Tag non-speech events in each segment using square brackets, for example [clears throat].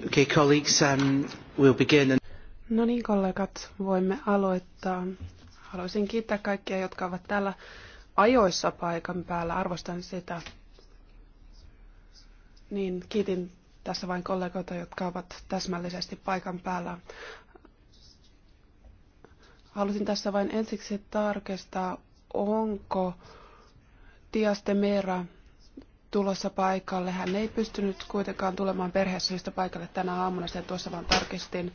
Um, no niin, kollegat, voimme aloittaa. Haluaisin kiittää kaikkia, jotka ovat täällä ajoissa paikan päällä. Arvostan sitä. Niin, kiitin tässä vain kollegoita, jotka ovat täsmällisesti paikan päällä. Halusin tässä vain ensiksi tarkistaa, onko Diastemera tulossa paikalle. Hän ei pystynyt kuitenkaan tulemaan perheessä paikalle tänä aamuna, sen tuossa vaan tarkistin.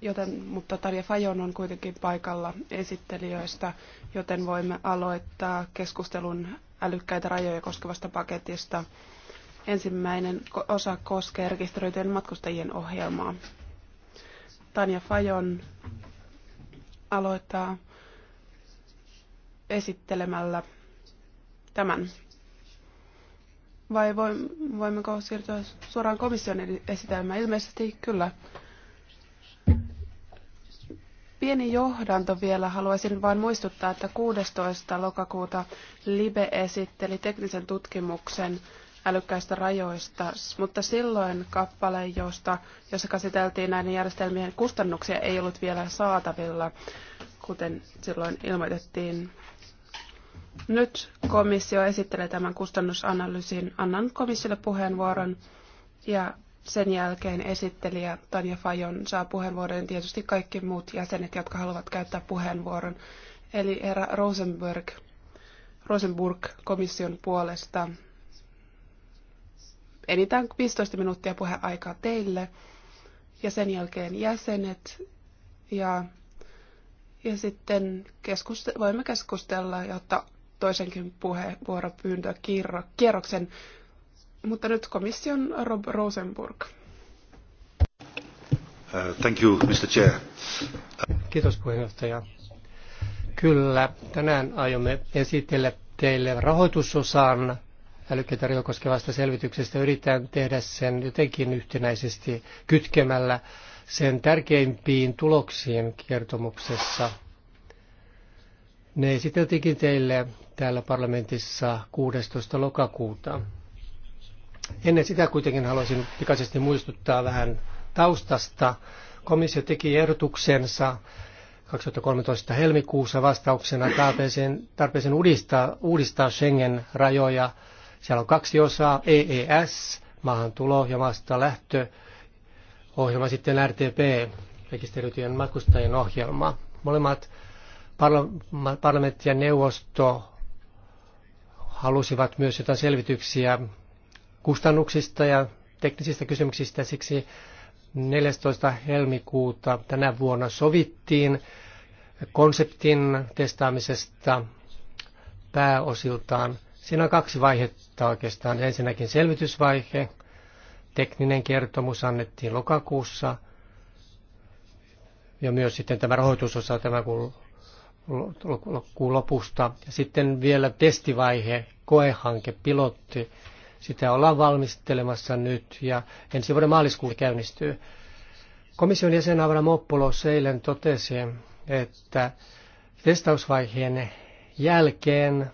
Joten, mutta Tarja Fajon on kuitenkin paikalla esittelijöistä, joten voimme aloittaa keskustelun älykkäitä rajoja koskevasta paketista. Ensimmäinen osa koskee rekisteröityjen matkustajien ohjelmaa. Tanja Fajon aloittaa esittelemällä tämän vai voimmeko siirtyä suoraan komission esitelmään? Ilmeisesti kyllä. Pieni johdanto vielä. Haluaisin vain muistuttaa, että 16. lokakuuta Libe esitteli teknisen tutkimuksen älykkäistä rajoista, mutta silloin kappale, josta, jossa käsiteltiin näiden järjestelmien kustannuksia, ei ollut vielä saatavilla, kuten silloin ilmoitettiin. Nyt komissio esittelee tämän kustannusanalyysin. Annan komissiolle puheenvuoron ja sen jälkeen esittelijä Tanja Fajon saa puheenvuoron ja tietysti kaikki muut jäsenet, jotka haluavat käyttää puheenvuoron. Eli herra Rosenberg, Rosenburg komission puolesta. Enintään 15 minuuttia puheaikaa teille ja sen jälkeen jäsenet ja, ja sitten keskuste- voimme keskustella ja ottaa toisenkin kierroksen. Mutta nyt komission Rob Rosenburg. Uh, thank you, Mr. Chair. Kiitos puheenjohtaja. Kyllä, tänään aiomme esitellä teille rahoitusosan älykkäitä koskevasta selvityksestä. Yritän tehdä sen jotenkin yhtenäisesti kytkemällä sen tärkeimpiin tuloksiin kertomuksessa – ne esiteltikin teille täällä parlamentissa 16. lokakuuta. Ennen sitä kuitenkin haluaisin pikaisesti muistuttaa vähän taustasta. Komissio teki ehdotuksensa 2013 helmikuussa vastauksena tarpeeseen, tarpeeseen uudistaa, uudistaa Schengen-rajoja. Siellä on kaksi osaa, EES, maahantulo ja maasta lähtö, ohjelma sitten RTP, rekisteröityjen matkustajien ohjelma. Molemmat parlamentti ja neuvosto halusivat myös jotain selvityksiä kustannuksista ja teknisistä kysymyksistä. Siksi 14. helmikuuta tänä vuonna sovittiin konseptin testaamisesta pääosiltaan. Siinä on kaksi vaihetta oikeastaan. Ensinnäkin selvitysvaihe. Tekninen kertomus annettiin lokakuussa. Ja myös sitten tämä rahoitusosa tämän kuun lokakuun lopusta. Ja sitten vielä testivaihe, koehanke, pilotti. Sitä ollaan valmistelemassa nyt ja ensi vuoden maaliskuulla käynnistyy. Komission jäsen Avramopoulos eilen totesi, että testausvaiheen jälkeen,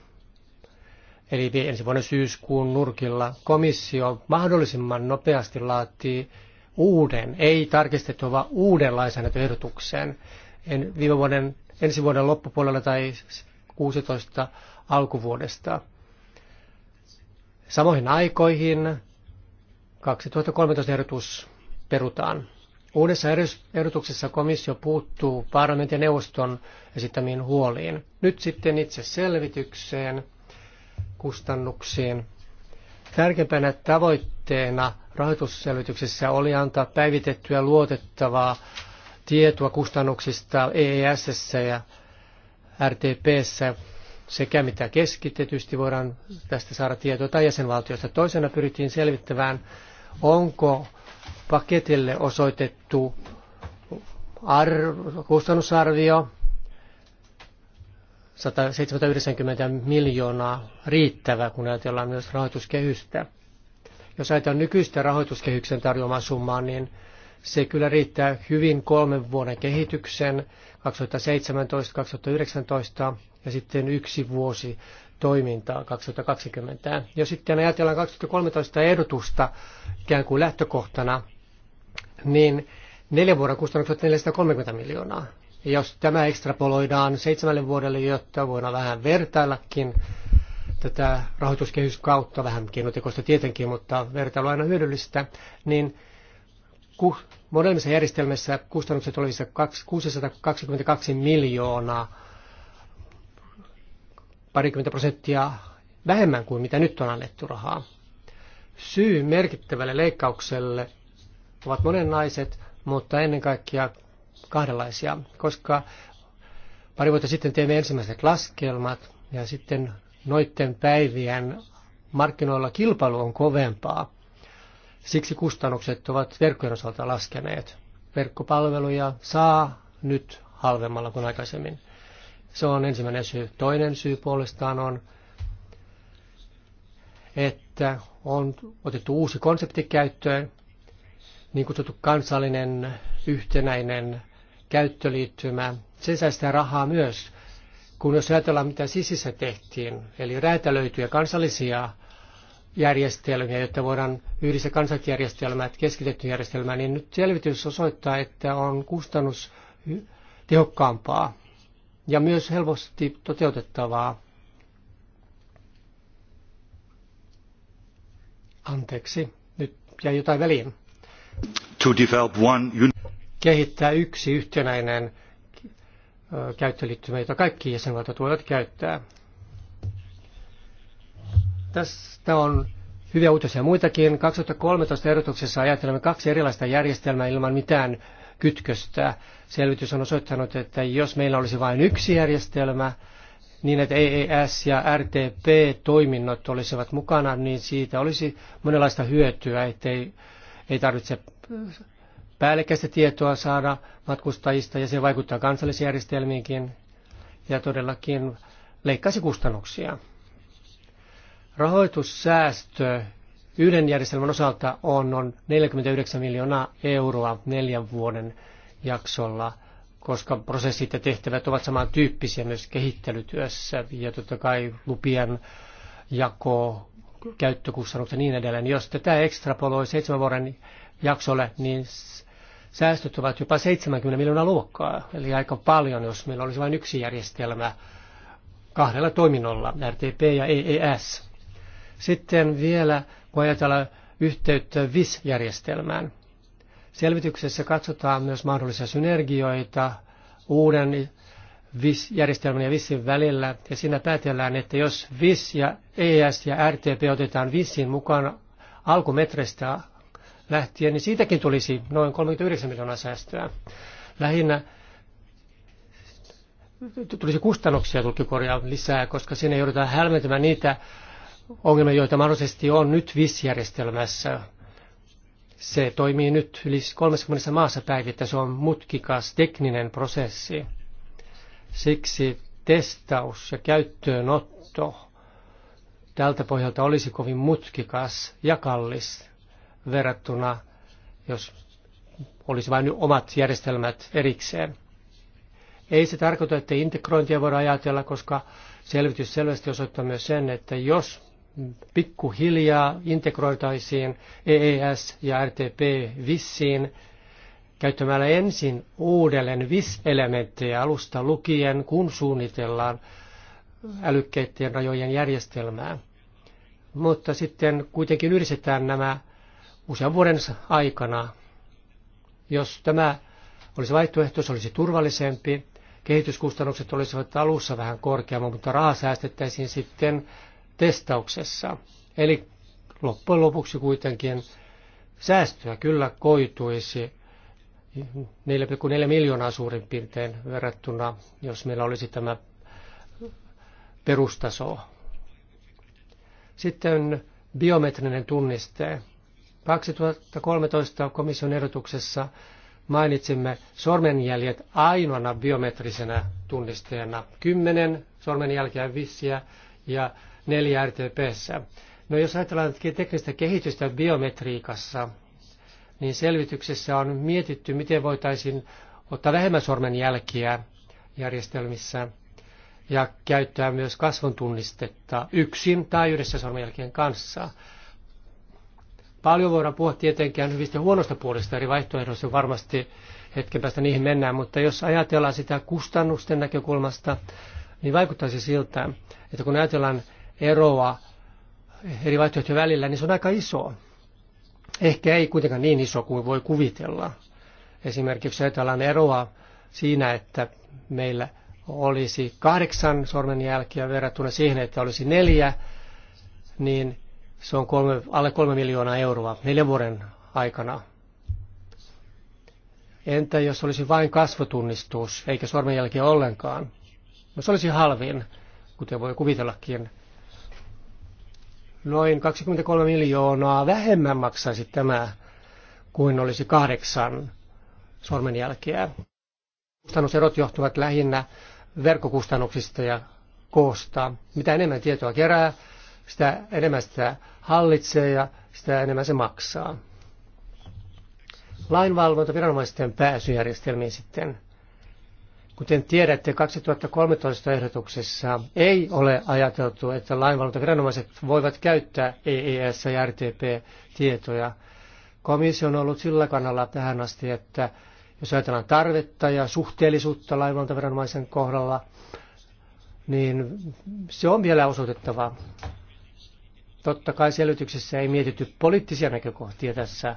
eli ensi vuoden syyskuun nurkilla, komissio mahdollisimman nopeasti laatii uuden, ei tarkistettu, vaan uuden lainsäädäntöehdotuksen. En viime vuoden ensi vuoden loppupuolella tai 16 alkuvuodesta. Samoihin aikoihin 2013 ehdotus perutaan. Uudessa ehdotuksessa komissio puuttuu parlamentin ja neuvoston esittämiin huoliin. Nyt sitten itse selvitykseen, kustannuksiin. Tärkeimpänä tavoitteena rahoitusselvityksessä oli antaa päivitettyä luotettavaa tietoa kustannuksista EES ja RTPssä sekä mitä keskitetysti voidaan tästä saada tietoa tai jäsenvaltioista. Toisena pyrittiin selvittämään, onko paketille osoitettu ar- kustannusarvio 190 miljoonaa riittävä, kun ajatellaan myös rahoituskehystä. Jos ajatellaan nykyistä rahoituskehyksen tarjoamaa summaa, niin se kyllä riittää hyvin kolmen vuoden kehityksen 2017-2019 ja sitten yksi vuosi toimintaa 2020. Jos sitten ajatellaan 2013 ehdotusta ikään kuin lähtökohtana, niin neljän vuoden kustannukset 430 miljoonaa. Ja jos tämä ekstrapoloidaan seitsemälle vuodelle, jotta voidaan vähän vertaillakin tätä rahoituskehyskautta, vähän keinotekoista tietenkin, mutta vertailu on aina hyödyllistä, niin molemmissa järjestelmissä kustannukset olisivat 622 miljoonaa, parikymmentä prosenttia vähemmän kuin mitä nyt on annettu rahaa. Syy merkittävälle leikkaukselle ovat monenlaiset, mutta ennen kaikkea kahdenlaisia, koska pari vuotta sitten teimme ensimmäiset laskelmat ja sitten noiden päivien markkinoilla kilpailu on kovempaa Siksi kustannukset ovat verkkojen osalta laskeneet. Verkkopalveluja saa nyt halvemmalla kuin aikaisemmin. Se on ensimmäinen syy. Toinen syy puolestaan on, että on otettu uusi konsepti käyttöön, niin kutsuttu kansallinen yhtenäinen käyttöliittymä. Se säästää rahaa myös, kun jos ajatellaan mitä sisissä tehtiin, eli räätälöityjä kansallisia järjestelmiä, jotta voidaan yhdistää kansallisjärjestelmät keskitetty järjestelmään, niin nyt selvitys osoittaa, että on kustannus tehokkaampaa ja myös helposti toteutettavaa. Anteeksi, nyt jäi jotain väliin. To develop one... Kehittää yksi yhtenäinen käyttöliittymä, jota kaikki jäsenvaltiot voivat käyttää. Tästä on hyviä uutisia muitakin. 2013 erotuksessa ajattelemme kaksi erilaista järjestelmää ilman mitään kytköstä. Selvitys on osoittanut, että jos meillä olisi vain yksi järjestelmä, niin että EES ja RTP-toiminnot olisivat mukana, niin siitä olisi monenlaista hyötyä, ettei ei tarvitse päällekkäistä tietoa saada matkustajista ja se vaikuttaa kansallisjärjestelmiinkin ja todellakin leikkaisi kustannuksia. Rahoitussäästö yhden järjestelmän osalta on, noin 49 miljoonaa euroa neljän vuoden jaksolla, koska prosessit ja tehtävät ovat samantyyppisiä myös kehittelytyössä ja totta kai lupien jako, käyttökustannukset ja niin edelleen. Jos tätä ekstrapoloi seitsemän vuoden jaksolle, niin säästöt ovat jopa 70 miljoonaa luokkaa, eli aika paljon, jos meillä olisi vain yksi järjestelmä kahdella toiminnolla, RTP ja EES. Sitten vielä kun ajatellaan yhteyttä VIS-järjestelmään. Selvityksessä katsotaan myös mahdollisia synergioita uuden VIS-järjestelmän ja VISin välillä, ja siinä päätellään, että jos VIS ja ES ja RTP otetaan VISin mukaan alkumetrestä lähtien, niin siitäkin tulisi noin 39 miljoonaa säästöä. Lähinnä tulisi kustannuksia tulkikorjaa lisää, koska siinä joudutaan hälmentämään niitä ongelmia, joita mahdollisesti on nyt VIS-järjestelmässä. Se toimii nyt yli 30 maassa päivittäin. Se on mutkikas tekninen prosessi. Siksi testaus ja käyttöönotto tältä pohjalta olisi kovin mutkikas ja kallis verrattuna, jos olisi vain omat järjestelmät erikseen. Ei se tarkoita, että integrointia voidaan ajatella, koska selvitys selvästi osoittaa myös sen, että jos pikkuhiljaa integroitaisiin EES ja RTP vissiin käyttämällä ensin uudelleen VIS-elementtejä alusta lukien, kun suunnitellaan älykkeiden rajojen järjestelmää. Mutta sitten kuitenkin yhdistetään nämä usean vuoden aikana. Jos tämä olisi vaihtoehto, se olisi turvallisempi. Kehityskustannukset olisivat alussa vähän korkeammat, mutta rahaa säästettäisiin sitten testauksessa. Eli loppujen lopuksi kuitenkin säästöä kyllä koituisi 4,4 miljoonaa suurin piirtein verrattuna, jos meillä olisi tämä perustaso. Sitten biometrinen tunniste. 2013 komission ehdotuksessa mainitsimme sormenjäljet ainoana biometrisenä tunnisteena. Kymmenen sormenjälkeä vissiä ja 4 RTPssä. No jos ajatellaan teknistä kehitystä biometriikassa, niin selvityksessä on mietitty, miten voitaisiin ottaa vähemmän sormenjälkiä järjestelmissä ja käyttää myös kasvontunnistetta yksin tai yhdessä sormenjälkien kanssa. Paljon voidaan puhua tietenkään hyvistä huonosta puolista eri vaihtoehdoista, varmasti hetken päästä niihin mennään, mutta jos ajatellaan sitä kustannusten näkökulmasta, niin vaikuttaisi siltä, että kun ajatellaan eroa eri vaihtoehtojen välillä, niin se on aika iso. Ehkä ei kuitenkaan niin iso kuin voi kuvitella. Esimerkiksi ajatellaan eroa siinä, että meillä olisi kahdeksan sormenjälkeä verrattuna siihen, että olisi neljä, niin se on kolme, alle kolme miljoonaa euroa neljän vuoden aikana. Entä jos olisi vain kasvotunnistus, eikä sormenjälkiä ollenkaan? No se olisi halvin, kuten voi kuvitellakin noin 23 miljoonaa vähemmän maksaisi tämä kuin olisi kahdeksan sormenjälkeä. Kustannuserot johtuvat lähinnä verkkokustannuksista ja koosta. Mitä enemmän tietoa kerää, sitä enemmän sitä hallitsee ja sitä enemmän se maksaa. Lainvalvonta viranomaisten pääsyjärjestelmiin sitten – Kuten tiedätte, 2013 ehdotuksessa ei ole ajateltu, että lainvalvontaviranomaiset voivat käyttää EES- ja RTP-tietoja. Komissio on ollut sillä kannalla tähän asti, että jos ajatellaan tarvetta ja suhteellisuutta lainvalvontaviranomaisen kohdalla, niin se on vielä osoitettava. Totta kai selvityksessä ei mietitty poliittisia näkökohtia tässä,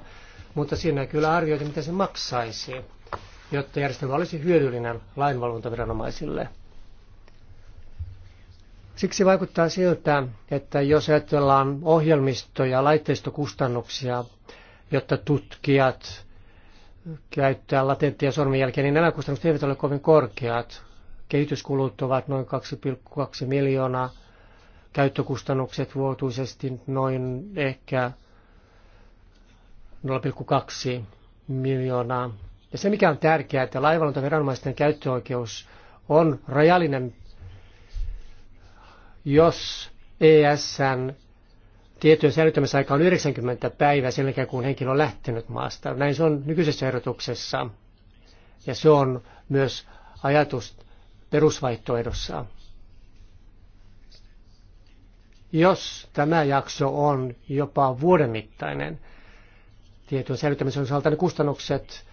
mutta siinä kyllä arvioitiin, mitä se maksaisi jotta järjestelmä olisi hyödyllinen lainvalvontaviranomaisille. Siksi vaikuttaa siltä, että jos ajatellaan ohjelmisto- ja laitteistokustannuksia, jotta tutkijat käyttää latenttia sormenjälkeä, niin nämä kustannukset eivät ole kovin korkeat. Kehityskulut ovat noin 2,2 miljoonaa, käyttökustannukset vuotuisesti noin ehkä 0,2 miljoonaa ja se mikä on tärkeää, että laivalantoviranomaisten käyttöoikeus on rajallinen, jos ESN tietojen säilyttämisaika on 90 päivää sen jälkeen, kun henkilö on lähtenyt maasta. Näin se on nykyisessä ehdotuksessa. Ja se on myös ajatus perusvaihtoehdossa. Jos tämä jakso on jopa vuoden mittainen tietojen säilyttämisen osalta, niin kustannukset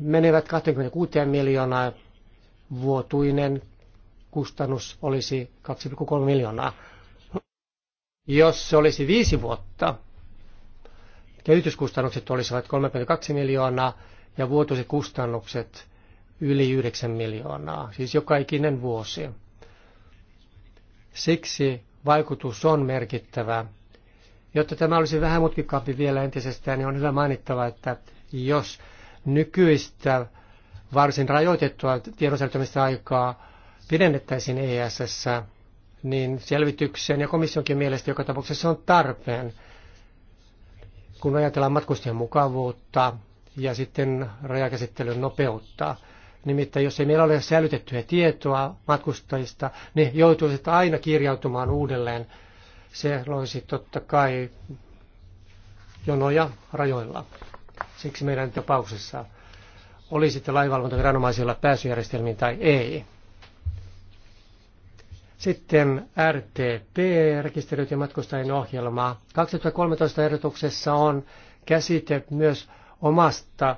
menevät 26 miljoonaa. Vuotuinen kustannus olisi 2,3 miljoonaa. Jos se olisi viisi vuotta, kehityskustannukset olisivat 3,2 miljoonaa ja vuotuiset kustannukset yli 9 miljoonaa, siis joka ikinen vuosi. Siksi vaikutus on merkittävä. Jotta tämä olisi vähän mutkikkaampi vielä entisestään, niin on hyvä mainittava, että jos nykyistä varsin rajoitettua tiedonsäilyttämistä aikaa pidennettäisiin ESS, niin selvityksen ja komissionkin mielestä joka tapauksessa on tarpeen, kun ajatellaan matkustajan mukavuutta ja sitten rajakäsittelyn nopeutta, Nimittäin jos ei meillä ole säilytettyä tietoa matkustajista, niin joutuisit aina kirjautumaan uudelleen. Se loisi totta kai jonoja rajoilla. Siksi meidän tapauksessa oli sitten laivalvontaviranomaisilla pääsyjärjestelmiin tai ei. Sitten RTP, rekisteröity matkustajien ohjelma. 2013 ehdotuksessa on käsite myös omasta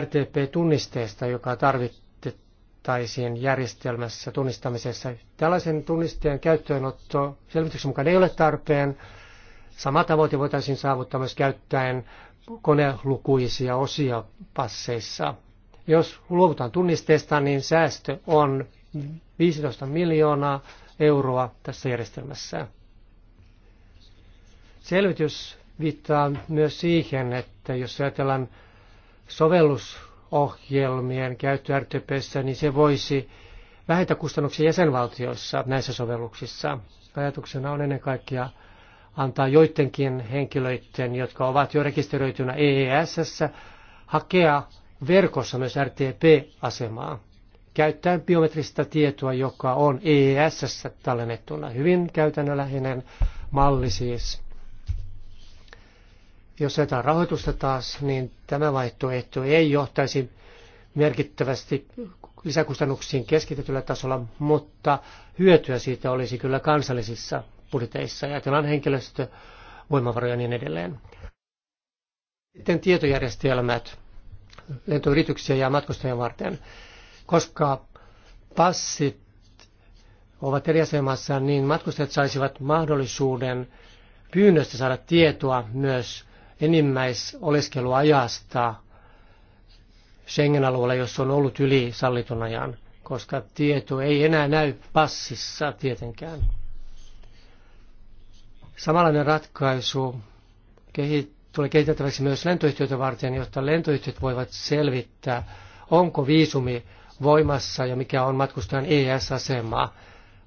RTP-tunnisteesta, joka tarvittaisiin järjestelmässä tunnistamisessa. Tällaisen tunnisteen käyttöönotto selvityksen mukaan ei ole tarpeen. Sama tavoite voitaisiin saavuttaa myös käyttäen konelukuisia osia passeissa. Jos luovutaan tunnisteesta, niin säästö on 15 miljoonaa euroa tässä järjestelmässä. Selvitys viittaa myös siihen, että jos ajatellaan sovellusohjelmien käyttöä RTPssä, niin se voisi vähentää kustannuksia jäsenvaltioissa näissä sovelluksissa. Ajatuksena on ennen kaikkea antaa joidenkin henkilöiden, jotka ovat jo rekisteröitynä EES, hakea verkossa myös RTP-asemaa käyttäen biometristä tietoa, joka on EES tallennettuna. Hyvin käytännönläheinen malli siis. Jos jätetään rahoitusta taas, niin tämä vaihtoehto ei johtaisi merkittävästi lisäkustannuksiin keskitetyllä tasolla, mutta hyötyä siitä olisi kyllä kansallisissa budjeteissa, ajatellaan henkilöstö, voimavaroja ja niin edelleen. Sitten tietojärjestelmät lentoyrityksiä ja matkustajien varten, koska passit ovat eri asemassa, niin matkustajat saisivat mahdollisuuden pyynnöstä saada tietoa myös enimmäisoleskeluajasta Schengen-alueella, jos on ollut yli sallitun ajan, koska tieto ei enää näy passissa tietenkään. Samanlainen ratkaisu tulee kehitettäväksi myös lentoyhtiöitä varten, jotta lentoyhtiöt voivat selvittää, onko viisumi voimassa ja mikä on matkustajan es asemaa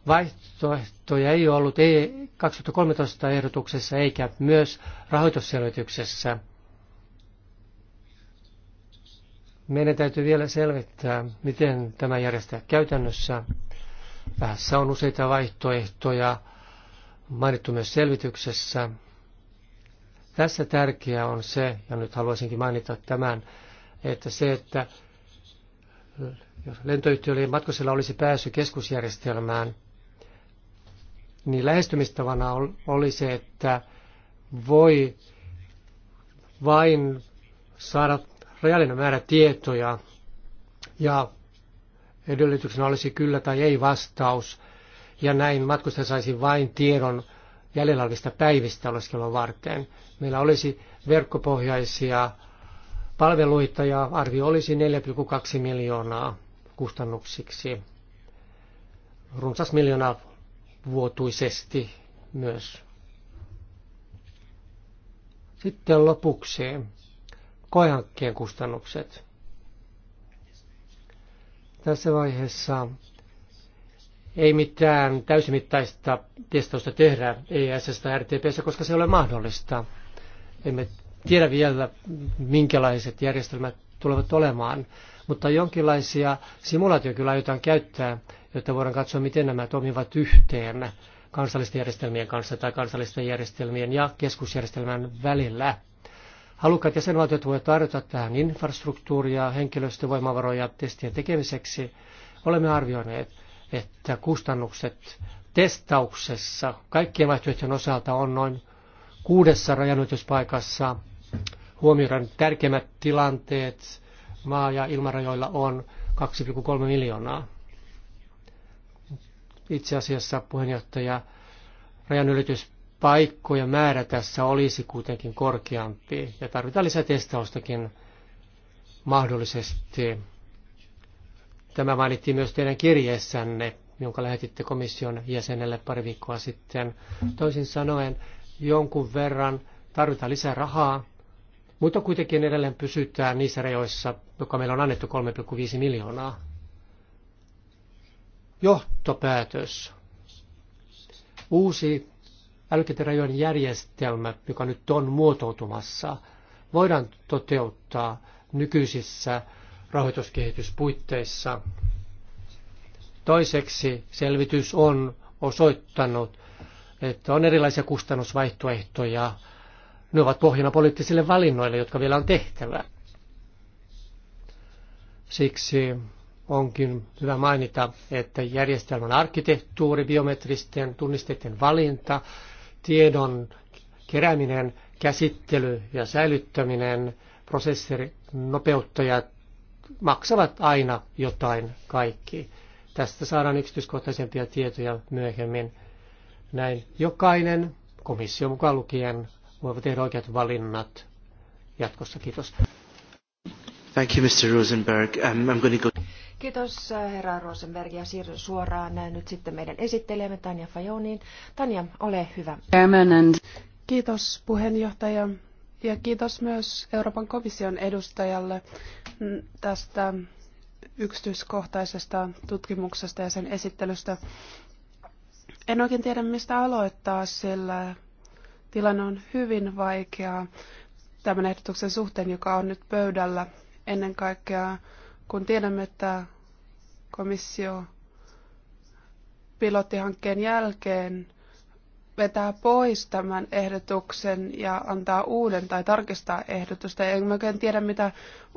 Vaihtoehtoja ei ollut 2013 e ehdotuksessa eikä myös rahoitusselvityksessä. Meidän täytyy vielä selvittää, miten tämä järjestää käytännössä. Tässä on useita vaihtoehtoja mainittu myös selvityksessä. Tässä tärkeää on se, ja nyt haluaisinkin mainita tämän, että se, että jos lentoyhtiöllä ja olisi pääsy keskusjärjestelmään, niin lähestymistavana oli se, että voi vain saada rajallinen määrä tietoja ja edellytyksenä olisi kyllä tai ei vastaus ja näin matkustaja saisi vain tiedon jäljellä olevista päivistä oleskelua varten. Meillä olisi verkkopohjaisia palveluita ja arvio olisi 4,2 miljoonaa kustannuksiksi. Runsas miljoonaa vuotuisesti myös. Sitten lopuksi koehankkeen kustannukset. Tässä vaiheessa ei mitään täysimittaista testausta tehdä ESS tai RTPssä, koska se ei ole mahdollista. Emme tiedä vielä, minkälaiset järjestelmät tulevat olemaan, mutta jonkinlaisia simulaatioita kyllä aiotaan käyttää, jotta voidaan katsoa, miten nämä toimivat yhteen kansallisten järjestelmien kanssa tai kansallisten järjestelmien ja keskusjärjestelmän välillä. Halukkaat jäsenvaltiot voivat tarjota tähän infrastruktuuria, henkilöstövoimavaroja testien tekemiseksi. Olemme arvioineet, että kustannukset testauksessa kaikkien vaihtoehtojen osalta on noin kuudessa rajanylityspaikassa. Huomioidaan tärkeimmät tilanteet maa- ja ilmarajoilla on 2,3 miljoonaa. Itse asiassa puheenjohtaja rajanylityspaikkojen määrä tässä olisi kuitenkin korkeampi ja tarvitaan lisää testaustakin mahdollisesti Tämä mainittiin myös teidän kirjeessänne, jonka lähetitte komission jäsenelle pari viikkoa sitten. Toisin sanoen, jonkun verran tarvitaan lisää rahaa, mutta kuitenkin edelleen pysytään niissä rajoissa, joka meillä on annettu 3,5 miljoonaa. Johtopäätös. Uusi älykkäiden järjestelmä, joka nyt on muotoutumassa, voidaan toteuttaa nykyisissä rahoituskehityspuitteissa. Toiseksi selvitys on osoittanut, että on erilaisia kustannusvaihtoehtoja. Ne ovat pohjana poliittisille valinnoille, jotka vielä on tehtävä. Siksi onkin hyvä mainita, että järjestelmän arkkitehtuuri, biometristen tunnisteiden valinta, tiedon kerääminen, käsittely ja säilyttäminen, prosessorin nopeuttajat maksavat aina jotain kaikki. Tästä saadaan yksityiskohtaisempia tietoja myöhemmin. Näin jokainen, komissio mukaan lukien, voi tehdä oikeat valinnat jatkossa. Kiitos. Thank you, Mr. Rosenberg. Um, I'm going to go... Kiitos äh, herra Rosenberg ja siirryn suoraan äh, nyt sitten meidän esittelijämme Tanja Fajoniin. Tanja, ole hyvä. Kiitos puheenjohtaja. Ja kiitos myös Euroopan komission edustajalle tästä yksityiskohtaisesta tutkimuksesta ja sen esittelystä. En oikein tiedä, mistä aloittaa, sillä tilanne on hyvin vaikea tämän ehdotuksen suhteen, joka on nyt pöydällä ennen kaikkea, kun tiedämme, että komissio pilottihankkeen jälkeen vetää pois tämän ehdotuksen ja antaa uuden tai tarkistaa ehdotusta. En oikein tiedä, mitä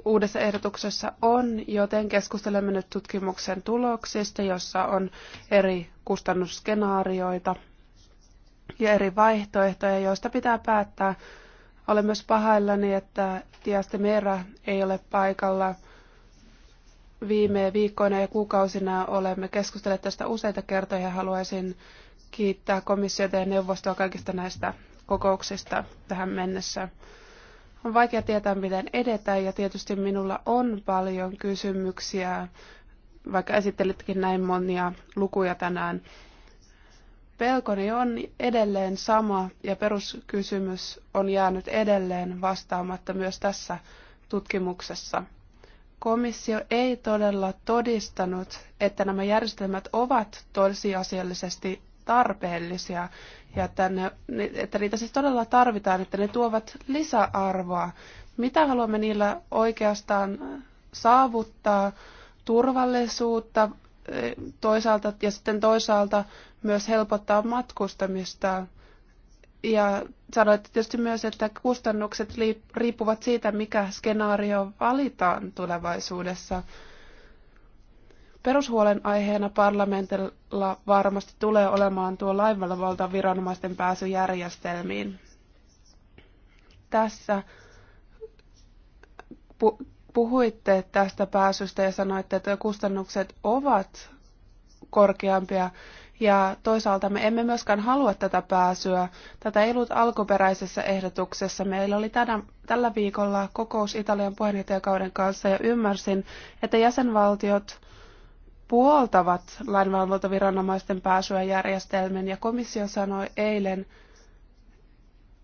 uudessa ehdotuksessa on, joten keskustelemme nyt tutkimuksen tuloksista, jossa on eri kustannusskenaarioita ja eri vaihtoehtoja, joista pitää päättää. Olen myös pahaillani, että Tiaste Meera ei ole paikalla viime viikkoina ja kuukausina olemme keskustelleet tästä useita kertoja ja haluaisin kiittää komissiota ja neuvostoa kaikista näistä kokouksista tähän mennessä. On vaikea tietää, miten edetään ja tietysti minulla on paljon kysymyksiä, vaikka esittelitkin näin monia lukuja tänään. Pelkoni on edelleen sama ja peruskysymys on jäänyt edelleen vastaamatta myös tässä tutkimuksessa. Komissio ei todella todistanut, että nämä järjestelmät ovat tosiasiallisesti tarpeellisia ja että, ne, että niitä siis todella tarvitaan, että ne tuovat lisäarvoa. Mitä haluamme niillä oikeastaan saavuttaa? Turvallisuutta eh, toisaalta ja sitten toisaalta myös helpottaa matkustamista. Ja sanoitte tietysti myös, että kustannukset riippuvat siitä, mikä skenaario valitaan tulevaisuudessa. Perushuolenaiheena parlamentilla varmasti tulee olemaan tuo lainvalvonta viranomaisten pääsy järjestelmiin. Tässä puhuitte tästä pääsystä ja sanoitte, että kustannukset ovat korkeampia ja toisaalta me emme myöskään halua tätä pääsyä. Tätä ei ollut alkuperäisessä ehdotuksessa. Meillä oli tänä, tällä viikolla kokous Italian puheenjohtajakauden kanssa ja ymmärsin, että jäsenvaltiot puoltavat lainvalvontaviranomaisten pääsyä järjestelmän ja komissio sanoi eilen,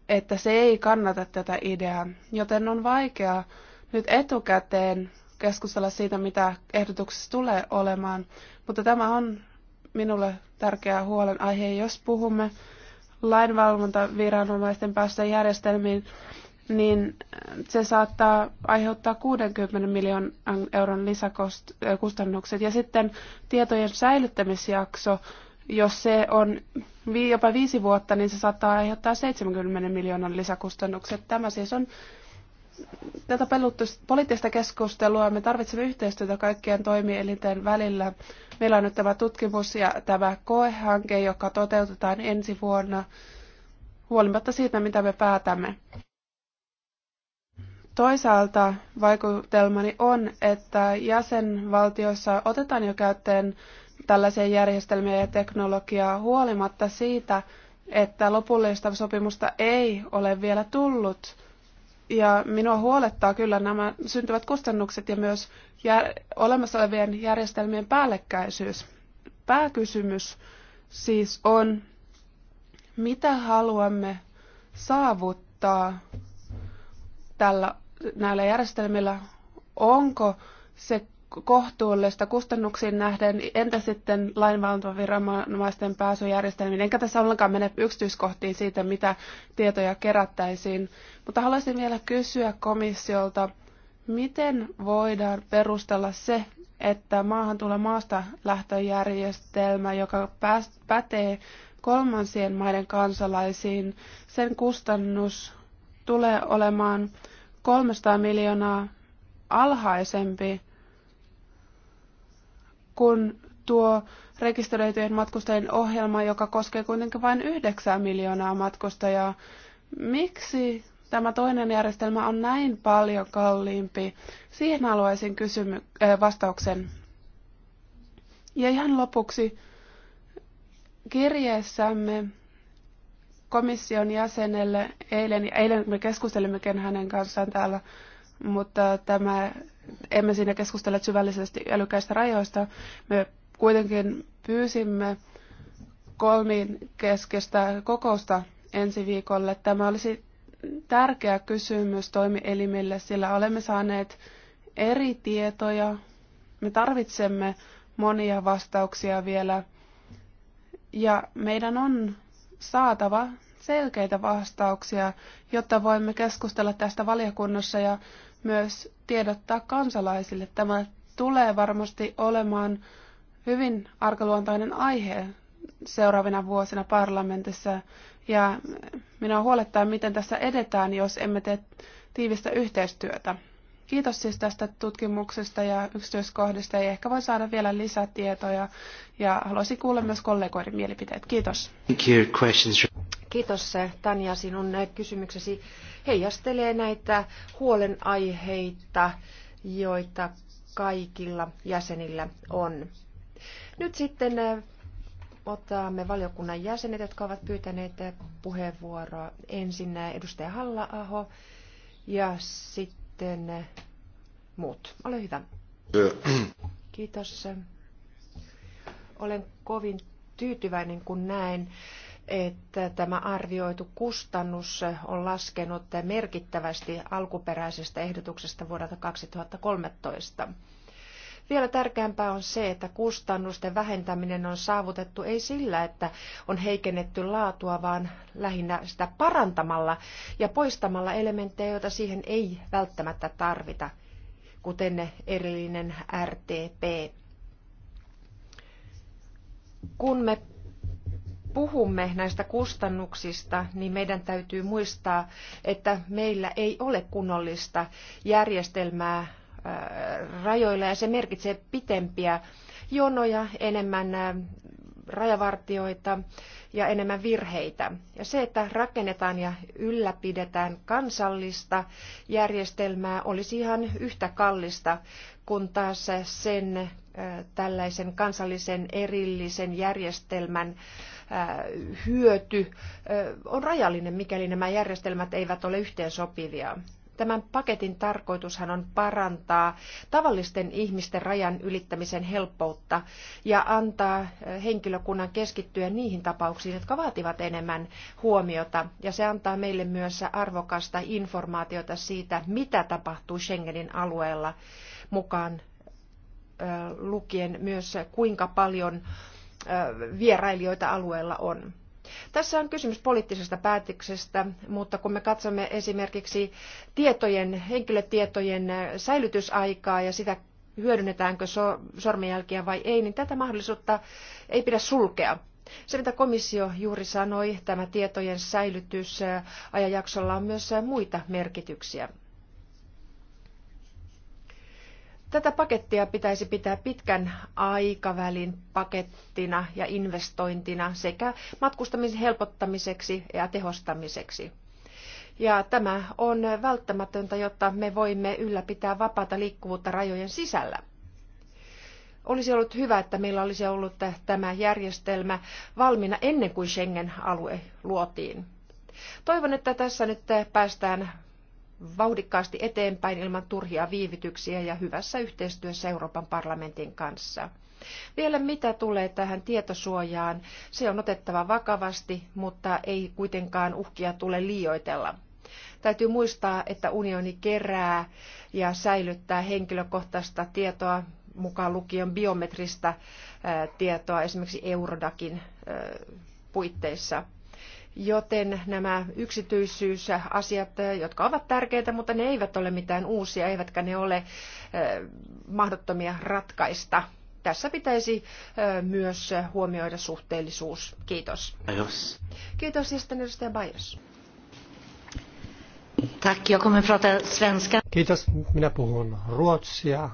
että se ei kannata tätä ideaa, joten on vaikea nyt etukäteen keskustella siitä, mitä ehdotuksessa tulee olemaan, mutta tämä on minulle tärkeä huolenaihe. Jos puhumme lainvalvontaviranomaisten päästä järjestelmiin, niin se saattaa aiheuttaa 60 miljoonan euron lisäkustannukset. Ja sitten tietojen säilyttämisjakso, jos se on jopa viisi vuotta, niin se saattaa aiheuttaa 70 miljoonan lisäkustannukset. Tämä siis on tätä poliittista keskustelua. Me tarvitsemme yhteistyötä kaikkien toimielinten välillä. Meillä on nyt tämä tutkimus ja tämä koehanke, joka toteutetaan ensi vuonna, huolimatta siitä, mitä me päätämme. Toisaalta vaikutelmani on, että jäsenvaltioissa otetaan jo käyttöön tällaisia järjestelmiä ja teknologiaa huolimatta siitä, että lopullista sopimusta ei ole vielä tullut. Ja minua huolettaa kyllä nämä syntyvät kustannukset ja myös jär- olemassa olevien järjestelmien päällekkäisyys. Pääkysymys siis on, mitä haluamme saavuttaa tällä näillä järjestelmillä, onko se kohtuullista kustannuksiin nähden, entä sitten lainvalvontaviranomaisten pääsyjärjestelmiin. Enkä tässä ollenkaan mene yksityiskohtiin siitä, mitä tietoja kerättäisiin, mutta haluaisin vielä kysyä komissiolta, miten voidaan perustella se, että maahantulo maasta lähtöjärjestelmä, joka pätee kolmansien maiden kansalaisiin, sen kustannus tulee olemaan 300 miljoonaa alhaisempi kuin tuo rekisteröityjen matkustajien ohjelma, joka koskee kuitenkin vain 9 miljoonaa matkustajaa. Miksi tämä toinen järjestelmä on näin paljon kalliimpi? Siihen haluaisin kysymy- äh, vastauksen. Ja ihan lopuksi kirjeessämme komission jäsenelle. Eilen, eilen me keskustelimmekin hänen kanssaan täällä, mutta tämä, emme siinä keskustele syvällisesti älykäistä rajoista. Me kuitenkin pyysimme kolmin keskeistä kokousta ensi viikolle. Tämä olisi tärkeä kysymys toimielimille, sillä olemme saaneet eri tietoja. Me tarvitsemme monia vastauksia vielä. Ja meidän on saatava selkeitä vastauksia, jotta voimme keskustella tästä valiokunnassa ja myös tiedottaa kansalaisille. Tämä tulee varmasti olemaan hyvin arkaluontainen aihe seuraavina vuosina parlamentissa. Ja minä huolettaa, miten tässä edetään, jos emme tee tiivistä yhteistyötä. Kiitos siis tästä tutkimuksesta ja yksityiskohdista ja ehkä voi saada vielä lisätietoja ja haluaisin kuulla myös kollegoiden mielipiteet. Kiitos. Kiitos Tanja, sinun kysymyksesi heijastelee näitä huolenaiheita, joita kaikilla jäsenillä on. Nyt sitten eh, otamme valiokunnan jäsenet, jotka ovat pyytäneet eh, puheenvuoroa. Ensin eh, edustaja Halla-aho ja sitten sitten eh, muut. Ole hyvä. Kiitos. Olen kovin tyytyväinen, kun näen, että tämä arvioitu kustannus on laskenut merkittävästi alkuperäisestä ehdotuksesta vuodelta 2013. Vielä tärkeämpää on se, että kustannusten vähentäminen on saavutettu ei sillä, että on heikennetty laatua, vaan lähinnä sitä parantamalla ja poistamalla elementtejä, joita siihen ei välttämättä tarvita, kuten erillinen RTP. Kun me puhumme näistä kustannuksista, niin meidän täytyy muistaa, että meillä ei ole kunnollista järjestelmää Äh, rajoilla ja se merkitsee pitempiä jonoja, enemmän äh, rajavartioita ja enemmän virheitä. Ja se, että rakennetaan ja ylläpidetään kansallista järjestelmää, olisi ihan yhtä kallista kuin taas sen äh, tällaisen kansallisen erillisen järjestelmän hyöty on rajallinen, mikäli nämä järjestelmät eivät ole yhteensopivia. Tämän paketin tarkoitushan on parantaa tavallisten ihmisten rajan ylittämisen helppoutta ja antaa eh, henkilökunnan keskittyä niihin tapauksiin, jotka vaativat enemmän huomiota. Ja se antaa meille myös arvokasta informaatiota siitä, mitä tapahtuu Schengenin alueella mukaan eh, lukien myös kuinka paljon eh, vierailijoita alueella on. Tässä on kysymys poliittisesta päätöksestä, mutta kun me katsomme esimerkiksi tietojen, henkilötietojen äh, säilytysaikaa ja sitä hyödynnetäänkö sormenjälkiä vai ei, niin tätä mahdollisuutta ei pidä sulkea. Se, mitä komissio juuri sanoi, tämä tietojen säilytys äh, ajanjaksolla on myös äh, muita merkityksiä. Tätä pakettia pitäisi pitää pitkän aikavälin pakettina ja investointina sekä matkustamisen helpottamiseksi ja tehostamiseksi. Ja tämä on välttämätöntä, jotta me voimme ylläpitää vapaata liikkuvuutta rajojen sisällä. Olisi ollut hyvä, että meillä olisi ollut tämä järjestelmä valmiina ennen kuin Schengen-alue luotiin. Toivon, että tässä nyt päästään vauhdikkaasti eteenpäin ilman turhia viivytyksiä ja hyvässä yhteistyössä Euroopan parlamentin kanssa. Vielä mitä tulee tähän tietosuojaan, se on otettava vakavasti, mutta ei kuitenkaan uhkia tule liioitella. Täytyy muistaa, että unioni kerää ja säilyttää henkilökohtaista tietoa mukaan lukion biometristä tietoa esimerkiksi Eurodakin puitteissa – Joten nämä yksityisyysasiat, eh, jotka ovat tärkeitä, mutta ne eivät ole mitään uusia, eivätkä ne ole eh, mahdottomia ratkaista. Tässä pitäisi eh, myös huomioida suhteellisuus. Kiitos. Bajos. Kiitos ja sitten edustaja Bajos. Tack, jag kommer prata svenska. Kiitos, minä puhun ruotsia.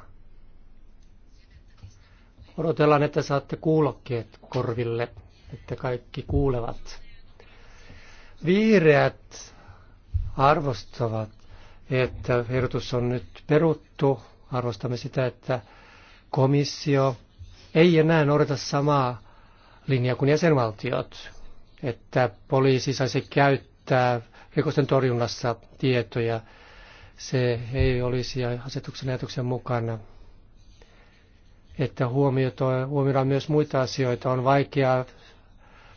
Odotellaan, että saatte kuulokkeet korville, että kaikki kuulevat. Vihreät arvostavat, että ehdotus on nyt peruttu. Arvostamme sitä, että komissio ei enää noudata samaa linjaa kuin jäsenvaltiot, että poliisi saisi käyttää rikosten torjunnassa tietoja. Se ei olisi asetuksen ajatuksen mukana että huomioidaan myös muita asioita. On vaikea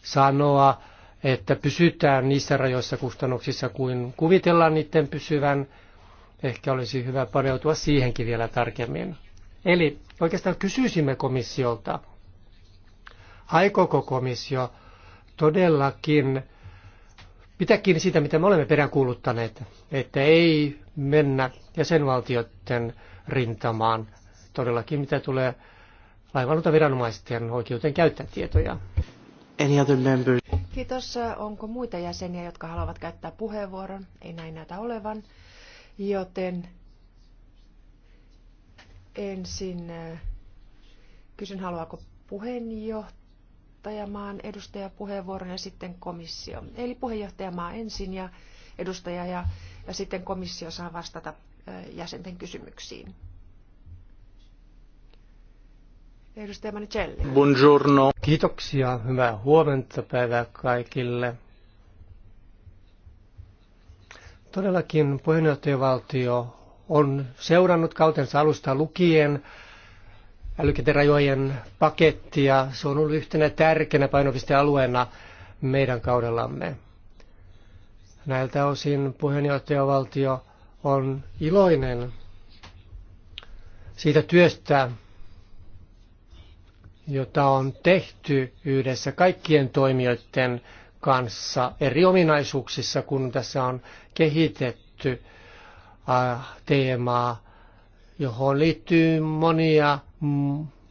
sanoa että pysytään niissä rajoissa kustannuksissa kuin kuvitellaan niiden pysyvän. Ehkä olisi hyvä paneutua siihenkin vielä tarkemmin. Eli oikeastaan kysyisimme komissiolta, aikooko komissio todellakin pitää kiinni siitä, mitä me olemme peräänkuuluttaneet, että ei mennä jäsenvaltioiden rintamaan todellakin, mitä tulee laivanlutaviranomaisten oikeuteen käyttää tietoja. Any other member? Kiitos. Onko muita jäseniä, jotka haluavat käyttää puheenvuoron? Ei näin näytä olevan. Joten ensin äh, kysyn, haluaako puheenjohtajamaan edustaja puheenvuoron ja sitten komissio. Eli puheenjohtajamaa ensin ja edustaja ja, ja sitten komissio saa vastata äh, jäsenten kysymyksiin. Edustaja Manicelli. Buongiorno. Kiitoksia. Hyvää huomenta päivää kaikille. Todellakin puheenjohtajavaltio on seurannut kautensa alusta lukien älykäterajojen pakettia. Se on ollut yhtenä tärkeänä painopistealueena meidän kaudellamme. Näiltä osin puheenjohtajavaltio on iloinen siitä työstä, jota on tehty yhdessä kaikkien toimijoiden kanssa eri ominaisuuksissa, kun tässä on kehitetty teemaa, johon liittyy monia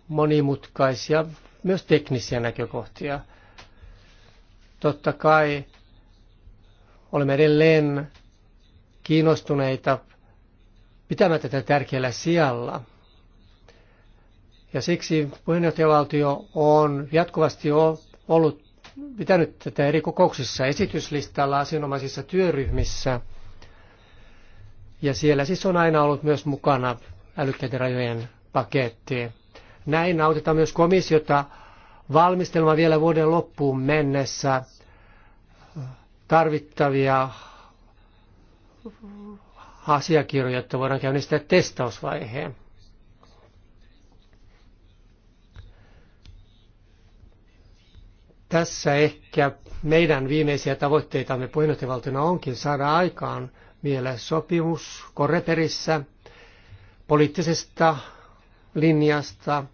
monimutkaisia, myös teknisiä näkökohtia. Totta kai olemme edelleen kiinnostuneita pitämään tätä tärkeällä sijalla – ja siksi puheenjohtajavaltio on jatkuvasti ollut pitänyt tätä eri kokouksissa esityslistalla asianomaisissa työryhmissä. Ja siellä siis on aina ollut myös mukana älykkäiden rajojen paketti. Näin autetaan myös komissiota valmistelma vielä vuoden loppuun mennessä tarvittavia asiakirjoja, jotta voidaan käynnistää testausvaiheen. Tässä ehkä meidän viimeisiä tavoitteitamme puheenjohtajavaltiona onkin saada aikaan vielä sopimus Koreperissä poliittisesta linjasta,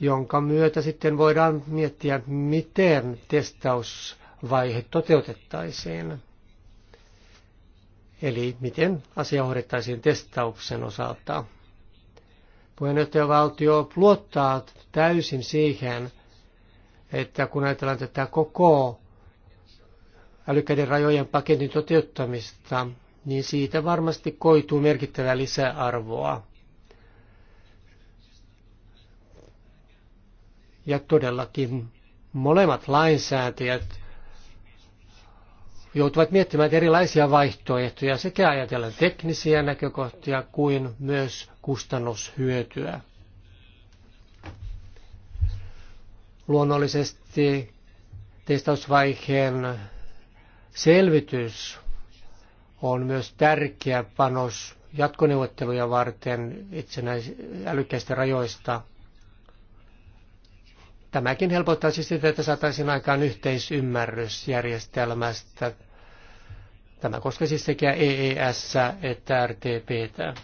jonka myötä sitten voidaan miettiä, miten testausvaihe toteutettaisiin. Eli miten asia hoidettaisiin testauksen osalta. Puheenjohtajavaltio luottaa täysin siihen, että kun ajatellaan tätä koko älykkäiden rajojen paketin toteuttamista, niin siitä varmasti koituu merkittävää lisäarvoa. Ja todellakin molemmat lainsäätäjät joutuvat miettimään erilaisia vaihtoehtoja sekä ajatellen teknisiä näkökohtia kuin myös kustannushyötyä. Luonnollisesti testausvaiheen selvitys on myös tärkeä panos jatkoneuvotteluja varten itsenäis- älykkäistä rajoista. Tämäkin helpottaisi siis sitä, että saataisiin aikaan yhteisymmärrys järjestelmästä. Tämä koskee siis sekä EES että RTPtä.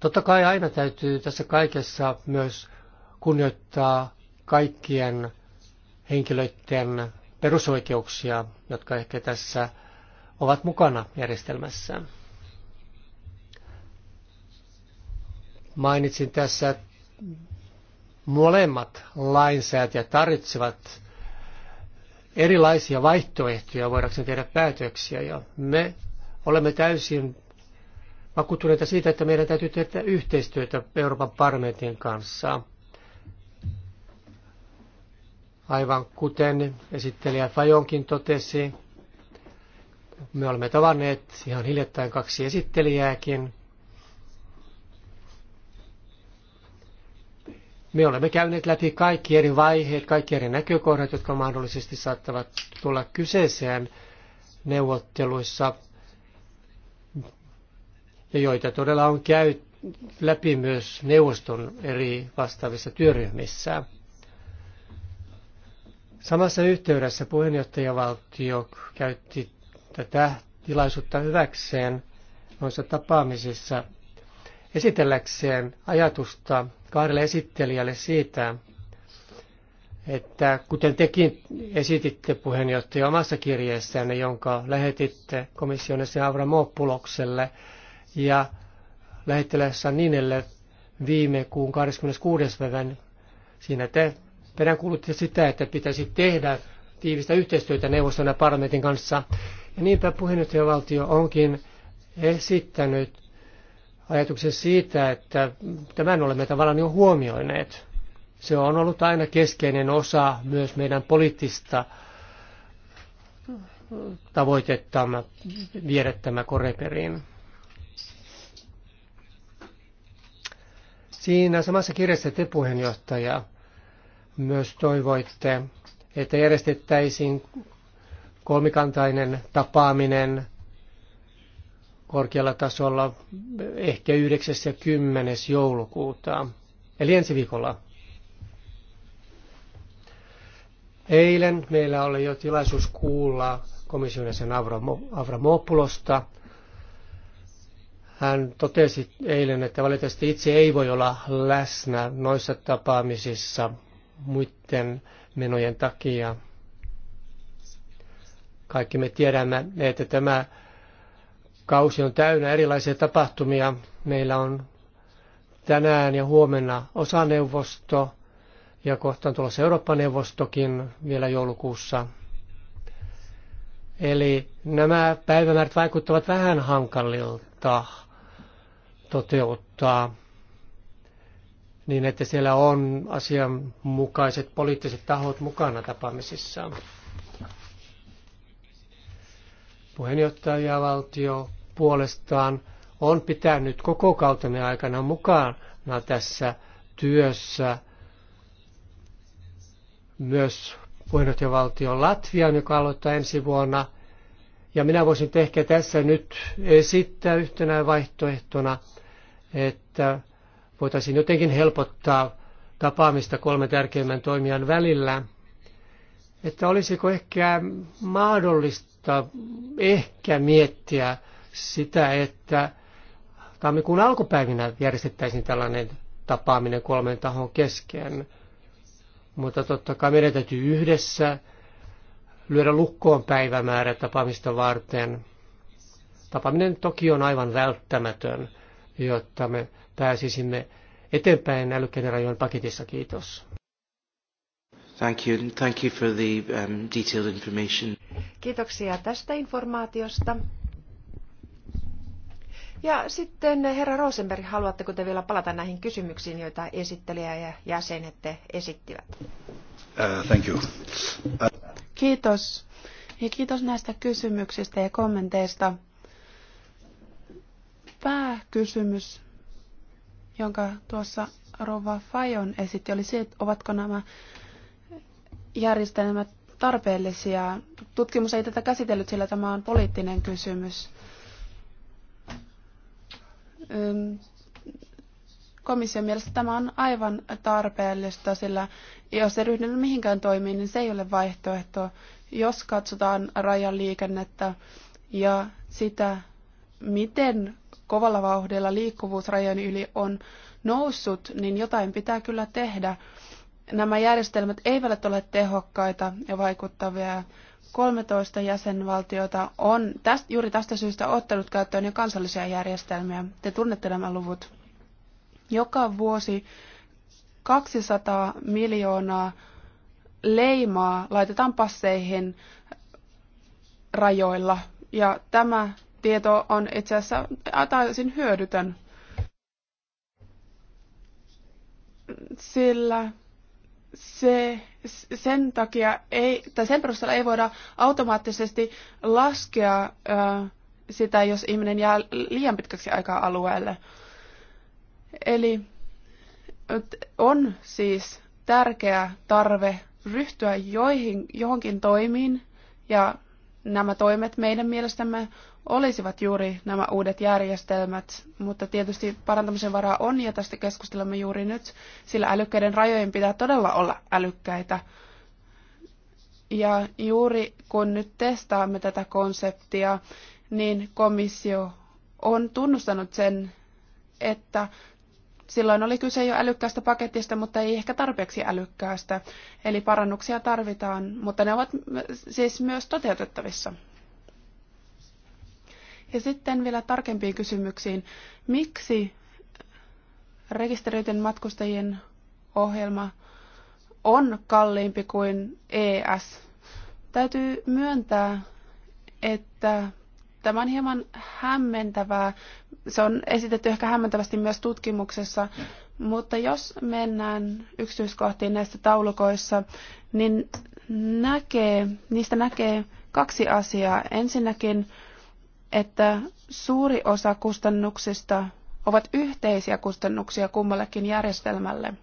Totta kai aina täytyy tässä kaikessa myös kunnioittaa kaikkien henkilöiden perusoikeuksia, jotka ehkä tässä ovat mukana järjestelmässä. Mainitsin tässä, että molemmat lainsäätäjät tarvitsevat erilaisia vaihtoehtoja voidakseen tehdä päätöksiä ja me olemme täysin vakuuttuneita siitä, että meidän täytyy tehdä yhteistyötä Euroopan parlamentin kanssa. Aivan kuten esittelijä Fajonkin totesi, me olemme tavanneet ihan hiljattain kaksi esittelijääkin. Me olemme käyneet läpi kaikki eri vaiheet, kaikki eri näkökohdat, jotka mahdollisesti saattavat tulla kyseeseen neuvotteluissa ja joita todella on käyt läpi myös neuvoston eri vastaavissa työryhmissä. Samassa yhteydessä puheenjohtajavaltio käytti tätä tilaisuutta hyväkseen noissa tapaamisissa esitelläkseen ajatusta kahdelle esittelijälle siitä, että kuten tekin esititte puheenjohtaja omassa kirjeessänne, jonka lähetitte komission Avramopulokselle, ja lähettilässä Ninelle viime kuun 26. päivän. Siinä te peräänkuulutti sitä, että pitäisi tehdä tiivistä yhteistyötä neuvoston ja parlamentin kanssa. Ja niinpä puheenjohtajavaltio onkin esittänyt ajatuksen siitä, että tämän olemme tavallaan jo huomioineet. Se on ollut aina keskeinen osa myös meidän poliittista tavoitettamme viedä tämä koreperiin. Siinä samassa kirjassa te puheenjohtaja myös toivoitte, että järjestettäisiin kolmikantainen tapaaminen korkealla tasolla ehkä 9. ja 10. joulukuuta, eli ensi viikolla. Eilen meillä oli jo tilaisuus kuulla komission jäsen Avramopulosta hän totesi eilen, että valitettavasti itse ei voi olla läsnä noissa tapaamisissa muiden menojen takia. Kaikki me tiedämme, että tämä kausi on täynnä erilaisia tapahtumia. Meillä on tänään ja huomenna osaneuvosto ja kohta on tulossa Eurooppa-neuvostokin vielä joulukuussa. Eli nämä päivämäärät vaikuttavat vähän hankalilta toteuttaa niin, että siellä on asianmukaiset poliittiset tahot mukana Puheenjohtaja Puheenjohtajavaltio puolestaan on pitänyt koko kautenne aikana mukana tässä työssä myös puheenjohtajavaltio Latvian, joka aloittaa ensi vuonna – ja minä voisin ehkä tässä nyt esittää yhtenä vaihtoehtona, että voitaisiin jotenkin helpottaa tapaamista kolme tärkeimmän toimijan välillä, että olisiko ehkä mahdollista ehkä miettiä sitä, että tammikuun alkupäivinä järjestettäisiin tällainen tapaaminen kolmen tahon kesken. Mutta totta kai meidän täytyy yhdessä lyödä lukkoon päivämäärä tapaamista varten. Tapaaminen toki on aivan välttämätön, jotta me pääsisimme eteenpäin älykkäiden rajojen paketissa. Kiitos. Thank you. Thank you for the, um, detailed information. Kiitoksia tästä informaatiosta. Ja sitten herra Rosenberg, haluatteko te vielä palata näihin kysymyksiin, joita esittelijä ja jäsenet esittivät? Uh, thank you. Uh... Kiitos. Ja kiitos näistä kysymyksistä ja kommenteista. Pääkysymys, jonka tuossa Rova Fajon esitti, oli se, että ovatko nämä järjestelmät tarpeellisia. Tutkimus ei tätä käsitellyt, sillä tämä on poliittinen kysymys Komission mielestä tämä on aivan tarpeellista, sillä jos ei ryhdy mihinkään toimiin, niin se ei ole vaihtoehto. Jos katsotaan rajaliikennettä ja sitä, miten kovalla vauhdilla liikkuvuus rajan yli on noussut, niin jotain pitää kyllä tehdä. Nämä järjestelmät eivät ole tehokkaita ja vaikuttavia. 13 jäsenvaltiota on tästä, juuri tästä syystä ottanut käyttöön jo kansallisia järjestelmiä. Te tunnette nämä luvut. Joka vuosi 200 miljoonaa leimaa laitetaan passeihin rajoilla. Ja tämä tieto on itse asiassa täysin hyödytön, sillä se, sen takia ei, tai sen perusteella ei voida automaattisesti laskea ö, sitä, jos ihminen jää liian pitkäksi aikaa alueelle. Eli on siis tärkeä tarve ryhtyä joihin, johonkin toimiin ja nämä toimet meidän mielestämme olisivat juuri nämä uudet järjestelmät, mutta tietysti parantamisen varaa on ja tästä keskustelemme juuri nyt, sillä älykkäiden rajojen pitää todella olla älykkäitä. Ja juuri kun nyt testaamme tätä konseptia, niin komissio on tunnustanut sen, että Silloin oli kyse jo älykkäästä paketista, mutta ei ehkä tarpeeksi älykkäästä. Eli parannuksia tarvitaan, mutta ne ovat siis myös toteutettavissa. Ja sitten vielä tarkempiin kysymyksiin. Miksi rekisteröityjen matkustajien ohjelma on kalliimpi kuin ES? Täytyy myöntää, että tämä on hieman hämmentävää, se on esitetty ehkä hämmentävästi myös tutkimuksessa, mutta jos mennään yksityiskohtiin näissä taulukoissa, niin näkee, niistä näkee kaksi asiaa. Ensinnäkin, että suuri osa kustannuksista ovat yhteisiä kustannuksia kummallekin järjestelmälle,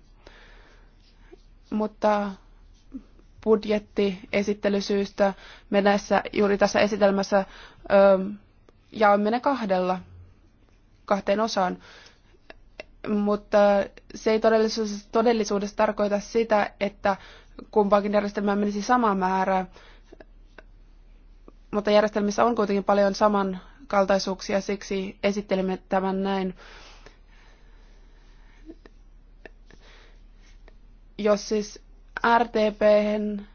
mutta budjetti me näissä, juuri tässä esitelmässä ö, jaamme ne kahdella kahteen osaan, mutta se ei todellisuudessa, todellisuudessa tarkoita sitä, että kumpaakin järjestelmään menisi sama määrä, mutta järjestelmissä on kuitenkin paljon samankaltaisuuksia, siksi esittelimme tämän näin. Jos siis RTP-hen,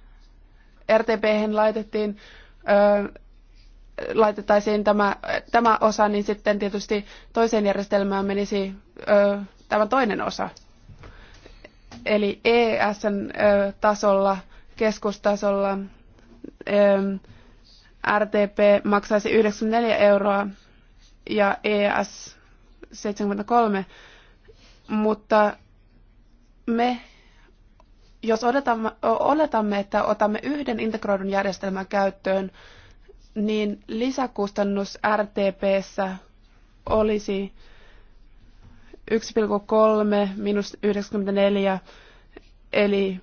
RTP-hen laitettiin laitettaisiin tämä, tämä osa, niin sitten tietysti toiseen järjestelmään menisi ö, tämä toinen osa. Eli ES-tasolla, keskustasolla ö, RTP maksaisi 94 euroa ja ES 73, mutta me jos odotamme, oletamme, että otamme yhden integroidun järjestelmän käyttöön, niin lisäkustannus RTPssä olisi 1,3 minus 94, eli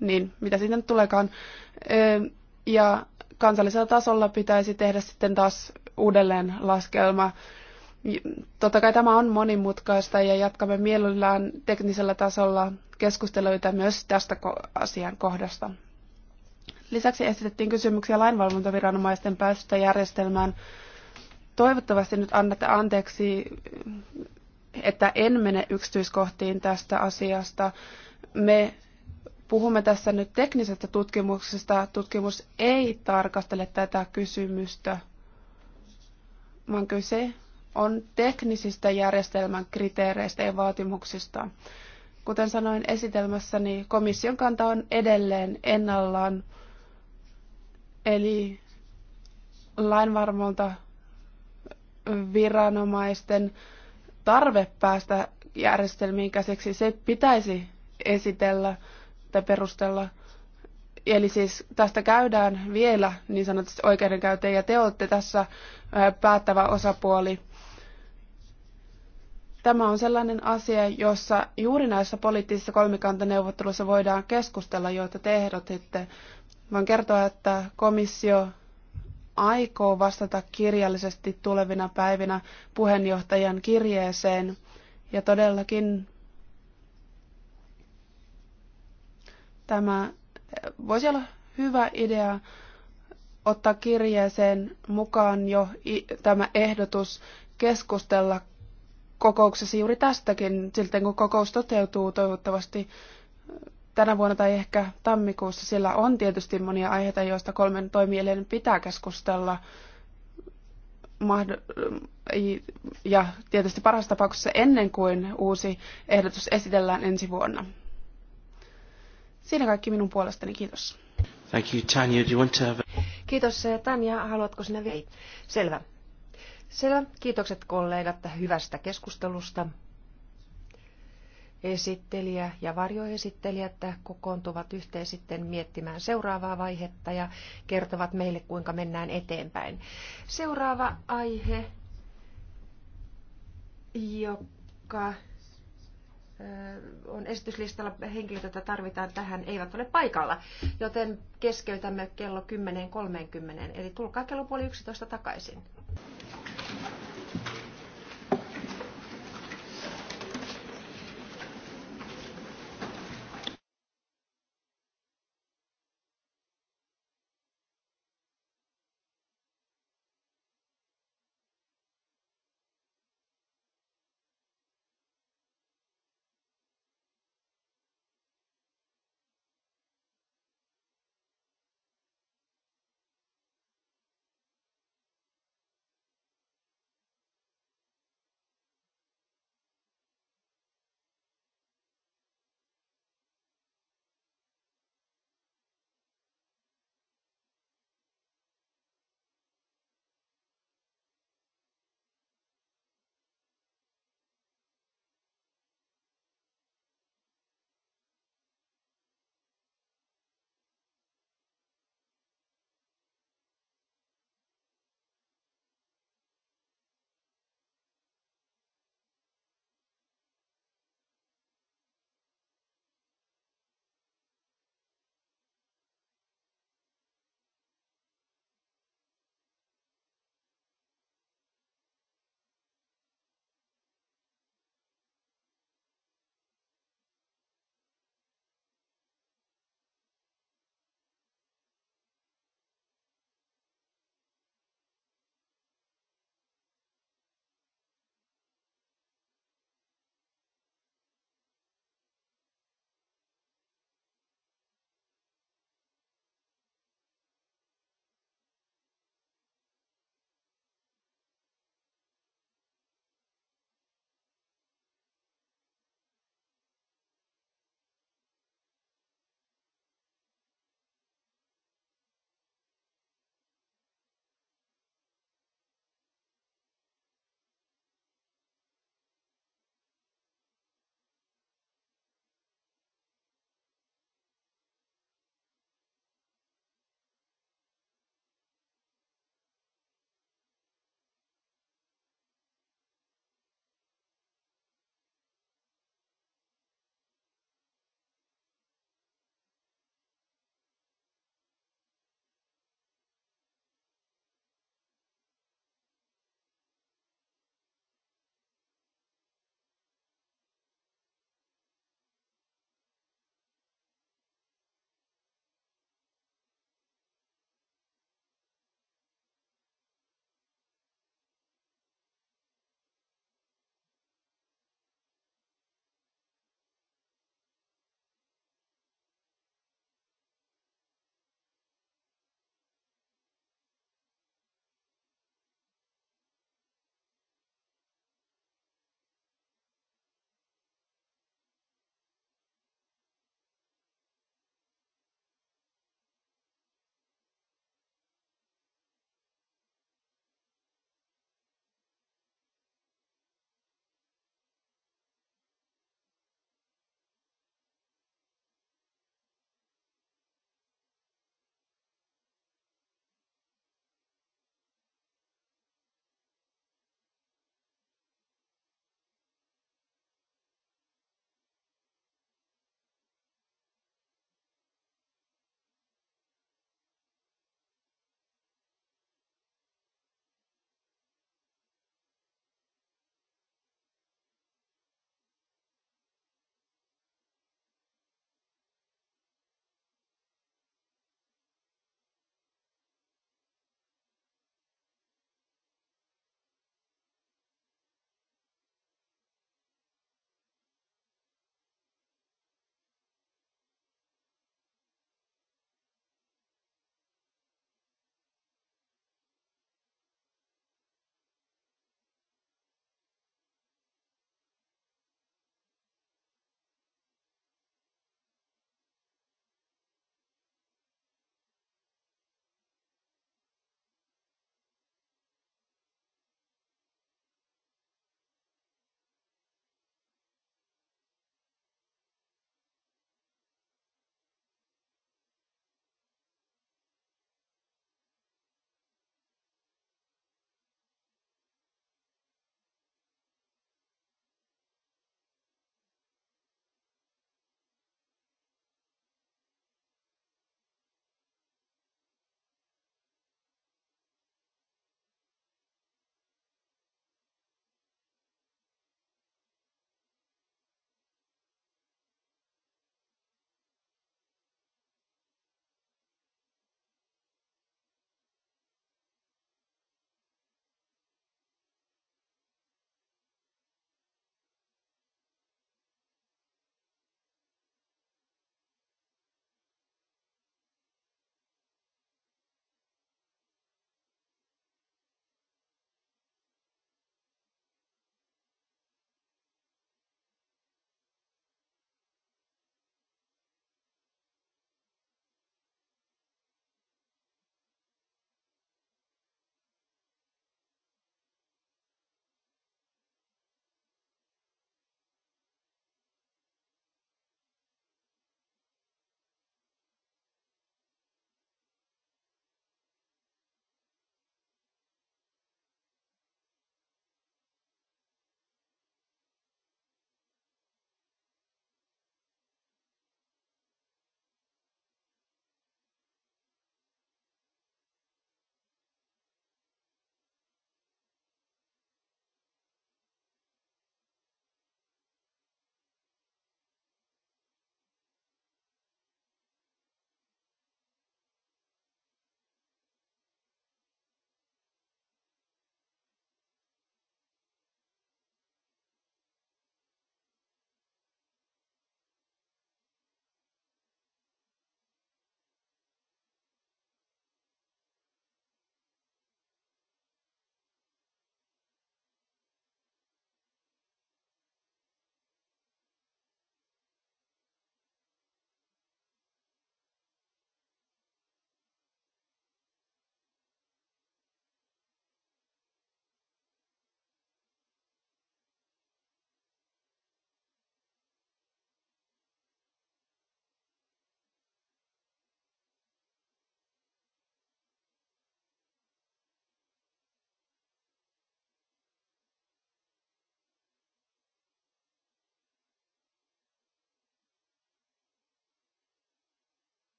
niin, mitä sitten nyt tuleekaan. Ja kansallisella tasolla pitäisi tehdä sitten taas uudelleen laskelma. Totta kai tämä on monimutkaista ja jatkamme mielellään teknisellä tasolla keskusteluita myös tästä asian kohdasta. Lisäksi esitettiin kysymyksiä lainvalvontaviranomaisten pääsystä järjestelmään. Toivottavasti nyt annatte anteeksi, että en mene yksityiskohtiin tästä asiasta. Me puhumme tässä nyt teknisestä tutkimuksesta. Tutkimus ei tarkastele tätä kysymystä, vaan kyse on teknisistä järjestelmän kriteereistä ja vaatimuksista. Kuten sanoin esitelmässäni, komission kanta on edelleen ennallaan Eli lainvarmolta viranomaisten tarve päästä järjestelmiin käsiksi, se pitäisi esitellä tai perustella. Eli siis tästä käydään vielä niin sanotusti oikeudenkäyteen ja te olette tässä päättävä osapuoli. Tämä on sellainen asia, jossa juuri näissä poliittisissa kolmikantaneuvotteluissa voidaan keskustella, joita te ehdotitte. Voin kertoa, että komissio aikoo vastata kirjallisesti tulevina päivinä puheenjohtajan kirjeeseen. Ja todellakin tämä voisi olla hyvä idea ottaa kirjeeseen mukaan jo tämä ehdotus keskustella kokouksessa juuri tästäkin, siltä kun kokous toteutuu toivottavasti tänä vuonna tai ehkä tammikuussa, sillä on tietysti monia aiheita, joista kolmen toimielimen pitää keskustella. Ja tietysti parasta tapauksessa ennen kuin uusi ehdotus esitellään ensi vuonna. Siinä kaikki minun puolestani. Kiitos. Thank you, Tanya. Do you want to have... Kiitos eh, Tanja. Haluatko sinä vielä? Selvä. Selvä. Kiitokset kollegat hyvästä keskustelusta esittelijä ja että kokoontuvat yhteen sitten miettimään seuraavaa vaihetta ja kertovat meille, kuinka mennään eteenpäin. Seuraava aihe, joka äh, on esityslistalla henkilöt, joita tarvitaan tähän, eivät ole paikalla, joten keskeytämme kello 10.30, eli tulkaa kello puoli 11 takaisin.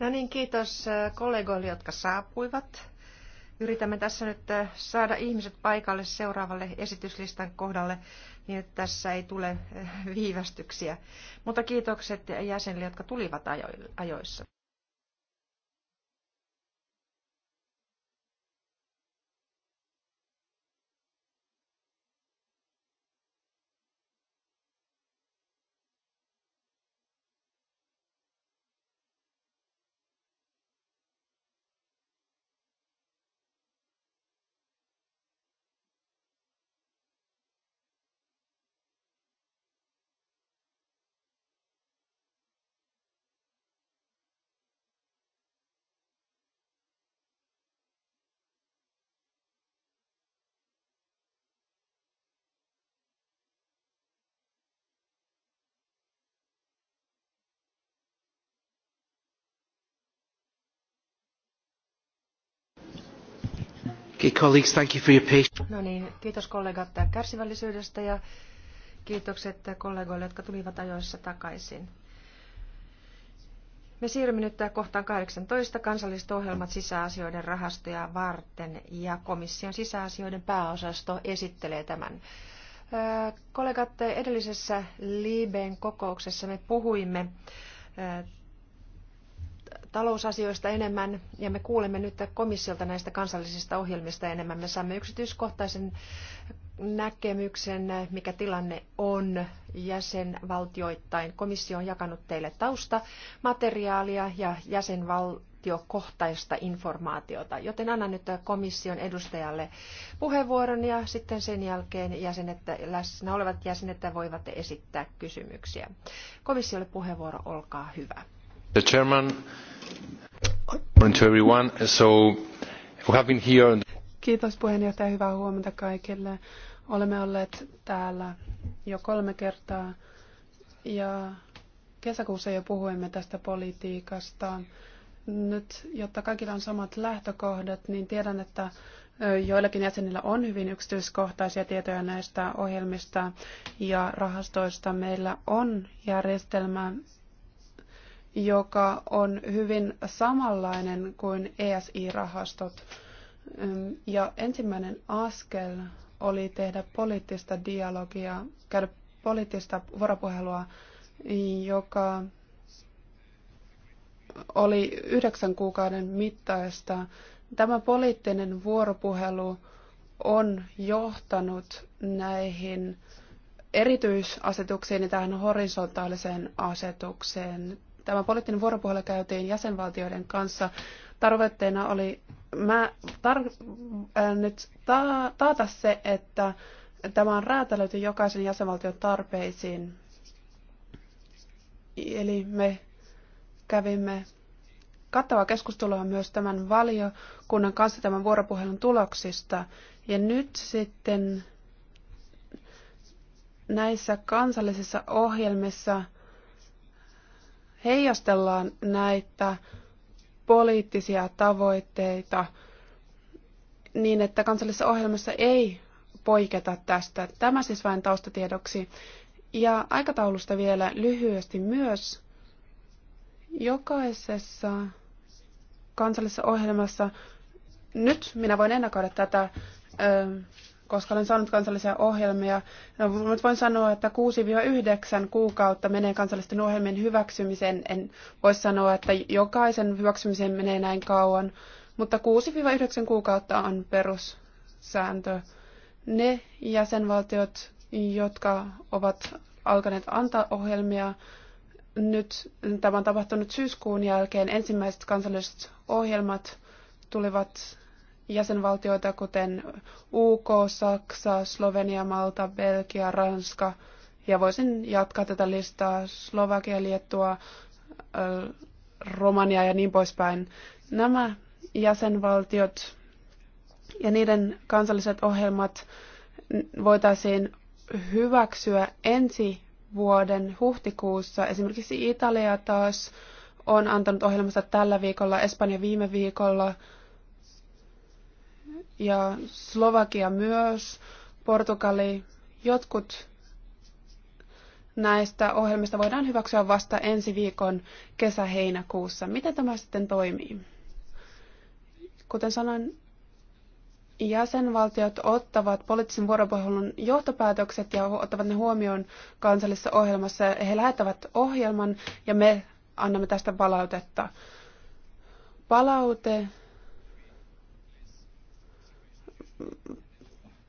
No niin, kiitos äh, kollegoille, jotka saapuivat. Yritämme tässä nyt äh, saada ihmiset paikalle seuraavalle esityslistan kohdalle, niin että tässä ei tule äh, viivästyksiä. Mutta kiitokset jäsenille, jotka tulivat ajoissa. Okay, colleagues, No niin, kiitos kollegat kärsivällisyydestä ja kiitokset kollegoille, jotka tulivat ajoissa takaisin. Me siirrymme nyt kohtaan 18 kansalliset ohjelmat sisäasioiden rahastoja varten ja komission sisäasioiden pääosasto esittelee tämän. Kollegat, edellisessä Liiben kokouksessa me puhuimme talousasioista enemmän ja me kuulemme nyt komissiolta näistä kansallisista ohjelmista enemmän. Me saamme yksityiskohtaisen näkemyksen, mikä tilanne on jäsenvaltioittain. Komissio on jakanut teille taustamateriaalia ja jäsenvaltiokohtaista informaatiota, joten annan nyt komission edustajalle puheenvuoron ja sitten sen jälkeen jäsenet, läsnä olevat jäsenet voivat esittää kysymyksiä. Komissiolle puheenvuoro, olkaa hyvä. The chairman, to everyone. So we have been here. Kiitos puheenjohtaja, hyvää huomenta kaikille. Olemme olleet täällä jo kolme kertaa ja kesäkuussa jo puhuimme tästä politiikasta. Nyt, jotta kaikilla on samat lähtökohdat, niin tiedän, että joillakin jäsenillä on hyvin yksityiskohtaisia tietoja näistä ohjelmista ja rahastoista. Meillä on järjestelmä, joka on hyvin samanlainen kuin ESI-rahastot. Ja ensimmäinen askel oli tehdä poliittista dialogia, käydä poliittista vuoropuhelua, joka oli yhdeksän kuukauden mittaista. Tämä poliittinen vuoropuhelu on johtanut näihin erityisasetuksiin ja tähän horisontaaliseen asetukseen. Tämä poliittinen vuoropuhelu käytiin jäsenvaltioiden kanssa. Tarkoitteena oli mä tar- äh, nyt ta- taata se, että tämä on räätälöity jokaisen jäsenvaltion tarpeisiin. Eli me kävimme kattavaa keskustelua myös tämän valiokunnan kanssa tämän vuoropuhelun tuloksista. Ja nyt sitten näissä kansallisissa ohjelmissa heijastellaan näitä poliittisia tavoitteita niin, että kansallisessa ohjelmassa ei poiketa tästä. Tämä siis vain taustatiedoksi. Ja aikataulusta vielä lyhyesti myös. Jokaisessa kansallisessa ohjelmassa, nyt minä voin ennakoida tätä, koska olen saanut kansallisia ohjelmia. No, mutta voin sanoa, että 6-9 kuukautta menee kansallisten ohjelmien hyväksymiseen. En voi sanoa, että jokaisen hyväksymiseen menee näin kauan, mutta 6-9 kuukautta on perussääntö. Ne jäsenvaltiot, jotka ovat alkaneet antaa ohjelmia, nyt tämä on tapahtunut syyskuun jälkeen. Ensimmäiset kansalliset ohjelmat tulivat jäsenvaltioita, kuten UK, Saksa, Slovenia, Malta, Belgia, Ranska. Ja voisin jatkaa tätä listaa Slovakia, Liettua, Romania ja niin poispäin. Nämä jäsenvaltiot ja niiden kansalliset ohjelmat voitaisiin hyväksyä ensi vuoden huhtikuussa. Esimerkiksi Italia taas on antanut ohjelmansa tällä viikolla, Espanja viime viikolla – ja Slovakia myös, Portugali, jotkut näistä ohjelmista voidaan hyväksyä vasta ensi viikon kesä-heinäkuussa. Miten tämä sitten toimii? Kuten sanoin, jäsenvaltiot ottavat poliittisen vuoropuhelun johtopäätökset ja ottavat ne huomioon kansallisessa ohjelmassa. He lähettävät ohjelman ja me annamme tästä palautetta. Palaute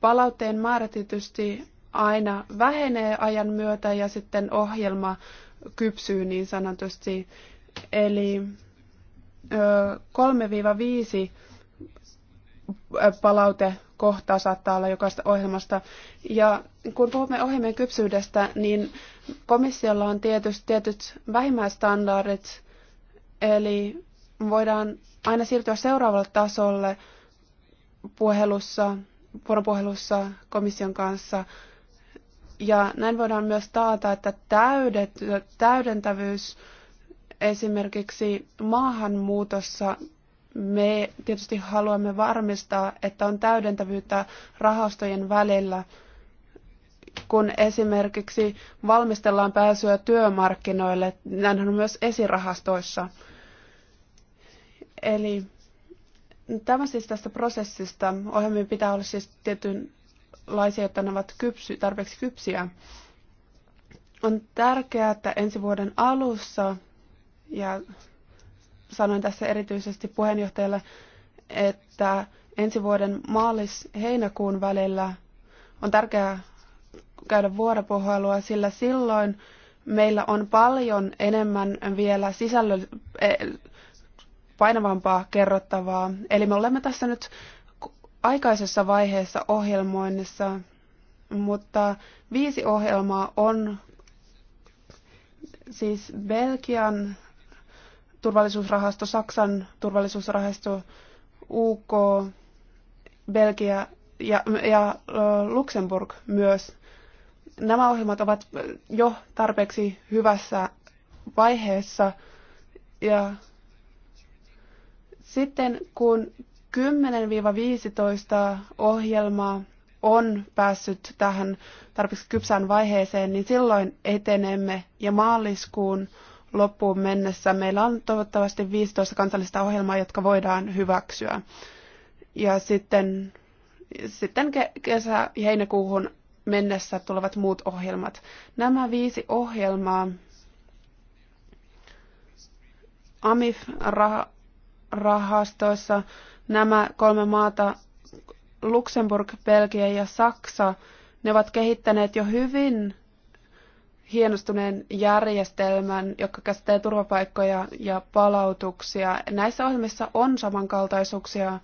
palautteen määrä tietysti aina vähenee ajan myötä ja sitten ohjelma kypsyy niin sanotusti. Eli 3-5 kohtaa saattaa olla jokaista ohjelmasta. Ja kun puhumme ohjelmien kypsyydestä, niin komissiolla on tietysti tietyt vähimmäistandardit, eli voidaan aina siirtyä seuraavalle tasolle – puhelussa, vuoropuhelussa komission kanssa. Ja näin voidaan myös taata, että täydet, täydentävyys esimerkiksi maahanmuutossa me tietysti haluamme varmistaa, että on täydentävyyttä rahastojen välillä, kun esimerkiksi valmistellaan pääsyä työmarkkinoille, näinhän on myös esirahastoissa. Eli Tämä siis tästä prosessista. Ohjelmien pitää olla siis tietynlaisia, jotta ne ovat kypsy, tarpeeksi kypsiä. On tärkeää, että ensi vuoden alussa, ja sanoin tässä erityisesti puheenjohtajalle, että ensi vuoden maalis-heinäkuun välillä on tärkeää käydä vuoropuhelua, sillä silloin meillä on paljon enemmän vielä sisällöllisiä, e- painavampaa kerrottavaa. Eli me olemme tässä nyt aikaisessa vaiheessa ohjelmoinnissa, mutta viisi ohjelmaa on siis Belgian turvallisuusrahasto, Saksan turvallisuusrahasto, UK, Belgia ja, ja Luxemburg myös. Nämä ohjelmat ovat jo tarpeeksi hyvässä vaiheessa ja sitten kun 10-15 ohjelmaa on päässyt tähän tarpeeksi kypsään vaiheeseen, niin silloin etenemme ja maaliskuun loppuun mennessä meillä on toivottavasti 15 kansallista ohjelmaa, jotka voidaan hyväksyä. Ja sitten, sitten kesä- ja heinäkuuhun mennessä tulevat muut ohjelmat. Nämä viisi ohjelmaa AMIF-raha rahastoissa nämä kolme maata, Luxemburg, Belgia ja Saksa, ne ovat kehittäneet jo hyvin hienostuneen järjestelmän, joka käsittelee turvapaikkoja ja palautuksia. Näissä ohjelmissa on samankaltaisuuksia.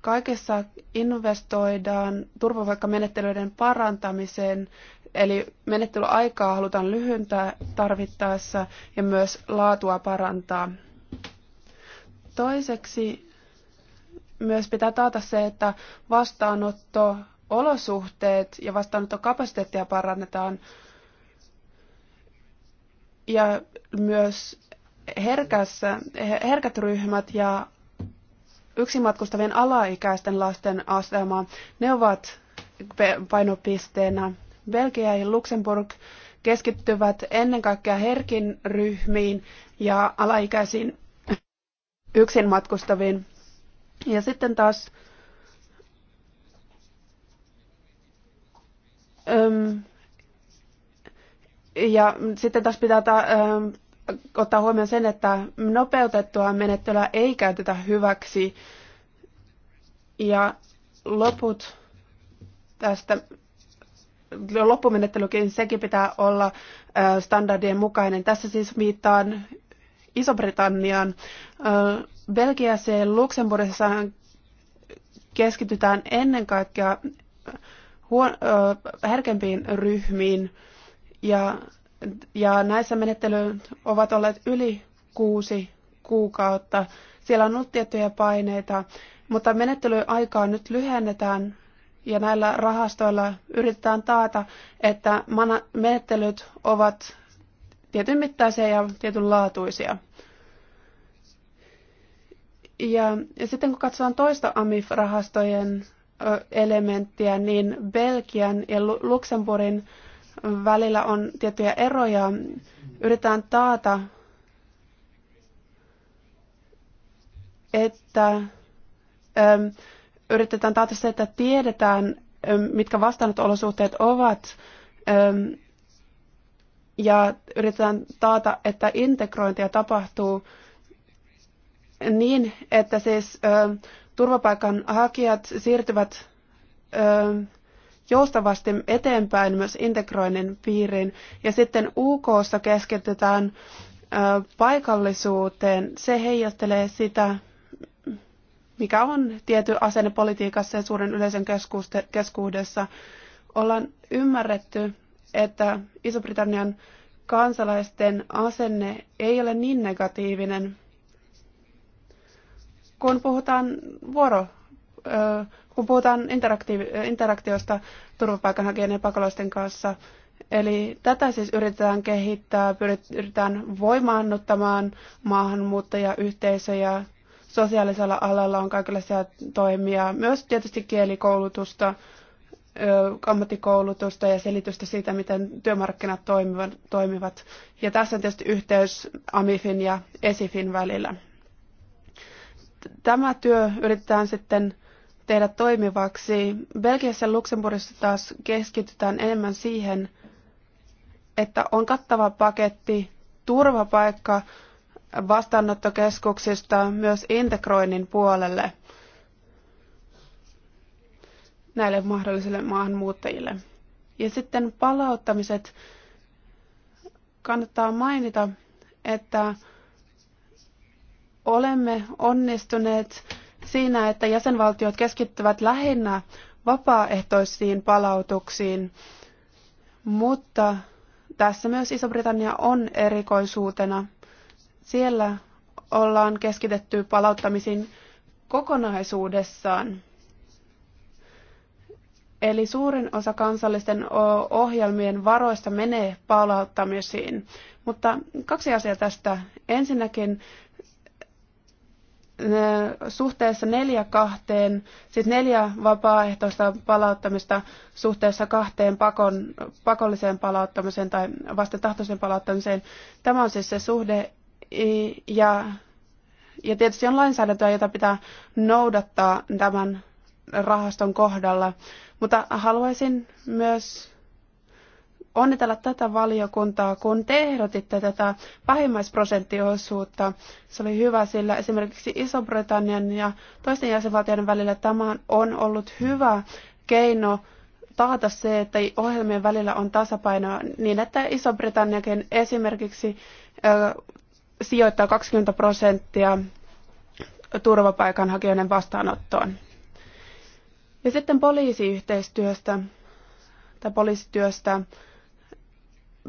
Kaikessa investoidaan turvapaikkamenettelyiden parantamiseen, eli menettelyaikaa halutaan lyhentää tarvittaessa ja myös laatua parantaa. Toiseksi myös pitää taata se, että vastaanotto olosuhteet ja vastaanottokapasiteettia parannetaan ja myös herkässä, herkät ryhmät ja yksimatkustavien alaikäisten lasten asema, ne ovat painopisteenä. Belgia ja Luxemburg keskittyvät ennen kaikkea herkin ryhmiin ja alaikäisiin yksin matkustaviin. Ja sitten taas Öm, ja sitten taas pitää ta, öm, ottaa huomioon sen, että nopeutettua menettelyä ei käytetä hyväksi. Ja loput tästä loppumenettelykin, sekin pitää olla standardien mukainen. Tässä siis viittaan Iso-Britanniaan. Belgiassa ja Luxemburgissa keskitytään ennen kaikkea huon, herkempiin ryhmiin ja, ja näissä menettelyt ovat olleet yli kuusi kuukautta. Siellä on ollut tiettyjä paineita, mutta menettelyaikaa nyt lyhennetään ja näillä rahastoilla yritetään taata, että menettelyt ovat tietyn mittaisia ja tietynlaatuisia. Ja, ja sitten kun katsotaan toista AMIF-rahastojen elementtiä, niin Belgian ja Luxemburgin välillä on tiettyjä eroja. Yritetään taata, että äm, yritetään taata se, että tiedetään, mitkä vastaanotolosuhteet ovat äm, ja yritetään taata, että integrointia tapahtuu niin, että siis ö, turvapaikanhakijat siirtyvät ö, joustavasti eteenpäin myös integroinnin piiriin. Ja sitten UK keskitytään ö, paikallisuuteen. Se heijastelee sitä, mikä on tietty asennepolitiikassa ja suuren yleisön keskuudessa. Ollaan ymmärretty, että Iso-Britannian kansalaisten asenne ei ole niin negatiivinen, kun puhutaan vuoro, kun puhutaan interaktiosta turvapaikanhakijan ja pakolaisten kanssa. Eli tätä siis yritetään kehittää, pyritään voimaannuttamaan maahanmuuttajayhteisöjä. Sosiaalisella alalla on kaikenlaisia toimia, myös tietysti kielikoulutusta, ammattikoulutusta ja selitystä siitä, miten työmarkkinat toimivat. Ja tässä on tietysti yhteys AMIFin ja ESIFin välillä. Tämä työ yritetään sitten tehdä toimivaksi. Belgiassa ja Luxemburgissa taas keskitytään enemmän siihen, että on kattava paketti turvapaikka vastaanottokeskuksista myös integroinnin puolelle – näille mahdollisille maahanmuuttajille. Ja sitten palauttamiset. Kannattaa mainita, että olemme onnistuneet siinä, että jäsenvaltiot keskittyvät lähinnä vapaaehtoisiin palautuksiin, mutta tässä myös Iso-Britannia on erikoisuutena. Siellä ollaan keskitetty palauttamisiin kokonaisuudessaan. Eli suurin osa kansallisten ohjelmien varoista menee palauttamisiin. Mutta kaksi asiaa tästä. Ensinnäkin suhteessa neljä kahteen, siis neljä vapaaehtoista palauttamista suhteessa kahteen pakon, pakolliseen palauttamiseen tai vastentahtoiseen palauttamiseen. Tämä on siis se suhde ja, ja tietysti on lainsäädäntöä, jota pitää noudattaa tämän rahaston kohdalla. Mutta haluaisin myös onnitella tätä valiokuntaa, kun te ehdotitte tätä vähimmäisprosenttiosuutta. Se oli hyvä, sillä esimerkiksi Iso-Britannian ja toisten jäsenvaltioiden välillä tämä on ollut hyvä keino taata se, että ohjelmien välillä on tasapainoa niin, että Iso-Britanniakin esimerkiksi sijoittaa 20 prosenttia turvapaikanhakijoiden vastaanottoon. Ja sitten poliisiyhteistyöstä tai poliisityöstä.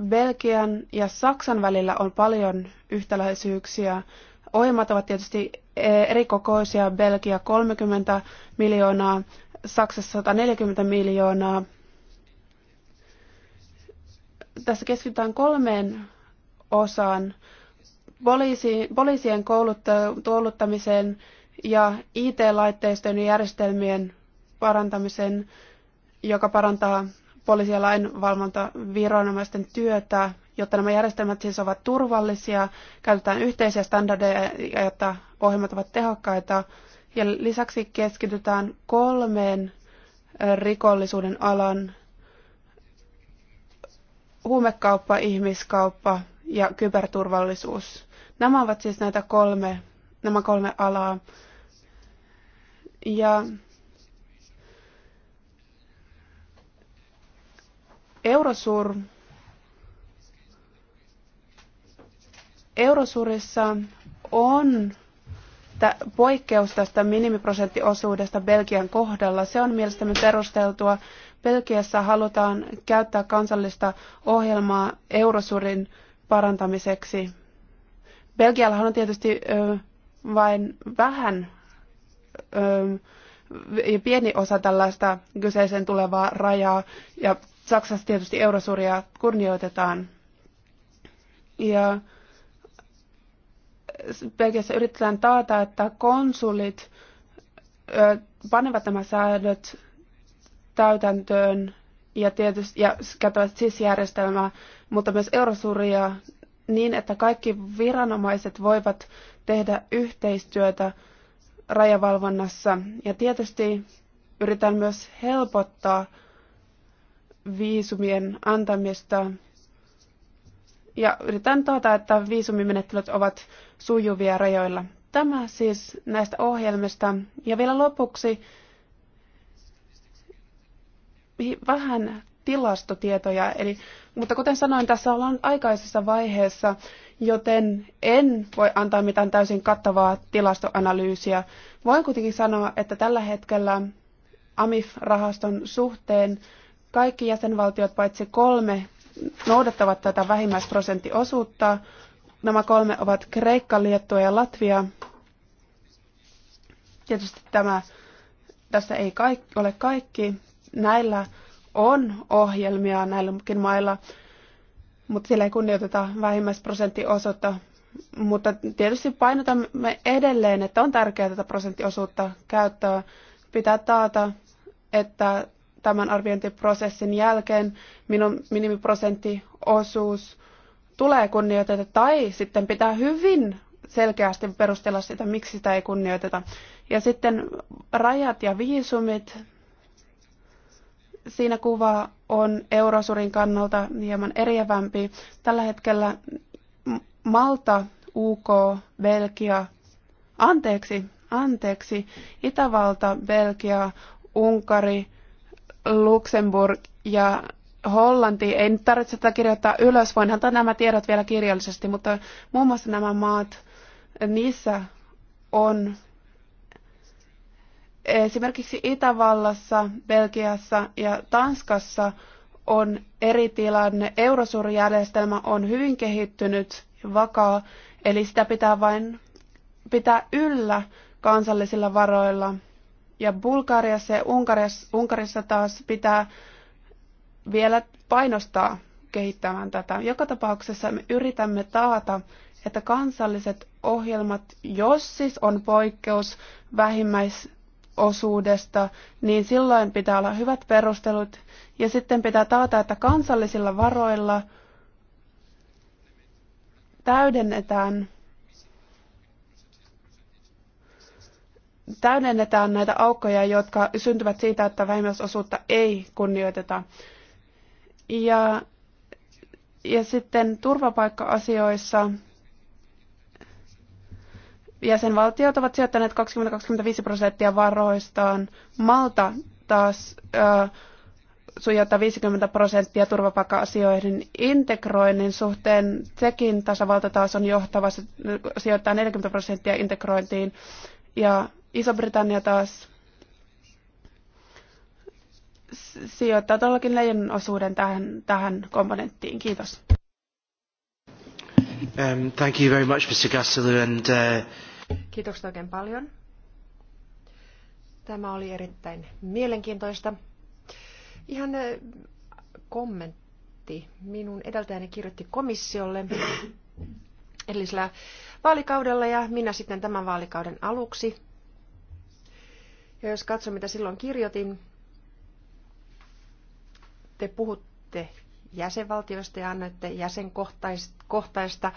Belgian ja Saksan välillä on paljon yhtäläisyyksiä. Ohjelmat ovat tietysti eh, erikokoisia. Belgia 30 miljoonaa, Saksassa 140 miljoonaa. Tässä keskitytään kolmeen osaan. Poliisi, poliisien eh, kouluttamiseen ja IT-laitteistojen ja järjestelmien parantamisen, joka parantaa ja lainvalvontaviranomaisten työtä, jotta nämä järjestelmät siis ovat turvallisia, käytetään yhteisiä standardeja jotta ohjelmat ovat tehokkaita. Ja lisäksi keskitytään kolmeen rikollisuuden alan huumekauppa, ihmiskauppa ja kyberturvallisuus. Nämä ovat siis näitä kolme, nämä kolme alaa. Ja Eurosur Eurosurissa on poikkeus tästä minimiprosenttiosuudesta Belgian kohdalla. Se on mielestäni perusteltua. Belgiassa halutaan käyttää kansallista ohjelmaa eurosurin parantamiseksi. Belgiallahan on tietysti ö, vain vähän ö, pieni osa tällaista kyseisen tulevaa rajaa, ja Saksassa tietysti Eurosuria kunnioitetaan. Ja Belgiassa yritetään taata, että konsulit panevat nämä säädöt täytäntöön ja, tietysti, ja käyttävät SIS-järjestelmää, mutta myös Eurosuria niin, että kaikki viranomaiset voivat tehdä yhteistyötä rajavalvonnassa. Ja tietysti yritän myös helpottaa viisumien antamista. Ja yritän taata, että viisumimenettelyt ovat sujuvia rajoilla. Tämä siis näistä ohjelmista. Ja vielä lopuksi vähän tilastotietoja. Eli, mutta kuten sanoin, tässä ollaan aikaisessa vaiheessa, joten en voi antaa mitään täysin kattavaa tilastoanalyysiä. Voin kuitenkin sanoa, että tällä hetkellä AMIF-rahaston suhteen kaikki jäsenvaltiot paitsi kolme noudattavat tätä vähimmäisprosenttiosuutta. Nämä kolme ovat Kreikka, Liettua ja Latvia. Tietysti tämä, tässä ei ole kaikki. Näillä on ohjelmia näilläkin mailla, mutta sillä ei kunnioiteta vähimmäisprosenttiosuutta. Mutta tietysti painotamme edelleen, että on tärkeää tätä prosenttiosuutta käyttää. Pitää taata, että tämän arviointiprosessin jälkeen minun minimiprosenttiosuus tulee kunnioiteta tai sitten pitää hyvin selkeästi perustella sitä, miksi sitä ei kunnioiteta. Ja sitten rajat ja viisumit. Siinä kuva on eurosurin kannalta hieman eriävämpi. Tällä hetkellä Malta, UK, Belgia, anteeksi, anteeksi, Itävalta, Belgia, Unkari, Luxemburg ja Hollanti, ei nyt tarvitse tätä kirjoittaa ylös, voinhan nämä tiedot vielä kirjallisesti, mutta muun muassa nämä maat, niissä on esimerkiksi Itävallassa, Belgiassa ja Tanskassa on eri tilanne. Eurosuurijärjestelmä on hyvin kehittynyt ja vakaa, eli sitä pitää vain pitää yllä kansallisilla varoilla. Ja Bulgariassa ja Unkarissa taas pitää vielä painostaa kehittämään tätä. Joka tapauksessa me yritämme taata, että kansalliset ohjelmat, jos siis on poikkeus vähimmäisosuudesta, niin silloin pitää olla hyvät perustelut ja sitten pitää taata, että kansallisilla varoilla täydennetään täydennetään näitä aukkoja, jotka syntyvät siitä, että vähimmäisosuutta ei kunnioiteta. Ja, ja sitten turvapaikka-asioissa jäsenvaltiot ovat sijoittaneet 20-25 prosenttia varoistaan. Malta taas äh, sujoittaa 50 prosenttia turvapaikka-asioiden integroinnin suhteen. Tsekin tasavalta taas on johtava, sijoittaa 40 prosenttia integrointiin. Ja Iso-Britannia taas sijoittaa todellakin leijonan osuuden tähän, tähän komponenttiin. Kiitos. Um, thank you very much, Mr. Gasselu, and, uh... Kiitos oikein paljon. Tämä oli erittäin mielenkiintoista. Ihan kommentti. Minun edeltäjäni kirjoitti komissiolle edellisellä vaalikaudella ja minä sitten tämän vaalikauden aluksi ja jos katson, mitä silloin kirjoitin, te puhutte jäsenvaltioista ja annoitte jäsenkohtaista,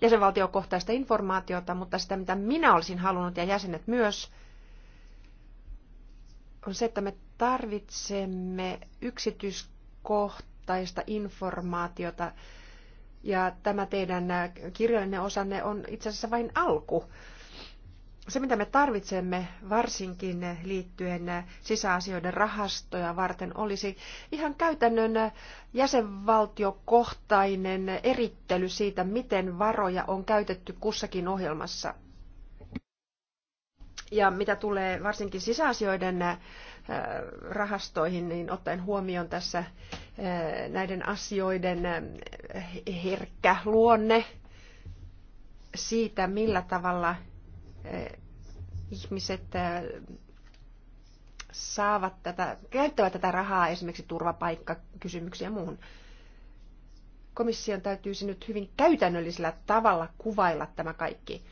jäsenvaltiokohtaista informaatiota, mutta sitä, mitä minä olisin halunnut ja jäsenet myös, on se, että me tarvitsemme yksityiskohtaista informaatiota ja tämä teidän kirjallinen osanne on itse asiassa vain alku se, mitä me tarvitsemme varsinkin liittyen sisäasioiden rahastoja varten, olisi ihan käytännön jäsenvaltiokohtainen erittely siitä, miten varoja on käytetty kussakin ohjelmassa. Ja mitä tulee varsinkin sisäasioiden äh, rahastoihin, niin ottaen huomioon tässä äh, näiden asioiden äh, herkkä luonne siitä, millä tavalla – ihmiset saavat tätä, käyttävät tätä rahaa esimerkiksi turvapaikkakysymyksiä ja muuhun. Komission täytyisi nyt hyvin käytännöllisellä tavalla kuvailla tämä kaikki.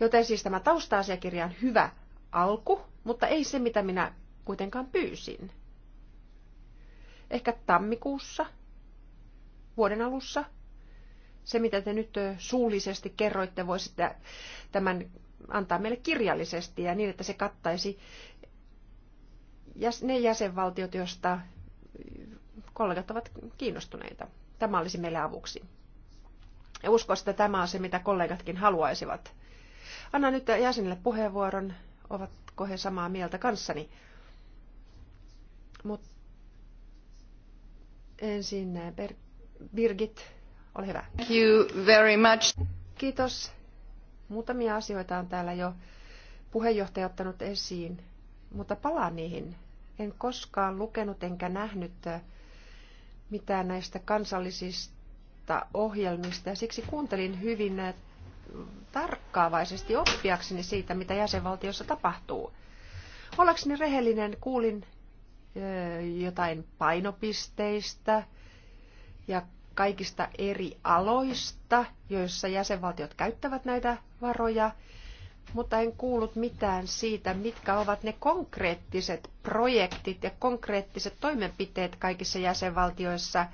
Joten siis tämä tausta-asiakirja on hyvä alku, mutta ei se, mitä minä kuitenkaan pyysin. Ehkä tammikuussa, vuoden alussa, se mitä te nyt suullisesti kerroitte, voisitte tämän antaa meille kirjallisesti ja niin, että se kattaisi ne jäsenvaltiot, joista kollegat ovat kiinnostuneita. Tämä olisi meille avuksi. Ja uskoisin, että tämä on se, mitä kollegatkin haluaisivat. Anna nyt jäsenille puheenvuoron, ovatko he samaa mieltä kanssani. Mutta ensin Birgit, ole hyvä. Thank you very much. Kiitos Muutamia asioita on täällä jo puheenjohtaja ottanut esiin, mutta palaan niihin. En koskaan lukenut enkä nähnyt äh, mitään näistä kansallisista ohjelmista ja siksi kuuntelin hyvin äh, tarkkaavaisesti oppiakseni siitä, mitä jäsenvaltiossa tapahtuu. Ollakseni rehellinen, kuulin äh, jotain painopisteistä ja kaikista eri aloista, joissa jäsenvaltiot käyttävät näitä varoja, mutta en kuullut mitään siitä, mitkä ovat ne konkreettiset projektit ja konkreettiset toimenpiteet kaikissa jäsenvaltioissa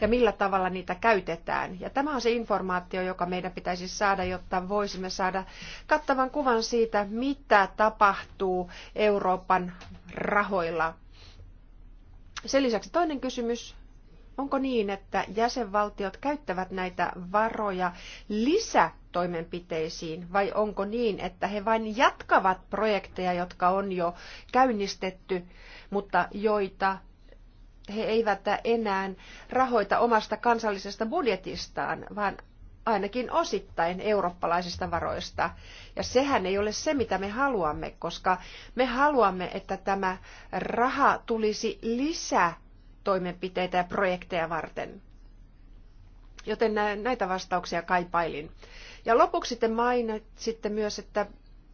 ja millä tavalla niitä käytetään. Ja tämä on se informaatio, joka meidän pitäisi saada, jotta voisimme saada kattavan kuvan siitä, mitä tapahtuu Euroopan rahoilla. Sen lisäksi toinen kysymys Onko niin, että jäsenvaltiot käyttävät näitä varoja lisätoimenpiteisiin vai onko niin, että he vain jatkavat projekteja, jotka on jo käynnistetty, mutta joita he eivät enää rahoita omasta kansallisesta budjetistaan, vaan ainakin osittain eurooppalaisista varoista. Ja sehän ei ole se, mitä me haluamme, koska me haluamme, että tämä raha tulisi lisää toimenpiteitä ja projekteja varten. Joten näitä vastauksia kaipailin. Ja lopuksi sitten mainitsitte myös, että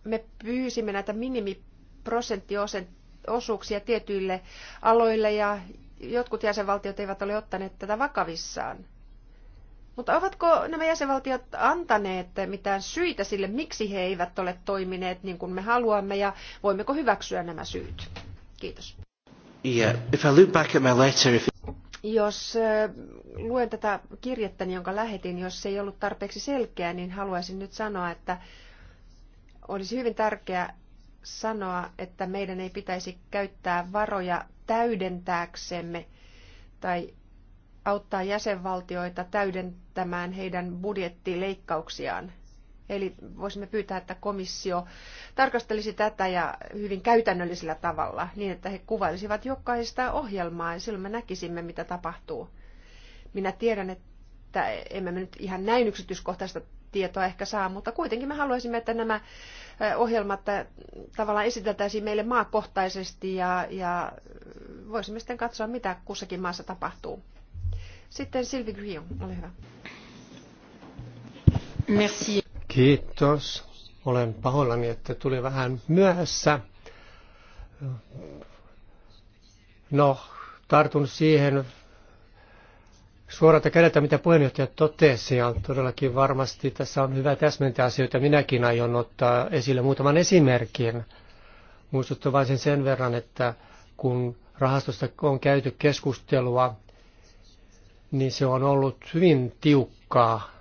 me pyysimme näitä minimiprosenttiosuuksia tietyille aloille ja jotkut jäsenvaltiot eivät ole ottaneet tätä vakavissaan. Mutta ovatko nämä jäsenvaltiot antaneet mitään syitä sille, miksi he eivät ole toimineet niin kuin me haluamme ja voimmeko hyväksyä nämä syyt? Kiitos. Jos luen tätä kirjettäni, jonka lähetin, jos se ei ollut tarpeeksi selkeä, niin haluaisin nyt sanoa, että olisi hyvin tärkeää sanoa, että meidän ei pitäisi käyttää varoja täydentääksemme tai auttaa jäsenvaltioita täydentämään heidän budjettileikkauksiaan. Eli voisimme pyytää, että komissio tarkastelisi tätä ja hyvin käytännöllisellä tavalla, niin että he kuvailisivat jokaista ohjelmaa ja silloin me näkisimme, mitä tapahtuu. Minä tiedän, että emme me nyt ihan näin yksityiskohtaista tietoa ehkä saa, mutta kuitenkin me haluaisimme, että nämä ohjelmat tavallaan esiteltäisiin meille maakohtaisesti ja, ja voisimme sitten katsoa, mitä kussakin maassa tapahtuu. Sitten Sylvie Grillon, ole hyvä. Merci. Kiitos. Olen pahoillani, että tuli vähän myöhässä. No, tartun siihen suoralta kädeltä, mitä puheenjohtaja totesi, ja todellakin varmasti tässä on hyvä täsmentää asioita. Minäkin aion ottaa esille muutaman esimerkin. Muistuttavaisin sen verran, että kun rahastosta on käyty keskustelua, niin se on ollut hyvin tiukkaa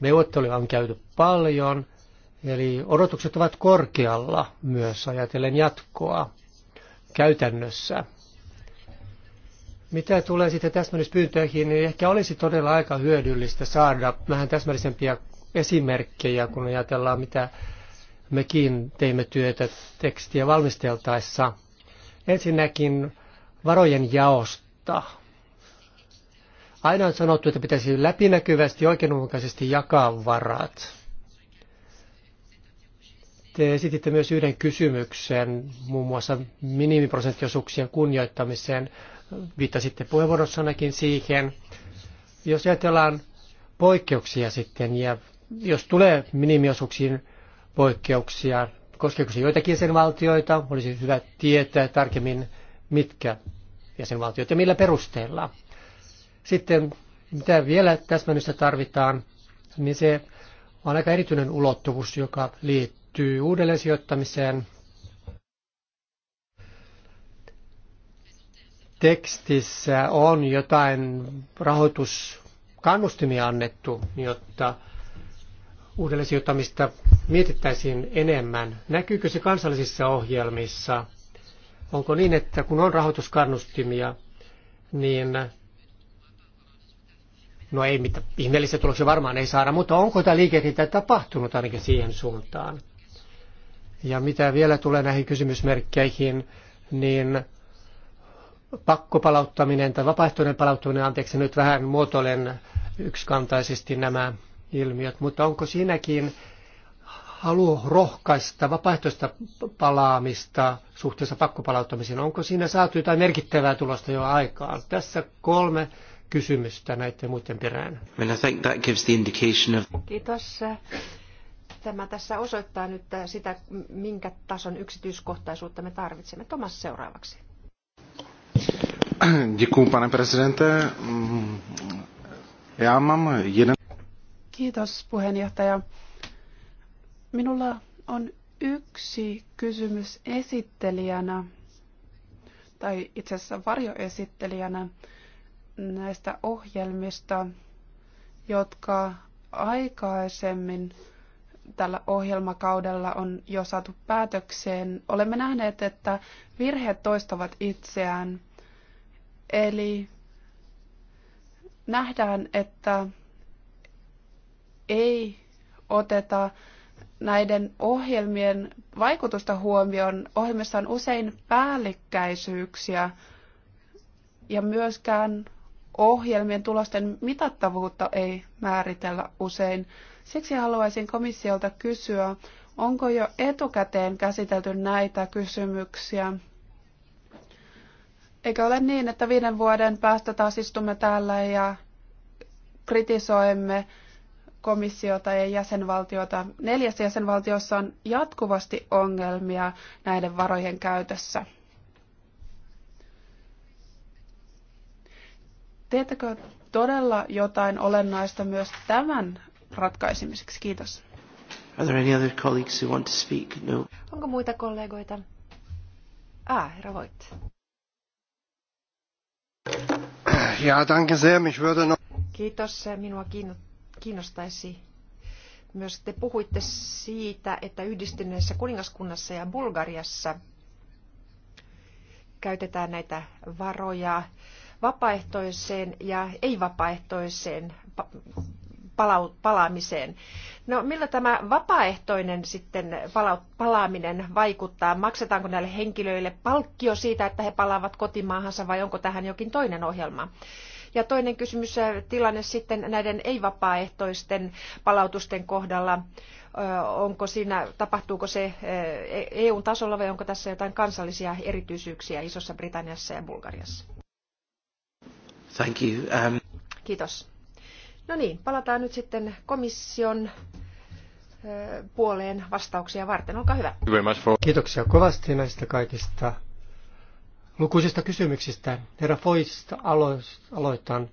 Neuvotteluja on käyty paljon, eli odotukset ovat korkealla myös ajatellen jatkoa käytännössä. Mitä tulee sitten täsmällispyyntöihin, niin ehkä olisi todella aika hyödyllistä saada vähän täsmällisempiä esimerkkejä, kun ajatellaan, mitä mekin teimme työtä tekstiä valmisteltaessa. Ensinnäkin varojen jaosta Aina on sanottu, että pitäisi läpinäkyvästi ja oikeudenmukaisesti jakaa varat. Te esititte myös yhden kysymyksen, muun muassa minimiprosenttiosuuksien kunnioittamiseen. Viittasitte puheenvuorossannekin siihen. Jos ajatellaan poikkeuksia sitten, ja jos tulee minimiosuuksiin poikkeuksia, koskeeko se joitakin jäsenvaltioita, olisi hyvä tietää tarkemmin, mitkä jäsenvaltiot ja millä perusteella. Sitten mitä vielä täsmennystä tarvitaan, niin se on aika erityinen ulottuvuus, joka liittyy uudelleen sijoittamiseen. Tekstissä on jotain rahoituskannustimia annettu, jotta uudelleen sijoittamista mietittäisiin enemmän. Näkyykö se kansallisissa ohjelmissa? Onko niin, että kun on rahoituskannustimia, niin No ei mitään ihmeellisiä tuloksia varmaan ei saada, mutta onko tämä liikehdintä tapahtunut ainakin siihen suuntaan? Ja mitä vielä tulee näihin kysymysmerkkeihin, niin pakkopalauttaminen tai vapaaehtoinen palauttaminen, anteeksi nyt vähän muotoilen yksikantaisesti nämä ilmiöt, mutta onko siinäkin halu rohkaista vapaaehtoista palaamista suhteessa pakkopalauttamiseen? Onko siinä saatu jotain merkittävää tulosta jo aikaan? Tässä kolme kysymystä näiden muiden perään. Well, I think that gives the indication of... Kiitos. Tämä tässä osoittaa nyt sitä, minkä tason yksityiskohtaisuutta me tarvitsemme. Tomas seuraavaksi. Kiitos, puheenjohtaja. Minulla on yksi kysymys esittelijänä, tai itse asiassa varjoesittelijänä näistä ohjelmista, jotka aikaisemmin tällä ohjelmakaudella on jo saatu päätökseen. Olemme nähneet, että virheet toistavat itseään. Eli nähdään, että ei oteta näiden ohjelmien vaikutusta huomioon. Ohjelmissa on usein päällikkäisyyksiä ja myöskään ohjelmien tulosten mitattavuutta ei määritellä usein. Siksi haluaisin komissiolta kysyä, onko jo etukäteen käsitelty näitä kysymyksiä? Eikö ole niin, että viiden vuoden päästä taas istumme täällä ja kritisoimme komissiota ja jäsenvaltiota. Neljässä jäsenvaltiossa on jatkuvasti ongelmia näiden varojen käytössä. teettekö todella jotain olennaista myös tämän ratkaisemiseksi? Kiitos. Are there any other colleagues who want to speak? No. Onko muita kollegoita? Ah, herra Voigt. Ja, danke sehr. Mich würde noch... Kiitos. Minua kiinnostaisi myös te puhuitte siitä, että yhdistyneessä kuningaskunnassa ja Bulgariassa käytetään näitä varoja vapaaehtoiseen ja ei-vapaaehtoiseen palaamiseen. No millä tämä vapaaehtoinen sitten palaaminen vaikuttaa? Maksetaanko näille henkilöille palkkio siitä, että he palaavat kotimaahansa vai onko tähän jokin toinen ohjelma? Ja toinen kysymys, äh, tilanne sitten näiden ei-vapaaehtoisten palautusten kohdalla. Onko siinä, tapahtuuko se äh, EU-tasolla e vai onko tässä jotain kansallisia erityisyyksiä Isossa Britanniassa ja Bulgariassa? Thank you. Um... Kiitos. No niin, palataan nyt sitten komission puoleen vastauksia varten. Olkaa hyvä. Kiitoksia kovasti näistä kaikista lukuisista kysymyksistä. Herra Foista aloitan.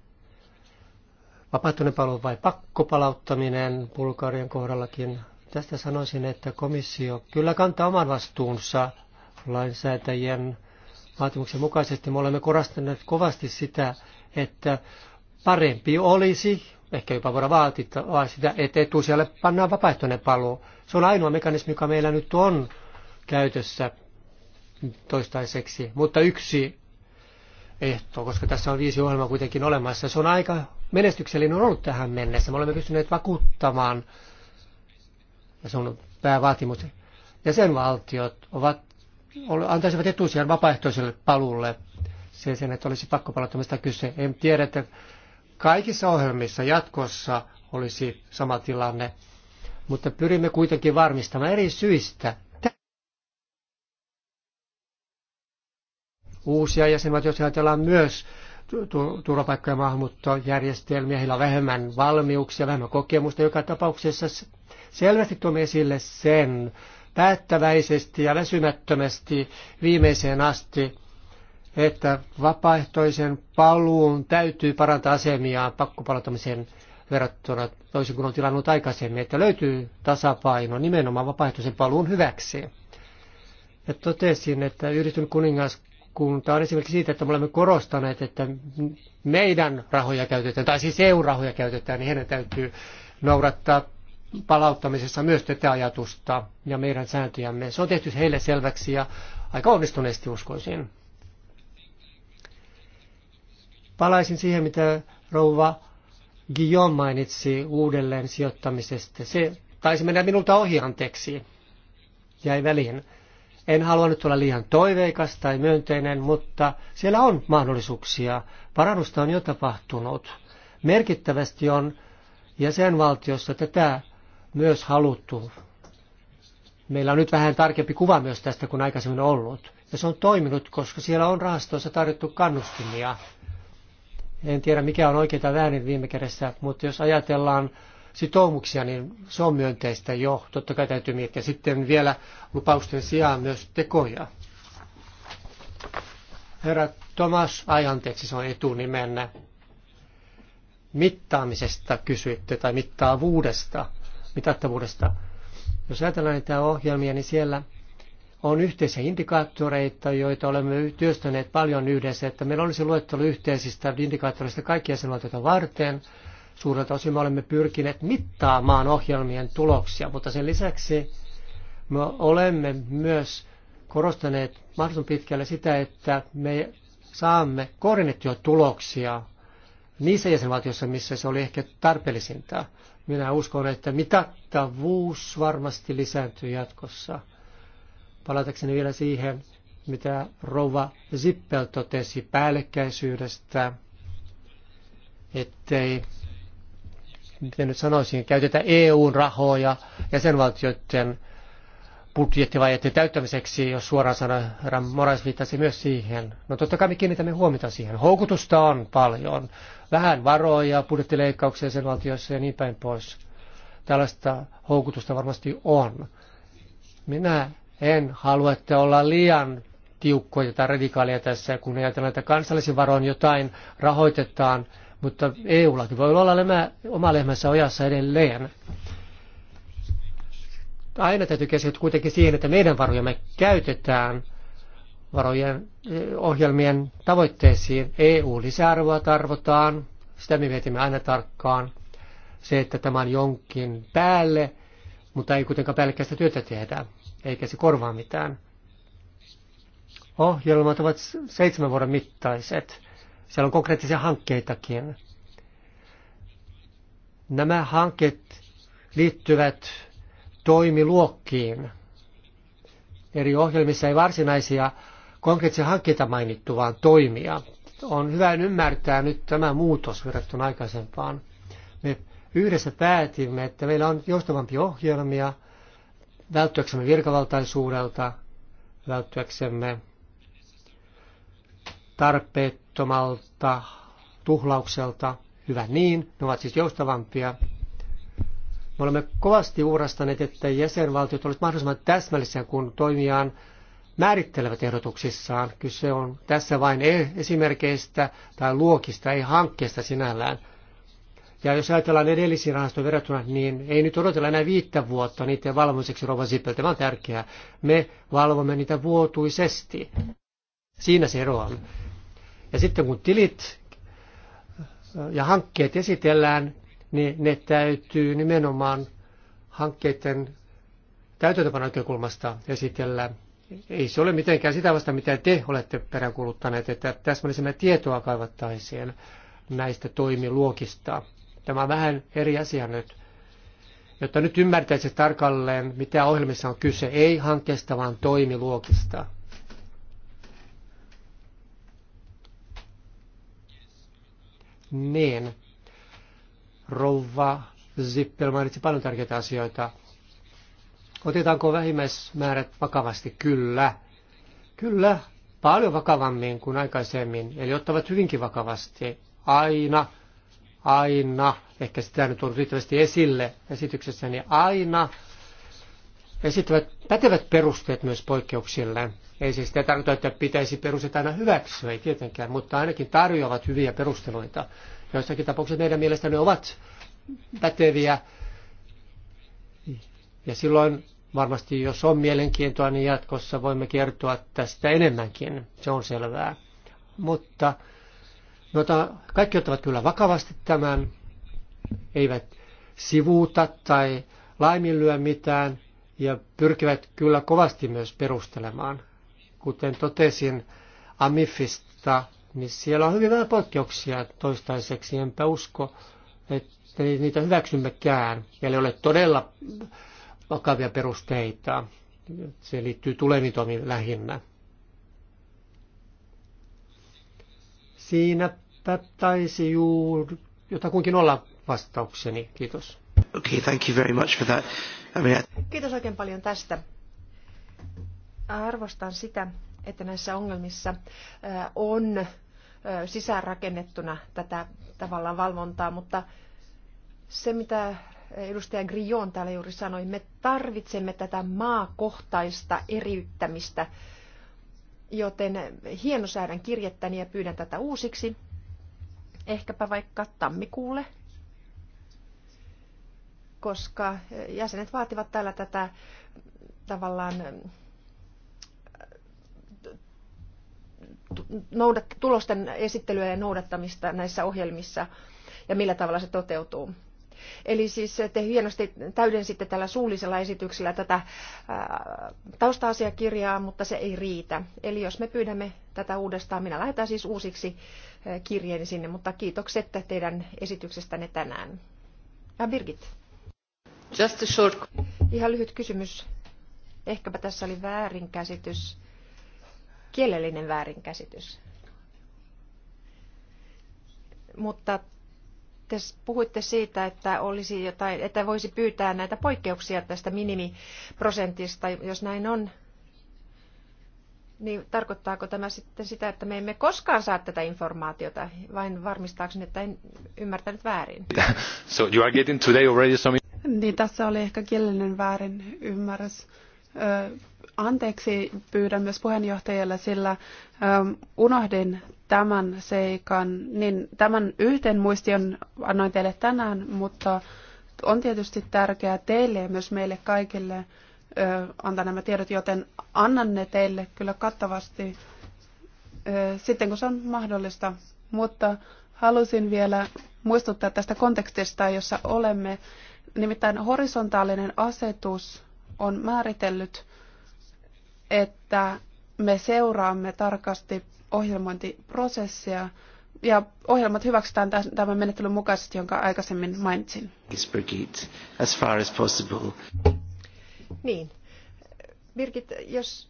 Vapaaehtoinen paluu vai pakkopalauttaminen Bulgarian kohdallakin? Tästä sanoisin, että komissio kyllä kantaa oman vastuunsa lainsäätäjien vaatimuksen mukaisesti. Me olemme korostaneet kovasti sitä, että parempi olisi, ehkä jopa voidaan vaatia sitä, että etusijalle pannaan vapaaehtoinen paluu. Se on ainoa mekanismi, joka meillä nyt on käytössä toistaiseksi, mutta yksi ehto, koska tässä on viisi ohjelmaa kuitenkin olemassa. Se on aika menestyksellinen ollut tähän mennessä. Me olemme pystyneet vakuuttamaan, ja se on päävaatimus, jäsenvaltiot ovat, antaisivat etusijan vapaaehtoiselle paluulle – sen sen, että olisi pakkopalauttamista kyse. En tiedä, että kaikissa ohjelmissa jatkossa olisi sama tilanne, mutta pyrimme kuitenkin varmistamaan eri syistä. Uusia jäsenvaltioita, jos ajatellaan myös turvapaikka- ja maahanmuuttojärjestelmiä, heillä on vähemmän valmiuksia, vähemmän kokemusta. Joka tapauksessa selvästi tuomme esille sen päättäväisesti ja väsymättömästi viimeiseen asti, että vapaaehtoisen paluun täytyy parantaa asemiaan pakkopalautumisen verrattuna toisin kuin on tilannut aikaisemmin, että löytyy tasapaino nimenomaan vapaaehtoisen paluun hyväksi. Ja totesin, että yhdistynyt kuningaskunta on esimerkiksi siitä, että me olemme korostaneet, että meidän rahoja käytetään, tai siis EU-rahoja käytetään, niin heidän täytyy noudattaa palauttamisessa myös tätä ajatusta ja meidän sääntöjämme. Se on tehty heille selväksi ja aika onnistuneesti uskoisin. Palaisin siihen, mitä rouva Guillaume mainitsi uudelleen sijoittamisesta. Se taisi mennä minulta ohi, anteeksi. Jäi väliin. En halua nyt olla liian toiveikas tai myönteinen, mutta siellä on mahdollisuuksia. Parannusta on jo tapahtunut. Merkittävästi on jäsenvaltiossa tätä myös haluttu. Meillä on nyt vähän tarkempi kuva myös tästä kuin aikaisemmin ollut. Ja se on toiminut, koska siellä on rahastoissa tarjottu kannustimia en tiedä mikä on oikein tai väärin viime kädessä, mutta jos ajatellaan sitoumuksia, niin se on myönteistä jo. Totta kai täytyy miettiä sitten vielä lupausten sijaan myös tekoja. Herra Thomas, ai anteeksi, se on etunimenne. Mittaamisesta kysyitte tai mittaavuudesta, mitattavuudesta. Jos ajatellaan niitä ohjelmia, niin siellä on yhteisiä indikaattoreita, joita olemme työstäneet paljon yhdessä, että meillä olisi luettelo yhteisistä indikaattoreista kaikkia jäsenvaltioita varten. Suurelta osin me olemme pyrkineet mittaamaan ohjelmien tuloksia, mutta sen lisäksi me olemme myös korostaneet mahdollisimman pitkälle sitä, että me saamme kohdennettuja tuloksia niissä jäsenvaltioissa, missä se oli ehkä tarpeellisinta. Minä uskon, että mitattavuus varmasti lisääntyy jatkossa palatakseni vielä siihen, mitä Rova Zippel totesi päällekkäisyydestä, ettei, miten nyt sanoisin, käytetä EUn rahoja jäsenvaltioiden budjettivajetta täyttämiseksi, jos suoraan sanoen herra Morais viittasi myös siihen. No totta kai me kiinnitämme huomiota siihen. Houkutusta on paljon. Vähän varoja, budjettileikkauksia sen valtioissa ja niin päin pois. Tällaista houkutusta varmasti on. Minä en halua, että ollaan liian tiukkoja tai radikaaleja tässä, kun ajatellaan, että kansallisin varoin jotain rahoitetaan, mutta EUllakin voi olla lemä, oma lehmänsä ojassa edelleen. Aina täytyy keskittyä kuitenkin siihen, että meidän varojamme käytetään varojen eh, ohjelmien tavoitteisiin. EU-lisäarvoa tarvotaan, sitä me mietimme aina tarkkaan. Se, että tämä on jonkin päälle, mutta ei kuitenkaan päällekkäistä työtä tehdä eikä se korvaa mitään. Ohjelmat ovat seitsemän vuoden mittaiset. Siellä on konkreettisia hankkeitakin. Nämä hankkeet liittyvät toimiluokkiin. Eri ohjelmissa ei varsinaisia konkreettisia hankkeita mainittu, vaan toimia. On hyvä ymmärtää nyt tämä muutos verrattuna aikaisempaan. Me yhdessä päätimme, että meillä on joustavampi ohjelmia – välttyäksemme virkavaltaisuudelta, välttyäksemme tarpeettomalta tuhlaukselta. Hyvä niin, ne ovat siis joustavampia. Me olemme kovasti uurastaneet, että jäsenvaltiot olisivat mahdollisimman täsmällisiä, kun toimijaan määrittelevät ehdotuksissaan. Kyse on tässä vain e-, esimerkkeistä tai luokista, ei hankkeesta sinällään – ja jos ajatellaan edellisiin rahastoihin verrattuna, niin ei nyt odotella enää viittä vuotta niiden valvomiseksi Rova Zippel. Tämä on tärkeää. Me valvomme niitä vuotuisesti. Siinä se ero on. Ja sitten kun tilit äh, ja hankkeet esitellään, niin ne täytyy nimenomaan hankkeiden täytäntöpan näkökulmasta esitellä. Ei se ole mitenkään sitä vasta, mitä te olette peräkuluttaneet, että täsmällisemmin tietoa kaivattaisiin näistä toimiluokista. Tämä on vähän eri asia nyt. Jotta nyt ymmärtäisit tarkalleen, mitä ohjelmissa on kyse, ei hankkeesta, vaan toimiluokista. Niin. Rouva Zippel mainitsi paljon tärkeitä asioita. Otetaanko vähimmäismäärät vakavasti? Kyllä. Kyllä, paljon vakavammin kuin aikaisemmin, eli ottavat hyvinkin vakavasti. Aina aina, ehkä sitä nyt on riittävästi esille esityksessäni, niin aina esittävät pätevät perusteet myös poikkeuksille. Ei siis sitä tarkoita, että pitäisi perusteet aina hyväksyä, ei tietenkään, mutta ainakin tarjoavat hyviä perusteluita. Joissakin tapauksissa meidän mielestä ne ovat päteviä. Ja silloin varmasti, jos on mielenkiintoa, niin jatkossa voimme kertoa tästä enemmänkin. Se on selvää. Mutta jota kaikki ottavat kyllä vakavasti tämän, eivät sivuuta tai laiminlyö mitään ja pyrkivät kyllä kovasti myös perustelemaan. Kuten totesin Amifista, niin siellä on hyvin vähän poikkeuksia toistaiseksi, enpä usko, että niitä hyväksymmekään. Eli ei ole todella vakavia perusteita. Se liittyy tulevitomiin lähinnä. Siinä taisi juuri jotakuinkin olla vastaukseni. Kiitos. Okay, thank you very much for that. I mean, I... Kiitos oikein paljon tästä. Arvostan sitä, että näissä ongelmissa äh, on äh, sisäänrakennettuna tätä tavallaan valvontaa, mutta se mitä edustaja Grillon täällä juuri sanoi, me tarvitsemme tätä maakohtaista eriyttämistä Joten hienosäädän kirjettäni ja pyydän tätä uusiksi. Ehkäpä vaikka tammikuulle, koska jäsenet vaativat täällä tätä tavallaan tulosten esittelyä ja noudattamista näissä ohjelmissa ja millä tavalla se toteutuu. Eli siis te hienosti täydensitte tällä suullisella esityksellä tätä tausta-asiakirjaa, mutta se ei riitä. Eli jos me pyydämme tätä uudestaan, minä lähetän siis uusiksi kirjeen sinne, mutta kiitokset teidän esityksestänne tänään. Ja Birgit. Just a short... Ihan lyhyt kysymys. Ehkäpä tässä oli väärinkäsitys, kielellinen väärinkäsitys. Mutta te puhuitte siitä, että, olisi jotain, että voisi pyytää näitä poikkeuksia tästä minimiprosentista. Jos näin on, niin tarkoittaako tämä sitten sitä, että me emme koskaan saa tätä informaatiota, vain varmistaakseni, että en ymmärtänyt väärin? [laughs] So you are getting today already some... Niin tässä oli ehkä kielinen väärin ymmärrys. anteeksi pyydän myös puheenjohtajalle, sillä unohdin tämän seikan, niin tämän yhden muistion annoin teille tänään, mutta on tietysti tärkeää teille ja myös meille kaikille ö, antaa nämä tiedot, joten annan ne teille kyllä kattavasti ö, sitten, kun se on mahdollista. Mutta halusin vielä muistuttaa tästä kontekstista, jossa olemme. Nimittäin horisontaalinen asetus on määritellyt, että me seuraamme tarkasti ohjelmointiprosessia ja ohjelmat hyväksytään tämän menettelyn mukaisesti, jonka aikaisemmin mainitsin. As far as possible. Niin. Birgit, jos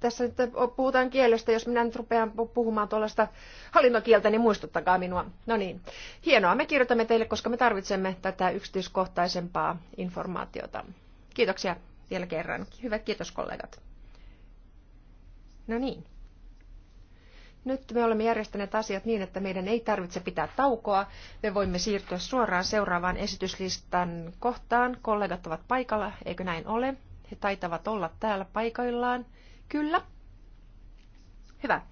tässä nyt puhutaan kielestä, jos minä nyt rupean puhumaan tuollaista hallinnokieltä, niin muistuttakaa minua. No niin, hienoa, me kirjoitamme teille, koska me tarvitsemme tätä yksityiskohtaisempaa informaatiota. Kiitoksia vielä kerran. Hyvät kiitos kollegat. No niin. Nyt me olemme järjestäneet asiat niin, että meidän ei tarvitse pitää taukoa. Me voimme siirtyä suoraan seuraavaan esityslistan kohtaan. Kollegat ovat paikalla, eikö näin ole? He taitavat olla täällä paikoillaan. Kyllä. Hyvä.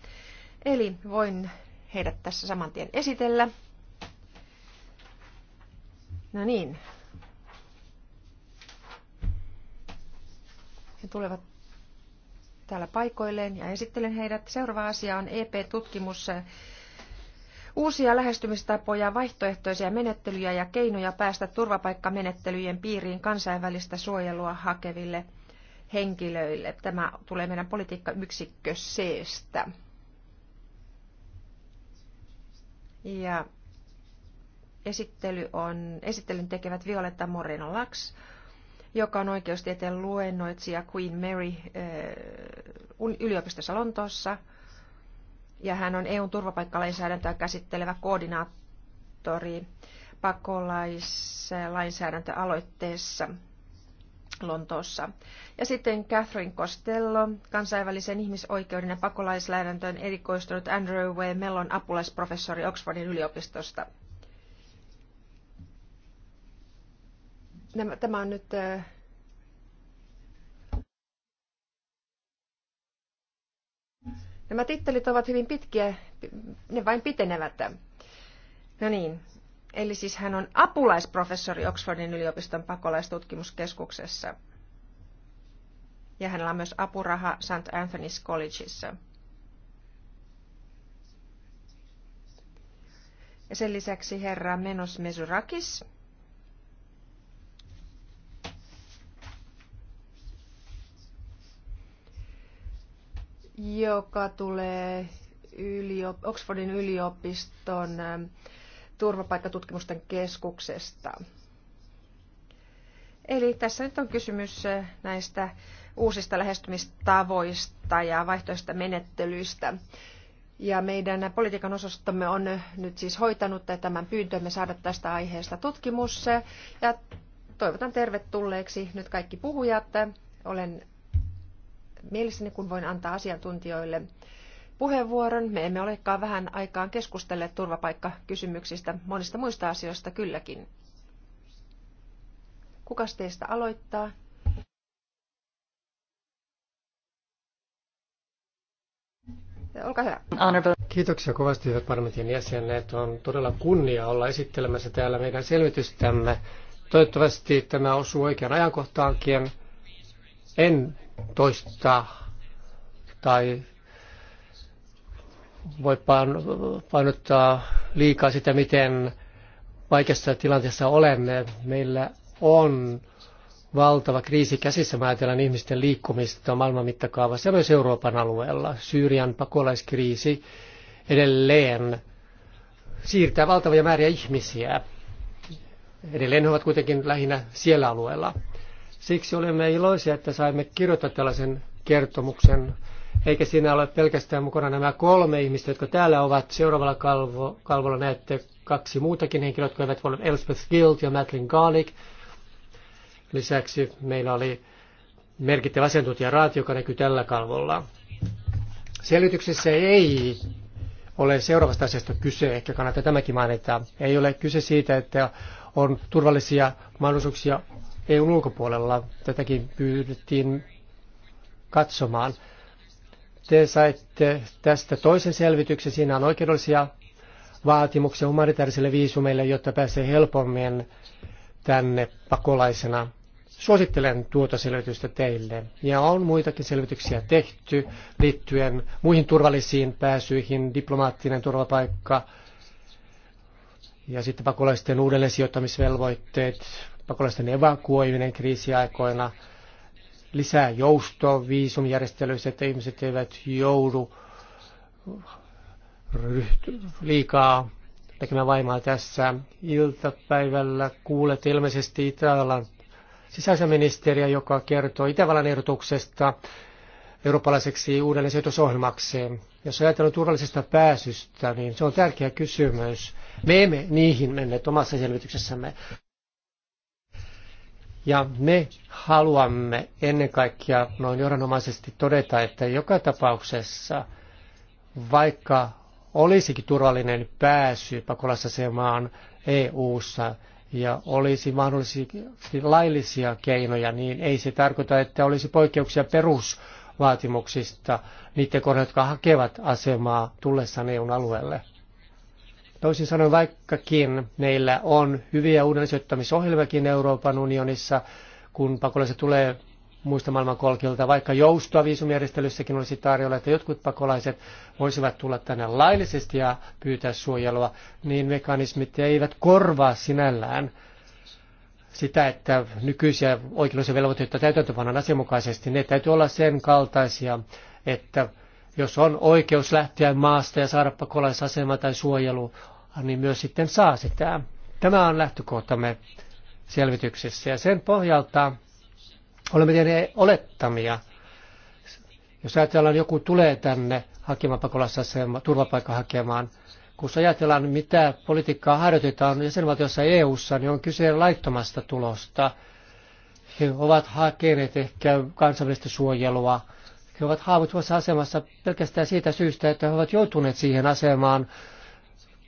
Eli voin heidät tässä saman tien esitellä. No niin. He tulevat täällä paikoilleen ja esittelen heidät. Seuraava asia on EP-tutkimus. Uusia lähestymistapoja, vaihtoehtoisia menettelyjä ja keinoja päästä turvapaikkamenettelyjen piiriin kansainvälistä suojelua hakeville henkilöille. Tämä tulee meidän politiikkayksikkö Cstä. Ja esittely on, esittelyn tekevät Violetta Moreno Laks, joka on oikeustieteen luennoitsija Queen Mary eh, yliopistossa Lontoossa. Ja hän on EUn turvapaikkalainsäädäntöä käsittelevä koordinaattori pakolaislainsäädäntöaloitteessa Lontoossa. Ja sitten Catherine Costello, kansainvälisen ihmisoikeuden ja pakolaislainsäädäntöön erikoistunut Andrew W. Mellon apulaisprofessori Oxfordin yliopistosta. nämä, tämä on nyt Nämä tittelit ovat hyvin pitkiä, ne vain pitenevät. No niin, eli siis hän on apulaisprofessori Oxfordin yliopiston pakolaistutkimuskeskuksessa. Ja hänellä on myös apuraha St. Anthony's Collegeissa. Ja sen lisäksi herra Menos Mesurakis, joka tulee yliop- Oxfordin yliopiston ähm, turvapaikkatutkimusten keskuksesta. Eli tässä nyt on kysymys äh, näistä uusista lähestymistavoista ja vaihtoista menettelyistä. Ja meidän politiikan osastomme on nyt siis hoitanut tämän pyyntömme saada tästä aiheesta tutkimus. Ja toivotan tervetulleeksi nyt kaikki puhujat. Olen mielessäni, kun voin antaa asiantuntijoille puheenvuoron. Me emme olekaan vähän aikaan keskustelleet turvapaikkakysymyksistä, monista muista asioista kylläkin. Kukas teistä aloittaa? Olkaa hyvä. Kiitoksia kovasti, hyvät parlamentin jäsenet. On todella kunnia olla esittelemässä täällä meidän selvitystämme. Toivottavasti tämä osuu oikean ajankohtaankin. En toista tai voi painottaa liikaa sitä, miten vaikeassa tilanteessa olemme. Meillä on valtava kriisi käsissä, mä ajatellaan ihmisten liikkumista maailman mittakaavassa ja myös Euroopan alueella. Syyrian pakolaiskriisi edelleen siirtää valtavia määriä ihmisiä. Edelleen he ovat kuitenkin lähinnä siellä alueella. Siksi olemme iloisia, että saimme kirjoittaa tällaisen kertomuksen, eikä siinä ole pelkästään mukana nämä kolme ihmistä, jotka täällä ovat. Seuraavalla kalvo, kalvolla näette kaksi muutakin henkilöä, jotka eivät ole Elspeth Guild ja Madeline Garlick. Lisäksi meillä oli merkittävä asiantuntija Raat, joka näkyy tällä kalvolla. Selityksessä ei ole seuraavasta asiasta kyse, ehkä kannattaa tämäkin mainita. Ei ole kyse siitä, että on turvallisia mahdollisuuksia EUn ulkopuolella. Tätäkin pyydettiin katsomaan. Te saitte tästä toisen selvityksen. Siinä on oikeudellisia vaatimuksia humanitaarisille viisumeille, jotta pääsee helpommin tänne pakolaisena. Suosittelen tuota selvitystä teille. Ja on muitakin selvityksiä tehty liittyen muihin turvallisiin pääsyihin, diplomaattinen turvapaikka ja sitten pakolaisten uudelleen sijoittamisvelvoitteet, pakolaisten evakuoiminen kriisiaikoina, lisää joustoa viisumijärjestelyissä, että ihmiset eivät joudu ryhty, liikaa tekemään vaimaa tässä. Iltapäivällä kuulet ilmeisesti Itävallan sisäisäministeriä, joka kertoo Itävallan ehdotuksesta eurooppalaiseksi uudelleen sijoitusohjelmaksi. Jos ajatellaan turvallisesta pääsystä, niin se on tärkeä kysymys. Me emme niihin menneet omassa selvityksessämme, ja me haluamme ennen kaikkea noin johdanomaisesti todeta, että joka tapauksessa, vaikka olisikin turvallinen pääsy pakolaisasemaan EU-ssa ja olisi mahdollisesti laillisia keinoja, niin ei se tarkoita, että olisi poikkeuksia perusvaatimuksista niiden kohdalla, jotka hakevat asemaa tullessaan eu alueelle. Toisin sanoen, vaikkakin meillä on hyviä uudelleensijoittamisohjelmiakin Euroopan unionissa, kun pakolaiset tulee muista maailmankolkilta, vaikka joustoa viisumijärjestelyssäkin olisi tarjolla, että jotkut pakolaiset voisivat tulla tänne laillisesti ja pyytää suojelua, niin mekanismit eivät korvaa sinällään sitä, että nykyisiä oikeus- ja velvoitteita täytäntöpanan asianmukaisesti, ne täytyy olla sen kaltaisia, että jos on oikeus lähteä maasta ja saada pakolaisasema tai suojelu, niin myös sitten saa sitä. Tämä on lähtökohtamme selvityksessä ja sen pohjalta olemme tehneet olettamia. Jos ajatellaan, joku tulee tänne hakemaan pakolaisasema, turvapaikka hakemaan, kun ajatellaan, mitä politiikkaa harjoitetaan jäsenvaltiossa EU-ssa, niin on kyse laittomasta tulosta. He ovat hakeneet ehkä kansainvälistä suojelua. He ovat haavoittuvassa asemassa pelkästään siitä syystä, että he ovat joutuneet siihen asemaan,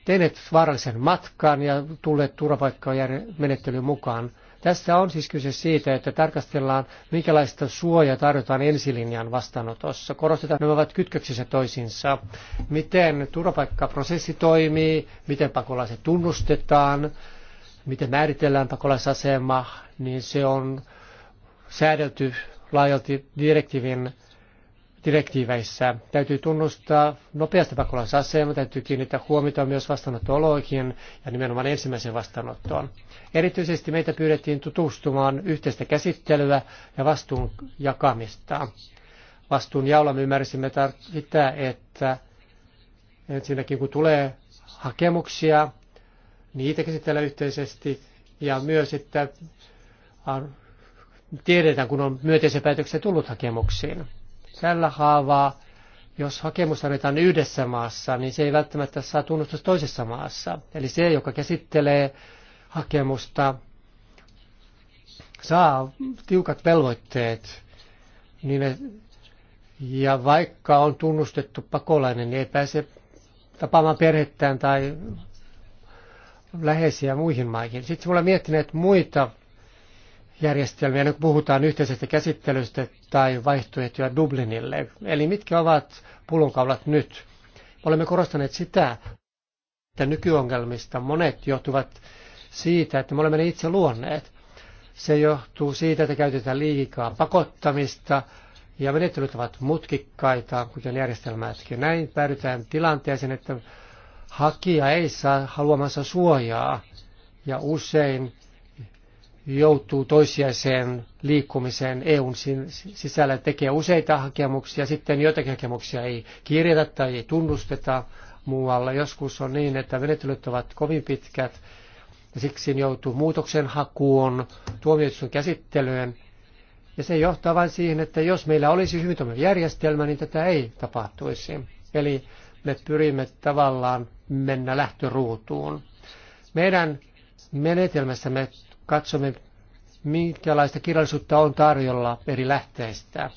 tehneet vaarallisen matkan ja tulleet turvapaikkamenettelyyn mukaan. Tässä on siis kyse siitä, että tarkastellaan, minkälaista suojaa tarjotaan ensilinjan vastaanotossa. Korostetaan, että ne ovat kytköksissä toisinsa. Miten turvapaikkaprosessi toimii, miten pakolaiset tunnustetaan, miten määritellään pakolaisasema, niin se on säädelty laajalti direktiivin direktiiveissä. Täytyy tunnustaa nopeasti pakolaisasema, täytyy kiinnittää huomiota myös vastaanottooloihin ja nimenomaan ensimmäiseen vastaanottoon. Erityisesti meitä pyydettiin tutustumaan yhteistä käsittelyä ja vastuun jakamista. Vastuun jaolla me ymmärsimme sitä, että ensinnäkin kun tulee hakemuksia, niitä käsitellään yhteisesti ja myös, että tiedetään, kun on myönteisiä päätöksiä tullut hakemuksiin Tällä haavaa, jos hakemus annetaan yhdessä maassa, niin se ei välttämättä saa tunnustusta toisessa maassa. Eli se, joka käsittelee hakemusta, saa tiukat velvoitteet. Niin ja vaikka on tunnustettu pakolainen, niin ei pääse tapaamaan perhettään tai läheisiä muihin maihin. Sitten voi miettinyt, että muita järjestelmiä, ennen puhutaan yhteisestä käsittelystä tai vaihtoehtoja Dublinille. Eli mitkä ovat pullonkaulat nyt? Olemme korostaneet sitä, että nykyongelmista monet johtuvat siitä, että me olemme ne itse luonneet. Se johtuu siitä, että käytetään liikaa pakottamista ja menettelyt ovat mutkikkaita, kuten järjestelmätkin. Näin päädytään tilanteeseen, että hakija ei saa haluamansa suojaa ja usein joutuu toisiaiseen liikkumiseen EUn sisällä, tekee useita hakemuksia, sitten joitakin hakemuksia ei kirjata tai ei tunnusteta muualla. Joskus on niin, että menettelyt ovat kovin pitkät ja siksi joutuu muutoksen hakuun, tuomioistuin käsittelyyn. Ja se johtaa vain siihen, että jos meillä olisi hyvin toimiva järjestelmä, niin tätä ei tapahtuisi. Eli me pyrimme tavallaan mennä lähtöruutuun. Meidän menetelmässämme katsomme, minkälaista kirjallisuutta on tarjolla eri lähteistä.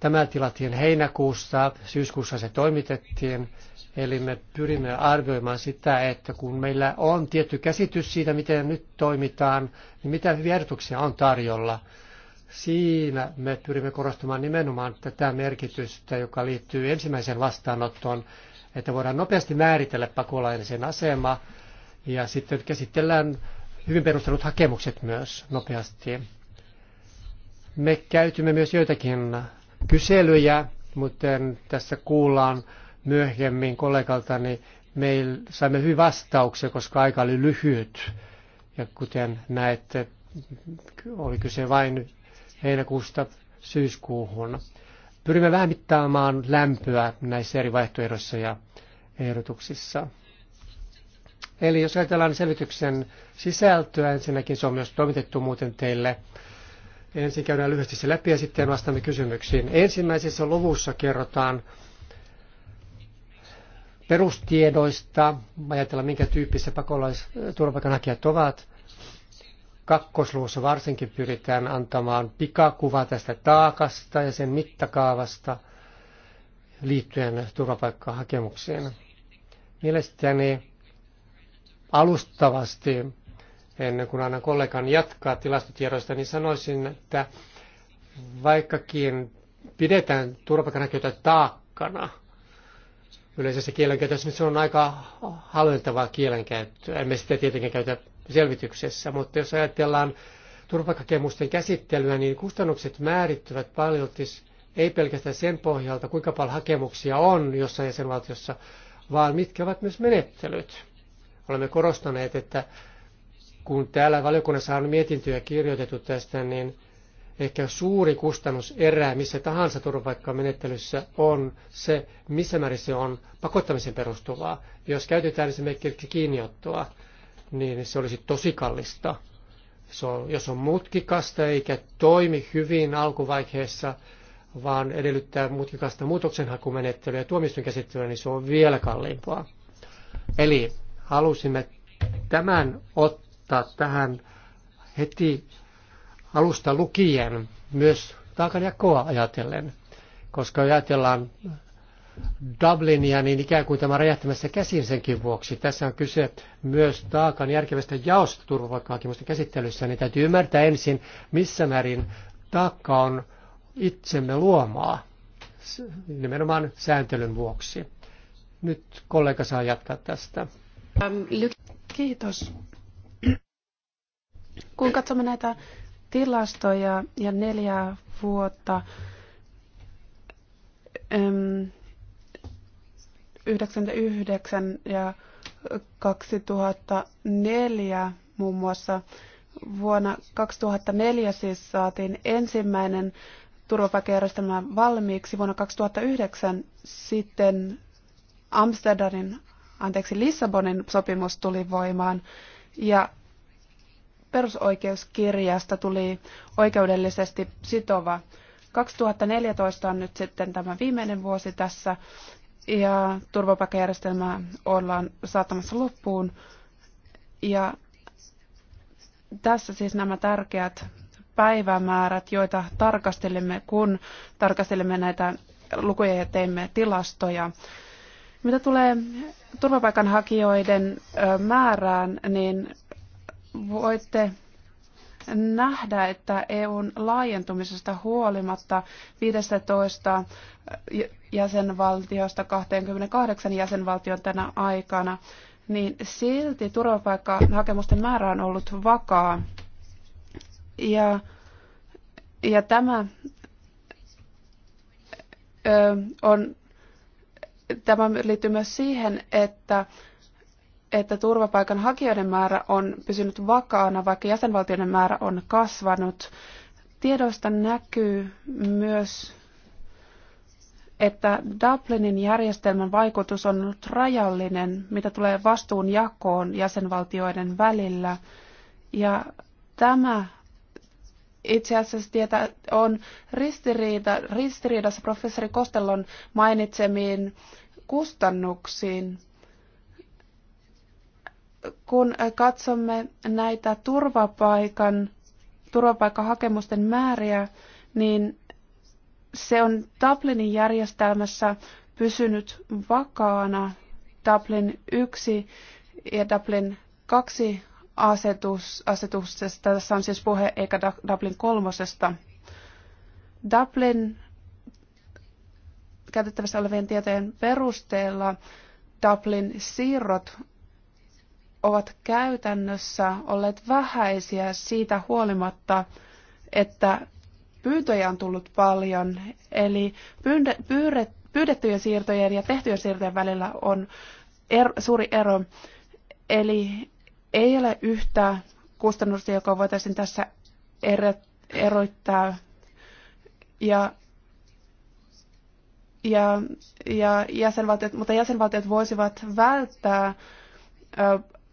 Tämä tilattiin heinäkuussa, syyskuussa se toimitettiin, eli me pyrimme arvioimaan sitä, että kun meillä on tietty käsitys siitä, miten nyt toimitaan, niin mitä hyviä on tarjolla. Siinä me pyrimme korostamaan nimenomaan tätä merkitystä, joka liittyy ensimmäiseen vastaanottoon, että voidaan nopeasti määritellä pakolaisen asema ja sitten käsitellään hyvin perustelut hakemukset myös nopeasti. Me käytimme myös joitakin kyselyjä, mutta tässä kuullaan myöhemmin kollegaltani, niin me saimme hyvin vastauksia, koska aika oli lyhyt. Ja kuten näette, oli kyse vain heinäkuusta syyskuuhun. Pyrimme vähän mittaamaan lämpöä näissä eri vaihtoehdoissa ja ehdotuksissa. Eli jos ajatellaan selvityksen sisältöä, ensinnäkin se on myös toimitettu muuten teille. Ensin käydään lyhyesti se läpi ja sitten vastaamme kysymyksiin. Ensimmäisessä luvussa kerrotaan perustiedoista, ajatellaan minkä tyyppisiä pakolaisturvapaikanhakijat ovat. Kakkosluvussa varsinkin pyritään antamaan pikakuva tästä taakasta ja sen mittakaavasta liittyen turvapaikkahakemukseen. Mielestäni alustavasti, ennen kuin annan kollegan jatkaa tilastotiedoista, niin sanoisin, että vaikkakin pidetään turvapaikanhakijoita taakkana, yleisessä kielenkäytössä, niin se on aika halventavaa kielenkäyttöä. Emme sitä tietenkin käytä selvityksessä, mutta jos ajatellaan turvapaikkakemusten käsittelyä, niin kustannukset määrittyvät paljon ei pelkästään sen pohjalta, kuinka paljon hakemuksia on jossain jäsenvaltiossa, vaan mitkä ovat myös menettelyt olemme korostaneet, että kun täällä valiokunnassa on mietintöjä kirjoitettu tästä, niin ehkä suuri kustannuserä missä tahansa turvapaikkamenettelyssä on se, missä määrin se on pakottamisen perustuvaa. Jos käytetään esimerkiksi kiinniottoa, niin se olisi tosi kallista. Se on, jos on mutkikasta eikä toimi hyvin alkuvaiheessa, vaan edellyttää mutkikasta muutoksenhakumenettelyä ja tuomistun käsittelyä, niin se on vielä kalliimpaa. Eli halusimme tämän ottaa tähän heti alusta lukien myös taakanjakoa ajatellen, koska ajatellaan Dublinia, niin ikään kuin tämä räjähtämässä käsin senkin vuoksi. Tässä on kyse myös taakan järkevästä jaosta turvapaikkahakemusten käsittelyssä, niin täytyy ymmärtää ensin, missä määrin taakka on itsemme luomaa nimenomaan sääntelyn vuoksi. Nyt kollega saa jatkaa tästä. Kiitos. Kun katsomme näitä tilastoja ja neljää vuotta, 99 ja 2004 muun muassa. Vuonna 2004 siis saatiin ensimmäinen turvapaikkajärjestelmä valmiiksi. Vuonna 2009 sitten Amsterdamin anteeksi, Lissabonin sopimus tuli voimaan ja perusoikeuskirjasta tuli oikeudellisesti sitova. 2014 on nyt sitten tämä viimeinen vuosi tässä ja turvapaikkajärjestelmää ollaan saattamassa loppuun. Ja tässä siis nämä tärkeät päivämäärät, joita tarkastelimme, kun tarkastelimme näitä lukuja ja teimme tilastoja. Mitä tulee turvapaikanhakijoiden määrään, niin voitte nähdä, että EUn laajentumisesta huolimatta 15 jäsenvaltiosta 28 jäsenvaltion tänä aikana, niin silti turvapaikkahakemusten määrä on ollut vakaa. Ja, ja tämä ö, on tämä liittyy myös siihen, että että turvapaikanhakijoiden määrä on pysynyt vakaana, vaikka jäsenvaltioiden määrä on kasvanut. Tiedoista näkyy myös, että Dublinin järjestelmän vaikutus on ollut rajallinen, mitä tulee vastuun jakoon jäsenvaltioiden välillä. Ja tämä itse asiassa tietää, on ristiriita, ristiriidassa professori Kostellon mainitsemiin kustannuksiin. Kun katsomme näitä turvapaikan, turvapaikkahakemusten määriä, niin se on Dublinin järjestelmässä pysynyt vakaana. Dublin 1 ja Dublin 2 asetus, asetuksesta. Tässä on siis puhe eikä Dublin kolmosesta. Dublin käytettävissä olevien tietojen perusteella Dublin siirrot ovat käytännössä olleet vähäisiä siitä huolimatta, että pyyntöjä on tullut paljon. Eli pyydettyjen siirtojen ja tehtyjen siirtojen välillä on er, suuri ero. Eli ei ole yhtä kustannusta, joka voitaisiin tässä erottaa. Ja, ja, ja jäsenvaltiot, mutta jäsenvaltiot voisivat välttää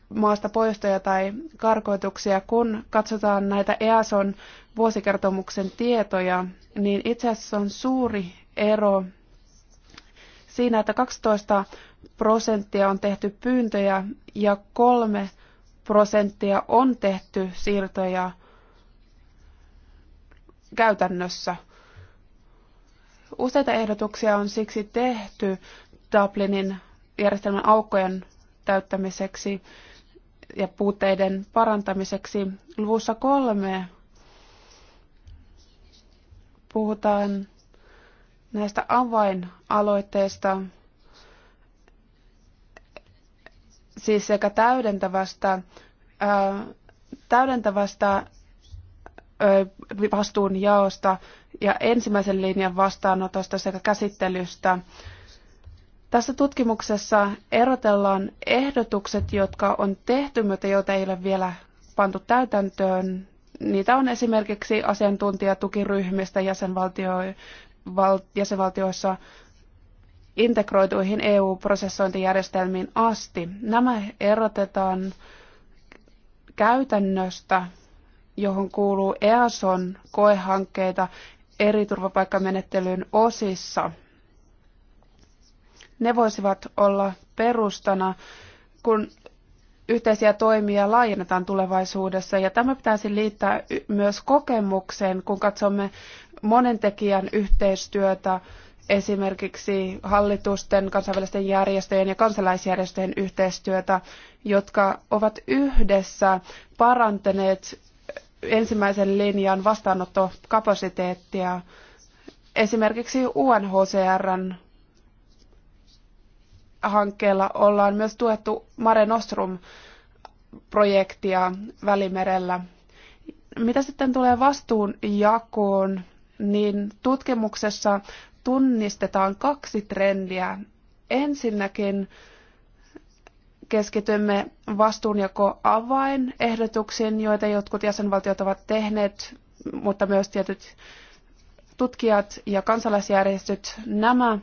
maasta poistoja tai karkoituksia, kun katsotaan näitä EASON vuosikertomuksen tietoja, niin itse asiassa on suuri ero siinä, että 12 prosenttia on tehty pyyntöjä ja kolme prosenttia on tehty siirtoja käytännössä. Useita ehdotuksia on siksi tehty Dublinin järjestelmän aukkojen täyttämiseksi ja puutteiden parantamiseksi. Luvussa kolme puhutaan näistä avainaloitteista, siis sekä täydentävästä, ää, täydentävästä vastuunjaosta ja ensimmäisen linjan vastaanotosta sekä käsittelystä. Tässä tutkimuksessa erotellaan ehdotukset, jotka on tehty, mutta joita ei ole vielä pantu täytäntöön. Niitä on esimerkiksi asiantuntijatukiryhmistä jäsenvaltio, val, jäsenvaltioissa integroituihin EU-prosessointijärjestelmiin asti. Nämä erotetaan käytännöstä, johon kuuluu EASON koehankkeita eri turvapaikkamenettelyn osissa. Ne voisivat olla perustana, kun yhteisiä toimia laajennetaan tulevaisuudessa. Ja tämä pitäisi liittää myös kokemukseen, kun katsomme monen tekijän yhteistyötä esimerkiksi hallitusten, kansainvälisten järjestöjen ja kansalaisjärjestöjen yhteistyötä, jotka ovat yhdessä parantaneet ensimmäisen linjan vastaanottokapasiteettia. Esimerkiksi UNHCRn hankkeella ollaan myös tuettu Mare Nostrum-projektia Välimerellä. Mitä sitten tulee vastuunjakoon, niin tutkimuksessa tunnistetaan kaksi trendiä. Ensinnäkin keskitymme vastuunjako-avainehdotuksiin, joita jotkut jäsenvaltiot ovat tehneet, mutta myös tietyt tutkijat ja kansalaisjärjestöt. Nämä,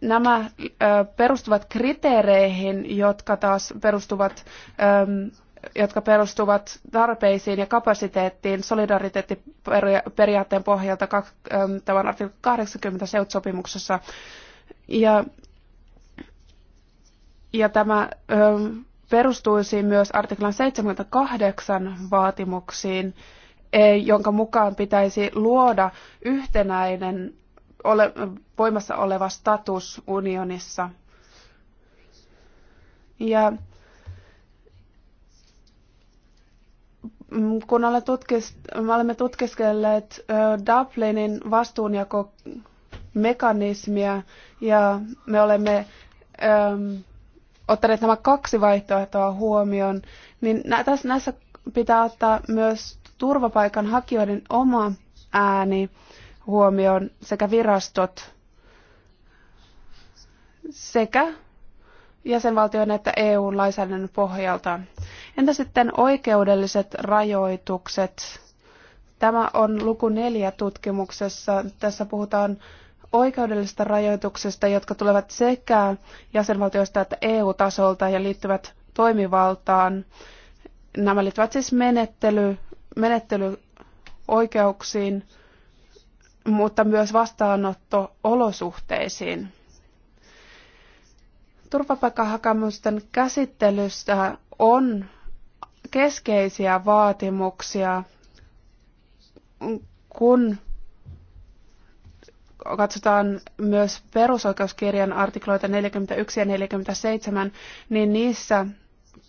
nämä perustuvat kriteereihin, jotka taas perustuvat jotka perustuvat tarpeisiin ja kapasiteettiin solidariteettiperiaatteen pohjalta ähm, tämän artikla 80 SEUT-sopimuksessa. Ja, ja tämä ö, ähm, perustuisi myös artiklan 78 vaatimuksiin, e, jonka mukaan pitäisi luoda yhtenäinen ole, voimassa oleva status unionissa. Ja Mm, kun olemme tutkiskelleet Dublinin vastuunjakomekanismia ja me olemme ottaneet nämä kaksi vaihtoehtoa huomioon, niin tässä, näissä pitää ottaa myös turvapaikanhakijoiden oma ääni huomioon sekä virastot sekä jäsenvaltioiden että EU-lainsäädännön pohjalta. Entä sitten oikeudelliset rajoitukset? Tämä on luku neljä tutkimuksessa. Tässä puhutaan oikeudellisista rajoituksista, jotka tulevat sekä jäsenvaltioista että EU-tasolta ja liittyvät toimivaltaan. Nämä liittyvät siis menettely, menettelyoikeuksiin, mutta myös vastaanotto-olosuhteisiin turvapaikkahakemusten käsittelystä on keskeisiä vaatimuksia, kun katsotaan myös perusoikeuskirjan artikloita 41 ja 47, niin niissä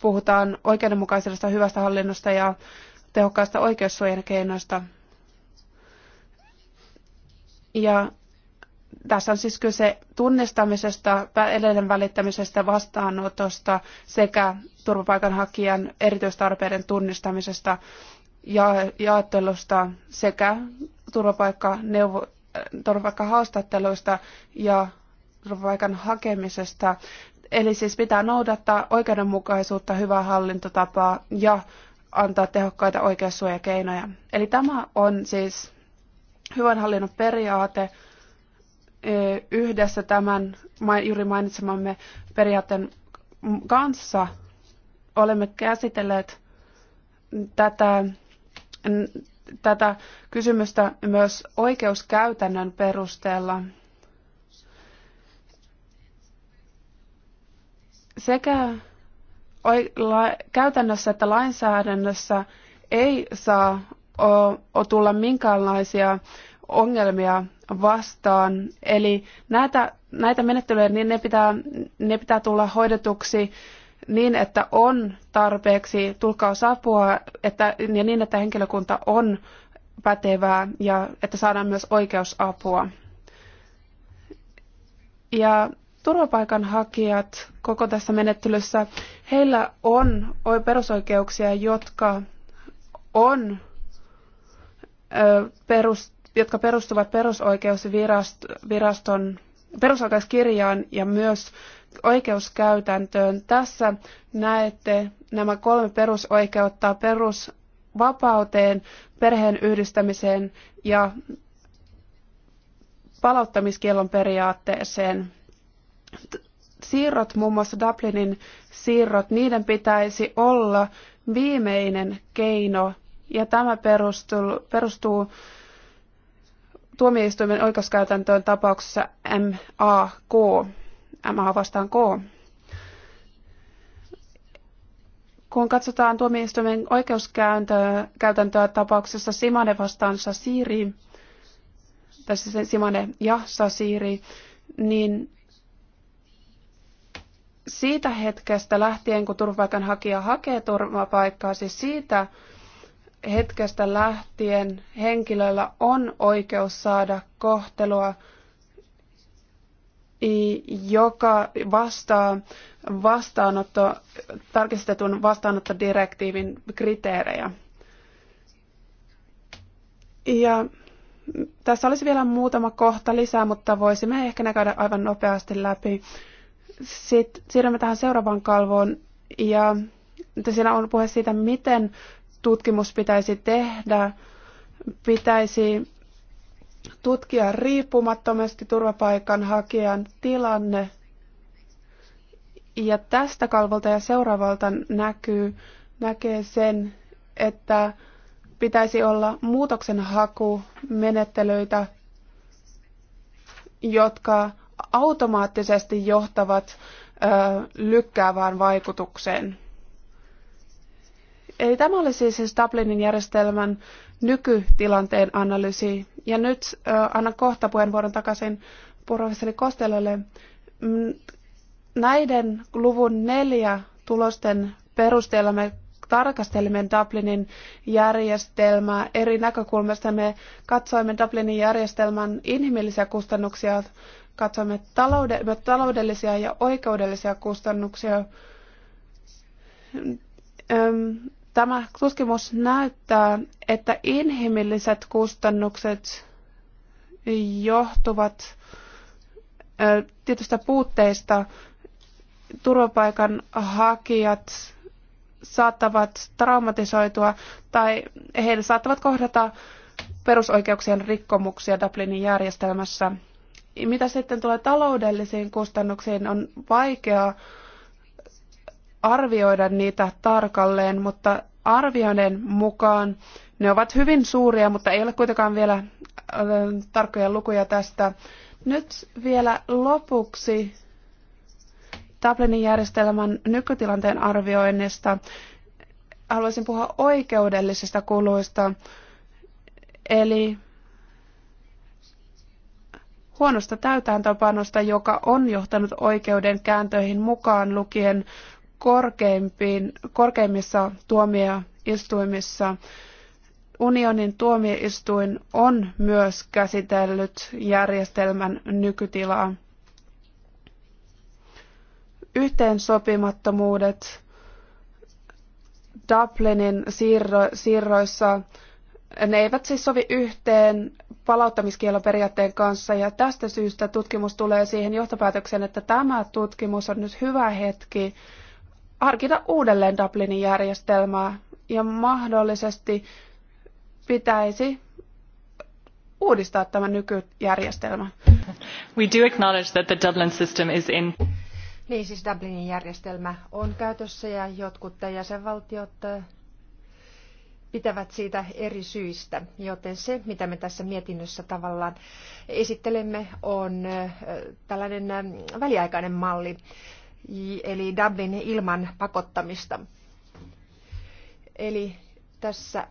puhutaan oikeudenmukaisesta hyvästä hallinnosta ja tehokkaasta oikeussuojan keinoista. Ja tässä on siis kyse tunnistamisesta, edelleen välittämisestä, vastaanotosta sekä turvapaikanhakijan erityistarpeiden tunnistamisesta, ja, jaottelusta sekä turvapaikkaneuvo, äh, turvapaikkahaastatteluista ja turvapaikan hakemisesta. Eli siis pitää noudattaa oikeudenmukaisuutta, hyvää hallintotapaa ja antaa tehokkaita oikeussuojakeinoja. Eli tämä on siis hyvän hallinnon periaate, yhdessä tämän juuri mainitsemamme periaatteen kanssa olemme käsitelleet tätä, tätä kysymystä myös oikeuskäytännön perusteella. Sekä käytännössä että lainsäädännössä ei saa tulla minkäänlaisia ongelmia vastaan. Eli näitä, näitä menettelyjä, niin ne pitää, ne pitää tulla hoidetuksi niin, että on tarpeeksi tulkkausapua että, ja niin, että henkilökunta on pätevää ja että saadaan myös oikeusapua. Ja turvapaikanhakijat koko tässä menettelyssä, heillä on perusoikeuksia, jotka on perustettu jotka perustuvat perusoikeusviraston perusoikeuskirjaan ja myös oikeuskäytäntöön. Tässä näette nämä kolme perusoikeutta perusvapauteen, perheen yhdistämiseen ja palauttamiskielon periaatteeseen. Siirrot, muun muassa Dublinin siirrot, niiden pitäisi olla viimeinen keino ja tämä perustuu, perustuu tuomioistuimen oikeuskäytäntöön tapauksessa MAK, MA vastaan K. Kun katsotaan tuomioistuimen oikeuskäytäntöä tapauksessa Simane vastaan Sasiri, tai siis Simane ja Sasiri, niin siitä hetkestä lähtien, kun turvapaikanhakija hakee turvapaikkaa, siis siitä hetkestä lähtien henkilöllä on oikeus saada kohtelua, joka vastaa vastaanotto, tarkistetun vastaanottodirektiivin kriteerejä. Ja tässä olisi vielä muutama kohta lisää, mutta voisimme ehkä ne käydä aivan nopeasti läpi. Sitten siirrymme tähän seuraavaan kalvoon ja siinä on puhe siitä, miten tutkimus pitäisi tehdä, pitäisi tutkia riippumattomasti turvapaikanhakijan tilanne. Ja tästä kalvolta ja seuraavalta näkyy, näkee sen, että pitäisi olla muutoksenhakumenettelyitä, jotka automaattisesti johtavat ö, lykkäävään vaikutukseen. Eli tämä oli siis, siis Dublinin järjestelmän nykytilanteen analyysi. Ja nyt äh, annan kohta puheenvuoron takaisin professori Kostelolle. Mm, näiden luvun neljä tulosten perusteella me tarkastelimme Dublinin järjestelmää eri näkökulmasta. Me katsoimme Dublinin järjestelmän inhimillisiä kustannuksia, katsoimme taloudellisia ja oikeudellisia kustannuksia. Tämä tutkimus näyttää, että inhimilliset kustannukset johtuvat tietystä puutteista. Turvapaikan hakijat saattavat traumatisoitua tai heille saattavat kohdata perusoikeuksien rikkomuksia Dublinin järjestelmässä. Mitä sitten tulee taloudellisiin kustannuksiin, on vaikeaa arvioida niitä tarkalleen, mutta arvioiden mukaan ne ovat hyvin suuria, mutta ei ole kuitenkaan vielä äh, tarkkoja lukuja tästä. Nyt vielä lopuksi Dublinin järjestelmän nykytilanteen arvioinnista. Haluaisin puhua oikeudellisista kuluista, eli huonosta täytäntöpanosta, joka on johtanut oikeuden kääntöihin mukaan lukien korkeimmissa tuomioistuimissa. Unionin tuomioistuin on myös käsitellyt järjestelmän nykytilaa. Yhteensopimattomuudet Dublinin siirro, siirroissa ne eivät siis sovi yhteen periaatteen kanssa ja tästä syystä tutkimus tulee siihen johtopäätökseen, että tämä tutkimus on nyt hyvä hetki harkita uudelleen Dublinin järjestelmää ja mahdollisesti pitäisi uudistaa tämä nykyjärjestelmä. We do acknowledge that the Dublin system is in. Niin siis Dublinin järjestelmä on käytössä ja jotkut jäsenvaltiot pitävät siitä eri syistä, joten se, mitä me tässä mietinnössä tavallaan esittelemme, on tällainen väliaikainen malli eli Dublin ilman pakottamista. Eli tässä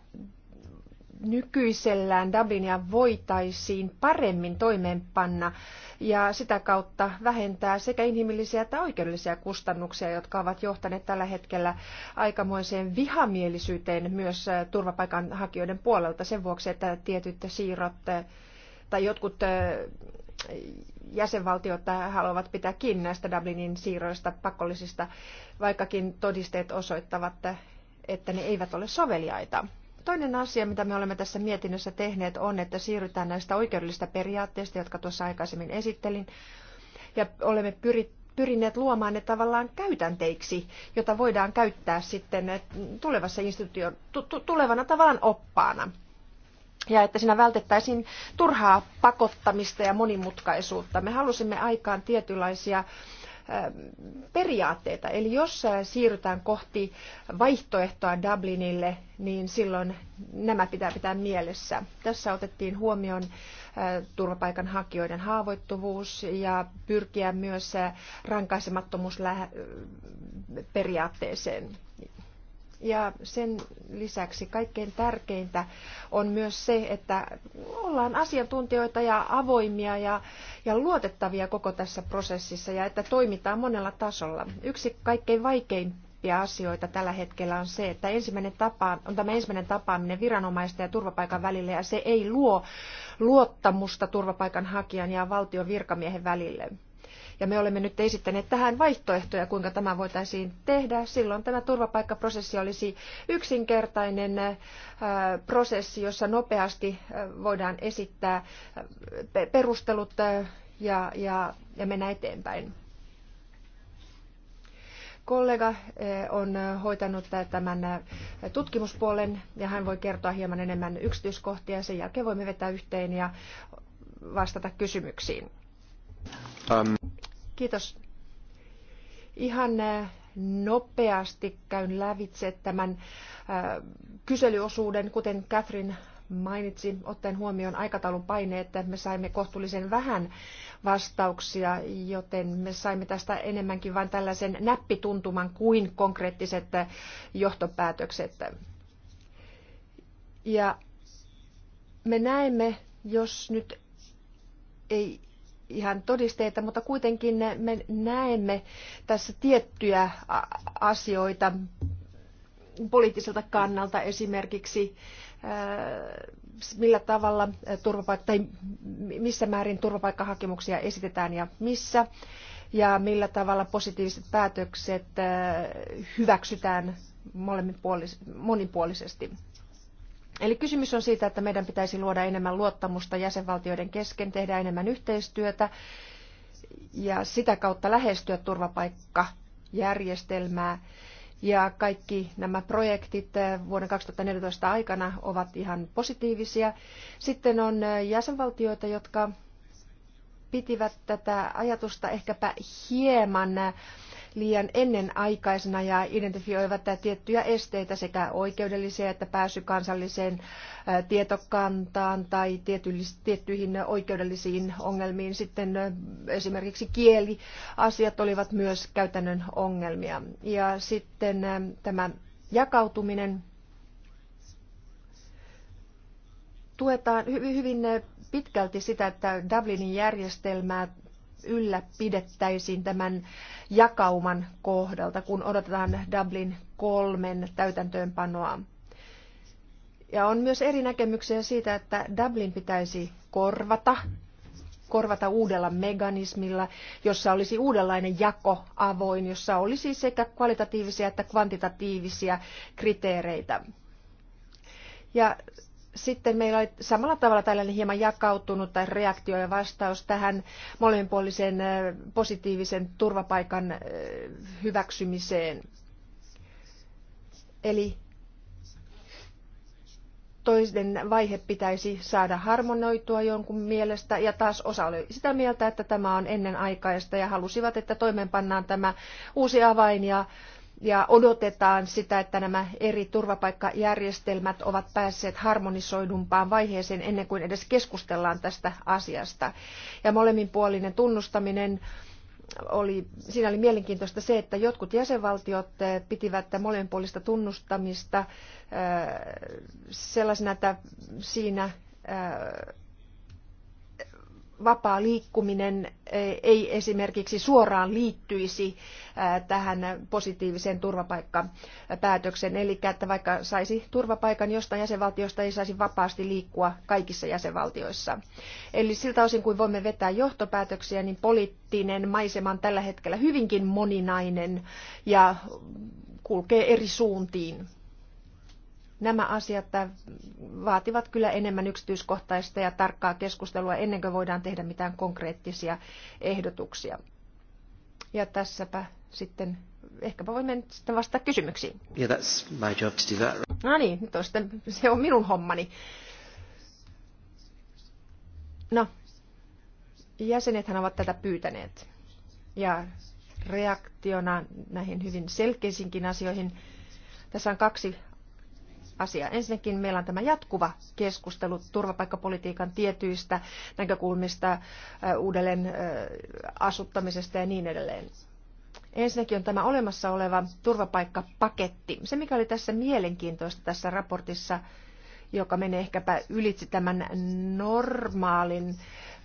nykyisellään Dublinia voitaisiin paremmin toimeenpanna ja sitä kautta vähentää sekä inhimillisiä että oikeudellisia kustannuksia, jotka ovat johtaneet tällä hetkellä aikamoiseen vihamielisyyteen myös äh, turvapaikanhakijoiden puolelta sen vuoksi, että tietyt siirrot äh, tai jotkut äh, jäsenvaltiot haluavat pitää kiinni näistä Dublinin siirroista pakollisista, vaikkakin todisteet osoittavat, että ne eivät ole soveliaita. Toinen asia, mitä me olemme tässä mietinnössä tehneet, on, että siirrytään näistä oikeudellisista periaatteista, jotka tuossa aikaisemmin esittelin, ja olemme pyrit, pyrineet luomaan ne tavallaan käytänteiksi, jota voidaan käyttää sitten tulevassa instituutio, tu, tu, tulevana tavallaan oppaana ja että siinä vältettäisiin turhaa pakottamista ja monimutkaisuutta. Me halusimme aikaan tietynlaisia ähm, periaatteita. Eli jos äh, siirrytään kohti vaihtoehtoa Dublinille, niin silloin nämä pitää pitää mielessä. Tässä otettiin huomioon äh, turvapaikanhakijoiden haavoittuvuus ja pyrkiä myös äh, rankaisemattomuusperiaatteeseen. Ja sen lisäksi kaikkein tärkeintä on myös se, että ollaan asiantuntijoita ja avoimia ja, ja luotettavia koko tässä prosessissa ja että toimitaan monella tasolla. Yksi kaikkein vaikein asioita tällä hetkellä on se, että ensimmäinen tapa, on tämä ensimmäinen tapaaminen viranomaisten ja turvapaikan välille ja se ei luo luottamusta turvapaikanhakijan ja valtion virkamiehen välille. Ja me olemme nyt esittäneet tähän vaihtoehtoja, kuinka tämä voitaisiin tehdä. Silloin tämä turvapaikkaprosessi olisi yksinkertainen äh, prosessi, jossa nopeasti äh, voidaan esittää äh, perustelut ja, ja, ja mennä eteenpäin kollega on hoitanut tämän tutkimuspuolen ja hän voi kertoa hieman enemmän yksityiskohtia sen jälkeen voimme vetää yhteen ja vastata kysymyksiin. Um. Kiitos. Ihan äh, nopeasti käyn lävitse tämän äh, kyselyosuuden, kuten Catherine mainitsi, ottaen huomioon aikataulun paine, että me saimme kohtuullisen vähän vastauksia, joten me saimme tästä enemmänkin vain tällaisen näppituntuman kuin konkreettiset äh, johtopäätökset. Ja me näemme, jos nyt ei ihan todisteita, mutta kuitenkin me näemme tässä tiettyjä asioita poliittiselta kannalta esimerkiksi äh, millä tavalla äh, turvapaik- tai missä määrin turvapaikkahakemuksia esitetään ja missä ja millä tavalla positiiviset päätökset äh, hyväksytään monipuolisesti. Eli kysymys on siitä, että meidän pitäisi luoda enemmän luottamusta jäsenvaltioiden kesken, tehdä enemmän yhteistyötä ja sitä kautta lähestyä turvapaikkajärjestelmää. Ja kaikki nämä projektit eh, vuoden 2014 aikana ovat ihan positiivisia. Sitten on eh, jäsenvaltioita, jotka pitivät tätä ajatusta ehkäpä hieman eh, liian ennenaikaisena ja identifioivat tiettyjä esteitä sekä oikeudellisia että pääsy kansalliseen tietokantaan tai tiettyihin oikeudellisiin ongelmiin. Sitten esimerkiksi kieliasiat olivat myös käytännön ongelmia. Ja sitten tämä jakautuminen tuetaan hyvin pitkälti sitä, että Dublinin järjestelmää ylläpidettäisiin tämän jakauman kohdalta, kun odotetaan Dublin kolmen täytäntöönpanoa. Ja on myös eri näkemyksiä siitä, että Dublin pitäisi korvata, korvata uudella mekanismilla, jossa olisi uudenlainen jako avoin, jossa olisi sekä kvalitatiivisia että kvantitatiivisia kriteereitä. Ja sitten meillä oli samalla tavalla tällainen niin hieman jakautunut tai reaktio ja vastaus tähän molemminpuolisen positiivisen turvapaikan hyväksymiseen. Eli toisen vaihe pitäisi saada harmonoitua jonkun mielestä ja taas osa oli sitä mieltä, että tämä on ennenaikaista ja halusivat, että toimeenpannaan tämä uusi avain ja ja odotetaan sitä, että nämä eri turvapaikkajärjestelmät ovat päässeet harmonisoidumpaan vaiheeseen ennen kuin edes keskustellaan tästä asiasta. Ja molemminpuolinen tunnustaminen oli, siinä oli mielenkiintoista se, että jotkut jäsenvaltiot eh, pitivät molemminpuolista tunnustamista eh, sellaisena, että siinä eh, vapaa liikkuminen e, ei esimerkiksi suoraan liittyisi e, tähän positiiviseen turvapaikkapäätökseen. Eli että vaikka saisi turvapaikan jostain jäsenvaltiosta, ei saisi vapaasti liikkua kaikissa jäsenvaltioissa. Eli siltä osin kuin voimme vetää johtopäätöksiä, niin poliittinen maisema on tällä hetkellä hyvinkin moninainen ja kulkee eri suuntiin. Nämä asiat vaativat kyllä enemmän yksityiskohtaista ja tarkkaa keskustelua ennen kuin voidaan tehdä mitään konkreettisia ehdotuksia. Ja tässäpä sitten ehkäpä voimme nyt sitten vastata kysymyksiin. Yeah, that's my job to do that. No niin, nyt on sitten, se on minun hommani. No, jäsenethän ovat tätä pyytäneet. Ja reaktiona näihin hyvin selkeisinkin asioihin, tässä on kaksi asia Ensinnäkin meillä on tämä jatkuva keskustelu turvapaikkapolitiikan tietyistä näkökulmista, uudelleen asuttamisesta ja niin edelleen. Ensinnäkin on tämä olemassa oleva turvapaikkapaketti. Se, mikä oli tässä mielenkiintoista tässä raportissa, joka menee ehkäpä ylitse tämän normaalin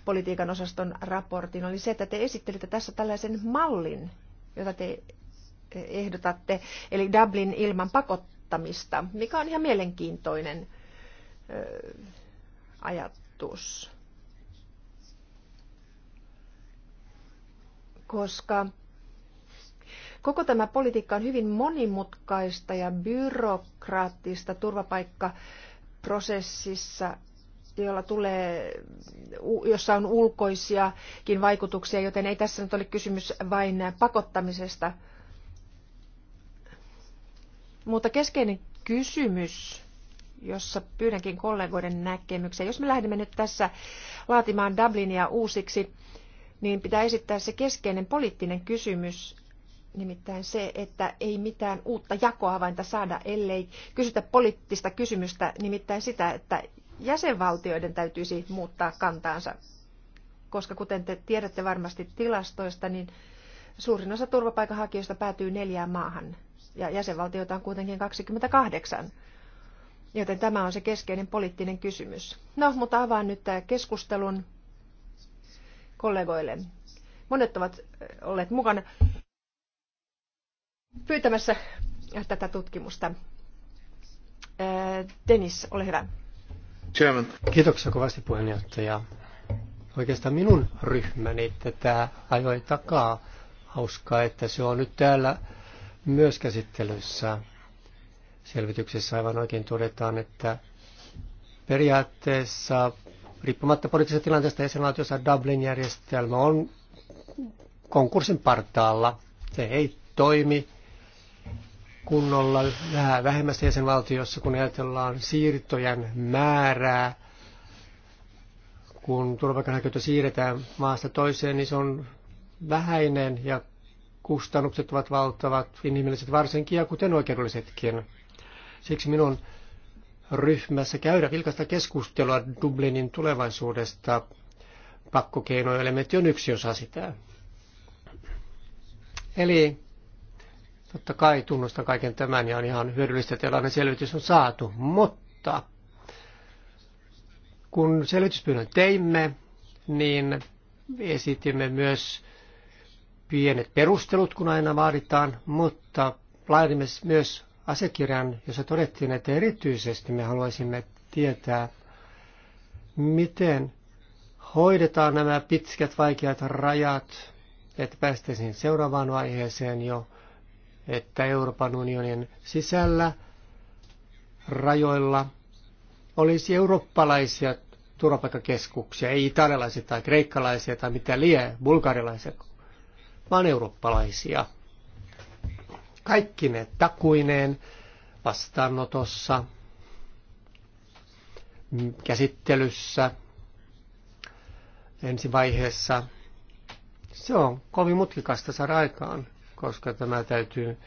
politiikan osaston raportin, oli se, että te esittelitte tässä tällaisen mallin, jota te ehdotatte, eli Dublin ilman pakot, muuttamista, mikä on ihan mielenkiintoinen ajatus. Koska koko tämä politiikka on hyvin monimutkaista ja byrokraattista turvapaikkaprosessissa, jolla tulee, jossa on ulkoisiakin vaikutuksia, joten ei tässä nyt ole kysymys vain pakottamisesta – mutta keskeinen kysymys, jossa pyydänkin kollegoiden näkemyksiä. Jos me lähdemme nyt tässä laatimaan Dublinia uusiksi, niin pitää esittää se keskeinen poliittinen kysymys, nimittäin se, että ei mitään uutta jakoavainta saada, ellei kysytä poliittista kysymystä, nimittäin sitä, että jäsenvaltioiden täytyisi muuttaa kantaansa. Koska kuten te tiedätte varmasti tilastoista, niin suurin osa turvapaikanhakijoista päätyy neljään maahan – ja jäsenvaltioita on kuitenkin 28. Joten tämä on se keskeinen poliittinen kysymys. No, mutta avaan nyt tämä keskustelun kollegoille. Monet ovat äh, olleet mukana pyytämässä tätä tutkimusta. Äh, Dennis, ole hyvä. Chairman. Kiitoksia kovasti puheenjohtaja. Oikeastaan minun ryhmäni tätä ajoi takaa. Hauskaa, että se on nyt täällä myös käsittelyssä. Selvityksessä aivan oikein todetaan, että periaatteessa riippumatta poliittisesta tilanteesta jäsenvaltiossa Dublin-järjestelmä on konkurssin partaalla. Se ei toimi kunnolla vähän vähemmässä jäsenvaltiossa, kun ajatellaan siirtojen määrää. Kun turvapaikanhakijoita siirretään maasta toiseen, niin se on vähäinen ja kustannukset ovat valtavat, inhimilliset varsinkin ja kuten oikeudellisetkin. Siksi minun ryhmässä käydä vilkasta keskustelua Dublinin tulevaisuudesta. Pakkokeinoelementti on yksi osa sitä. Eli totta kai tunnustan kaiken tämän ja on ihan hyödyllistä, että tällainen selvitys on saatu, mutta kun selvityspyynnön teimme, niin esitimme myös pienet perustelut, kun aina vaaditaan, mutta laadimme myös asiakirjan, jossa todettiin, että erityisesti me haluaisimme tietää, miten hoidetaan nämä pitkät vaikeat rajat, että päästäisiin seuraavaan vaiheeseen jo, että Euroopan unionin sisällä rajoilla olisi eurooppalaisia turvapaikkakeskuksia, ei italialaisia tai kreikkalaisia tai mitä lie, bulgarilaisia vaan eurooppalaisia. Kaikki ne takuineen vastaanotossa, käsittelyssä, ensivaiheessa. Se on kovin mutkikasta saada aikaan, koska tämä täytyy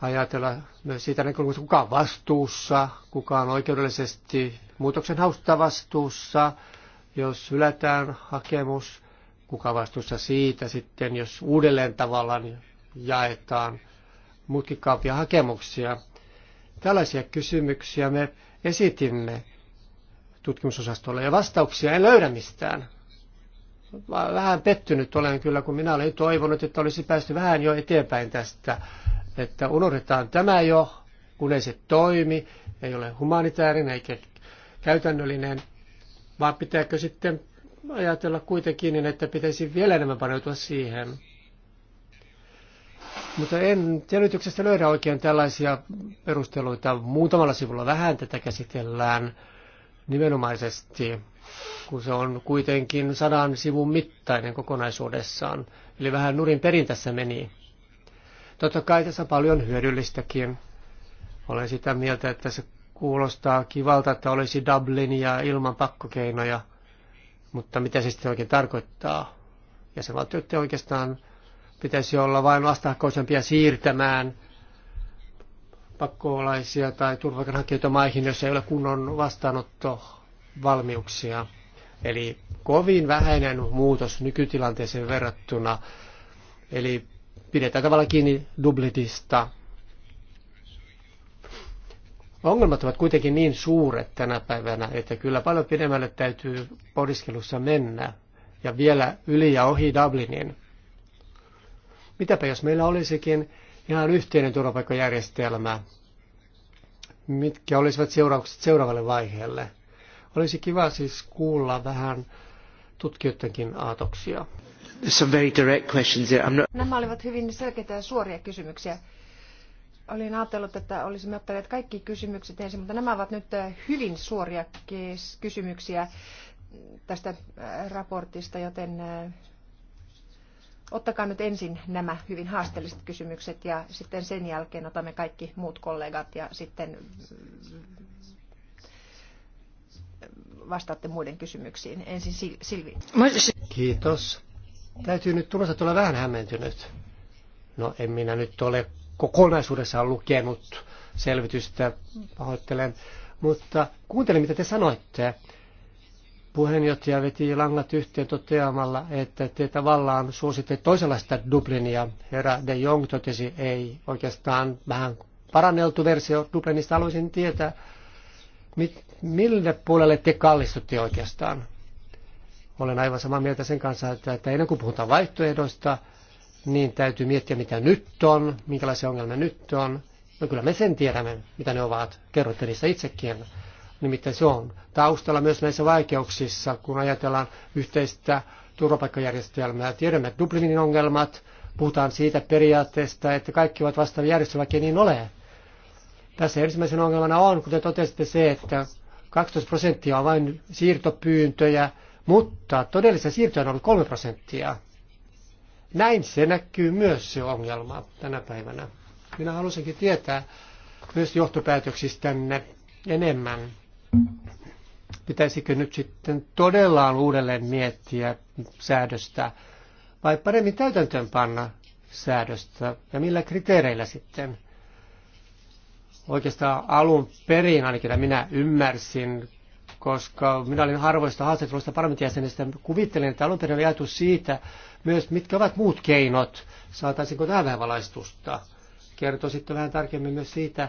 ajatella myös siitä näkökulmasta, kuka on vastuussa, kuka on oikeudellisesti muutoksen hausta vastuussa, jos hylätään hakemus, kuka vastuussa siitä sitten, jos uudelleen tavallaan jaetaan mutkikkaampia hakemuksia. Tällaisia kysymyksiä me esitimme tutkimusosastolle ja vastauksia en löydä mistään. Vähän pettynyt olen kyllä, kun minä olin toivonut, että olisi päästy vähän jo eteenpäin tästä, että unohdetaan tämä jo, kun ei se toimi, ei ole humanitaarinen eikä käytännöllinen, vaan pitääkö sitten ajatella kuitenkin, niin, että pitäisi vielä enemmän paneutua siihen. Mutta en selityksestä löydä oikein tällaisia perusteluita. Muutamalla sivulla vähän tätä käsitellään nimenomaisesti, kun se on kuitenkin sadan sivun mittainen kokonaisuudessaan. Eli vähän nurin perin tässä meni. Totta kai tässä on paljon hyödyllistäkin. Olen sitä mieltä, että se kuulostaa kivalta, että olisi Dublinia ilman pakkokeinoja – mutta mitä se sitten oikein tarkoittaa? Jäsenvaltioiden oikeastaan pitäisi olla vain vastahakoisempia siirtämään pakkoolaisia tai turvapaikanhakijoita maihin, joissa ei ole kunnon vastaanottovalmiuksia. Eli kovin vähäinen muutos nykytilanteeseen verrattuna. Eli pidetään tavallaan kiinni dubletista. Ongelmat ovat kuitenkin niin suuret tänä päivänä, että kyllä paljon pidemmälle täytyy pohdiskelussa mennä ja vielä yli ja ohi Dublinin. Mitäpä jos meillä olisikin ihan yhteinen turvapaikkajärjestelmä, mitkä olisivat seuraukset seuraavalle vaiheelle. Olisi kiva siis kuulla vähän tutkijoidenkin aatoksia. Some very direct questions I'm not... Nämä olivat hyvin selkeitä ja suoria kysymyksiä. Olin ajatellut, että olisimme ottaneet kaikki kysymykset ensin, mutta nämä ovat nyt äh, hyvin suoria kysymyksiä tästä äh, raportista, joten äh, ottakaa nyt ensin nämä hyvin haasteelliset kysymykset ja sitten sen jälkeen otamme kaikki muut kollegat ja sitten vastaatte muiden kysymyksiin. Ensin Silvi. Kiitos. Täytyy nyt tulossa tulla vähän hämmentynyt. No en minä nyt ole kokonaisuudessaan lukenut selvitystä, pahoittelen. Mutta kuuntelin, mitä te sanoitte. Puheenjohtaja veti langat yhteen toteamalla, että te tavallaan suositte toisenlaista Dublinia. Herra de Jong totesi, ei oikeastaan vähän paranneltu versio Dublinista. Haluaisin tietää, mit, mille puolelle te kallistutte oikeastaan? Olen aivan samaa mieltä sen kanssa, että, että ennen kuin puhutaan vaihtoehdoista, niin täytyy miettiä, mitä nyt on, minkälaisia ongelmia nyt on. No kyllä me sen tiedämme, mitä ne ovat. Kerrotte niissä itsekin. Nimittäin se on taustalla myös näissä vaikeuksissa, kun ajatellaan yhteistä turvapaikkajärjestelmää. Tiedämme Dublinin ongelmat, puhutaan siitä periaatteesta, että kaikki ovat vastaavia järjestelmä, vaikka ei niin ole. Tässä ensimmäisen ongelmana on, kuten totesitte, se, että 12 prosenttia on vain siirtopyyntöjä, mutta todellisia siirtoja on ollut 3 prosenttia. Näin se näkyy myös se ongelma tänä päivänä. Minä haluaisinkin tietää myös johtopäätöksistänne enemmän. Pitäisikö nyt sitten todellaan uudelleen miettiä säädöstä vai paremmin täytäntöön panna säädöstä ja millä kriteereillä sitten? Oikeastaan alun perin ainakin minä ymmärsin, koska minä olin harvoista haastatteluista parlamentin jäsenistä, kuvittelin, että alun perin oli ajatus siitä, myös, mitkä ovat muut keinot. saataisiinko tämä vähän valaistusta? Kertoo sitten vähän tarkemmin myös siitä,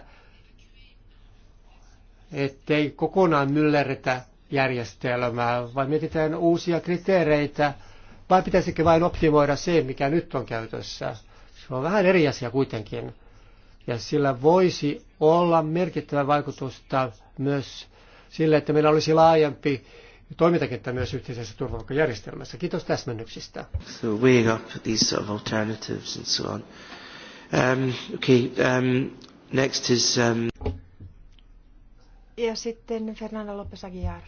ettei kokonaan myllerretä järjestelmää, vai mietitään uusia kriteereitä, vai pitäisikö vain optimoida se, mikä nyt on käytössä. Se on vähän eri asia kuitenkin. Ja sillä voisi olla merkittävä vaikutusta myös sille, että meillä olisi laajempi toimintakenttä myös yhteisessä turvallisuusjärjestelmässä. Kiitos täsmennyksistä. So weighing up these sort of alternatives and so on. Um, okay, um, next is... Um... Ja sitten Fernando López Aguiar.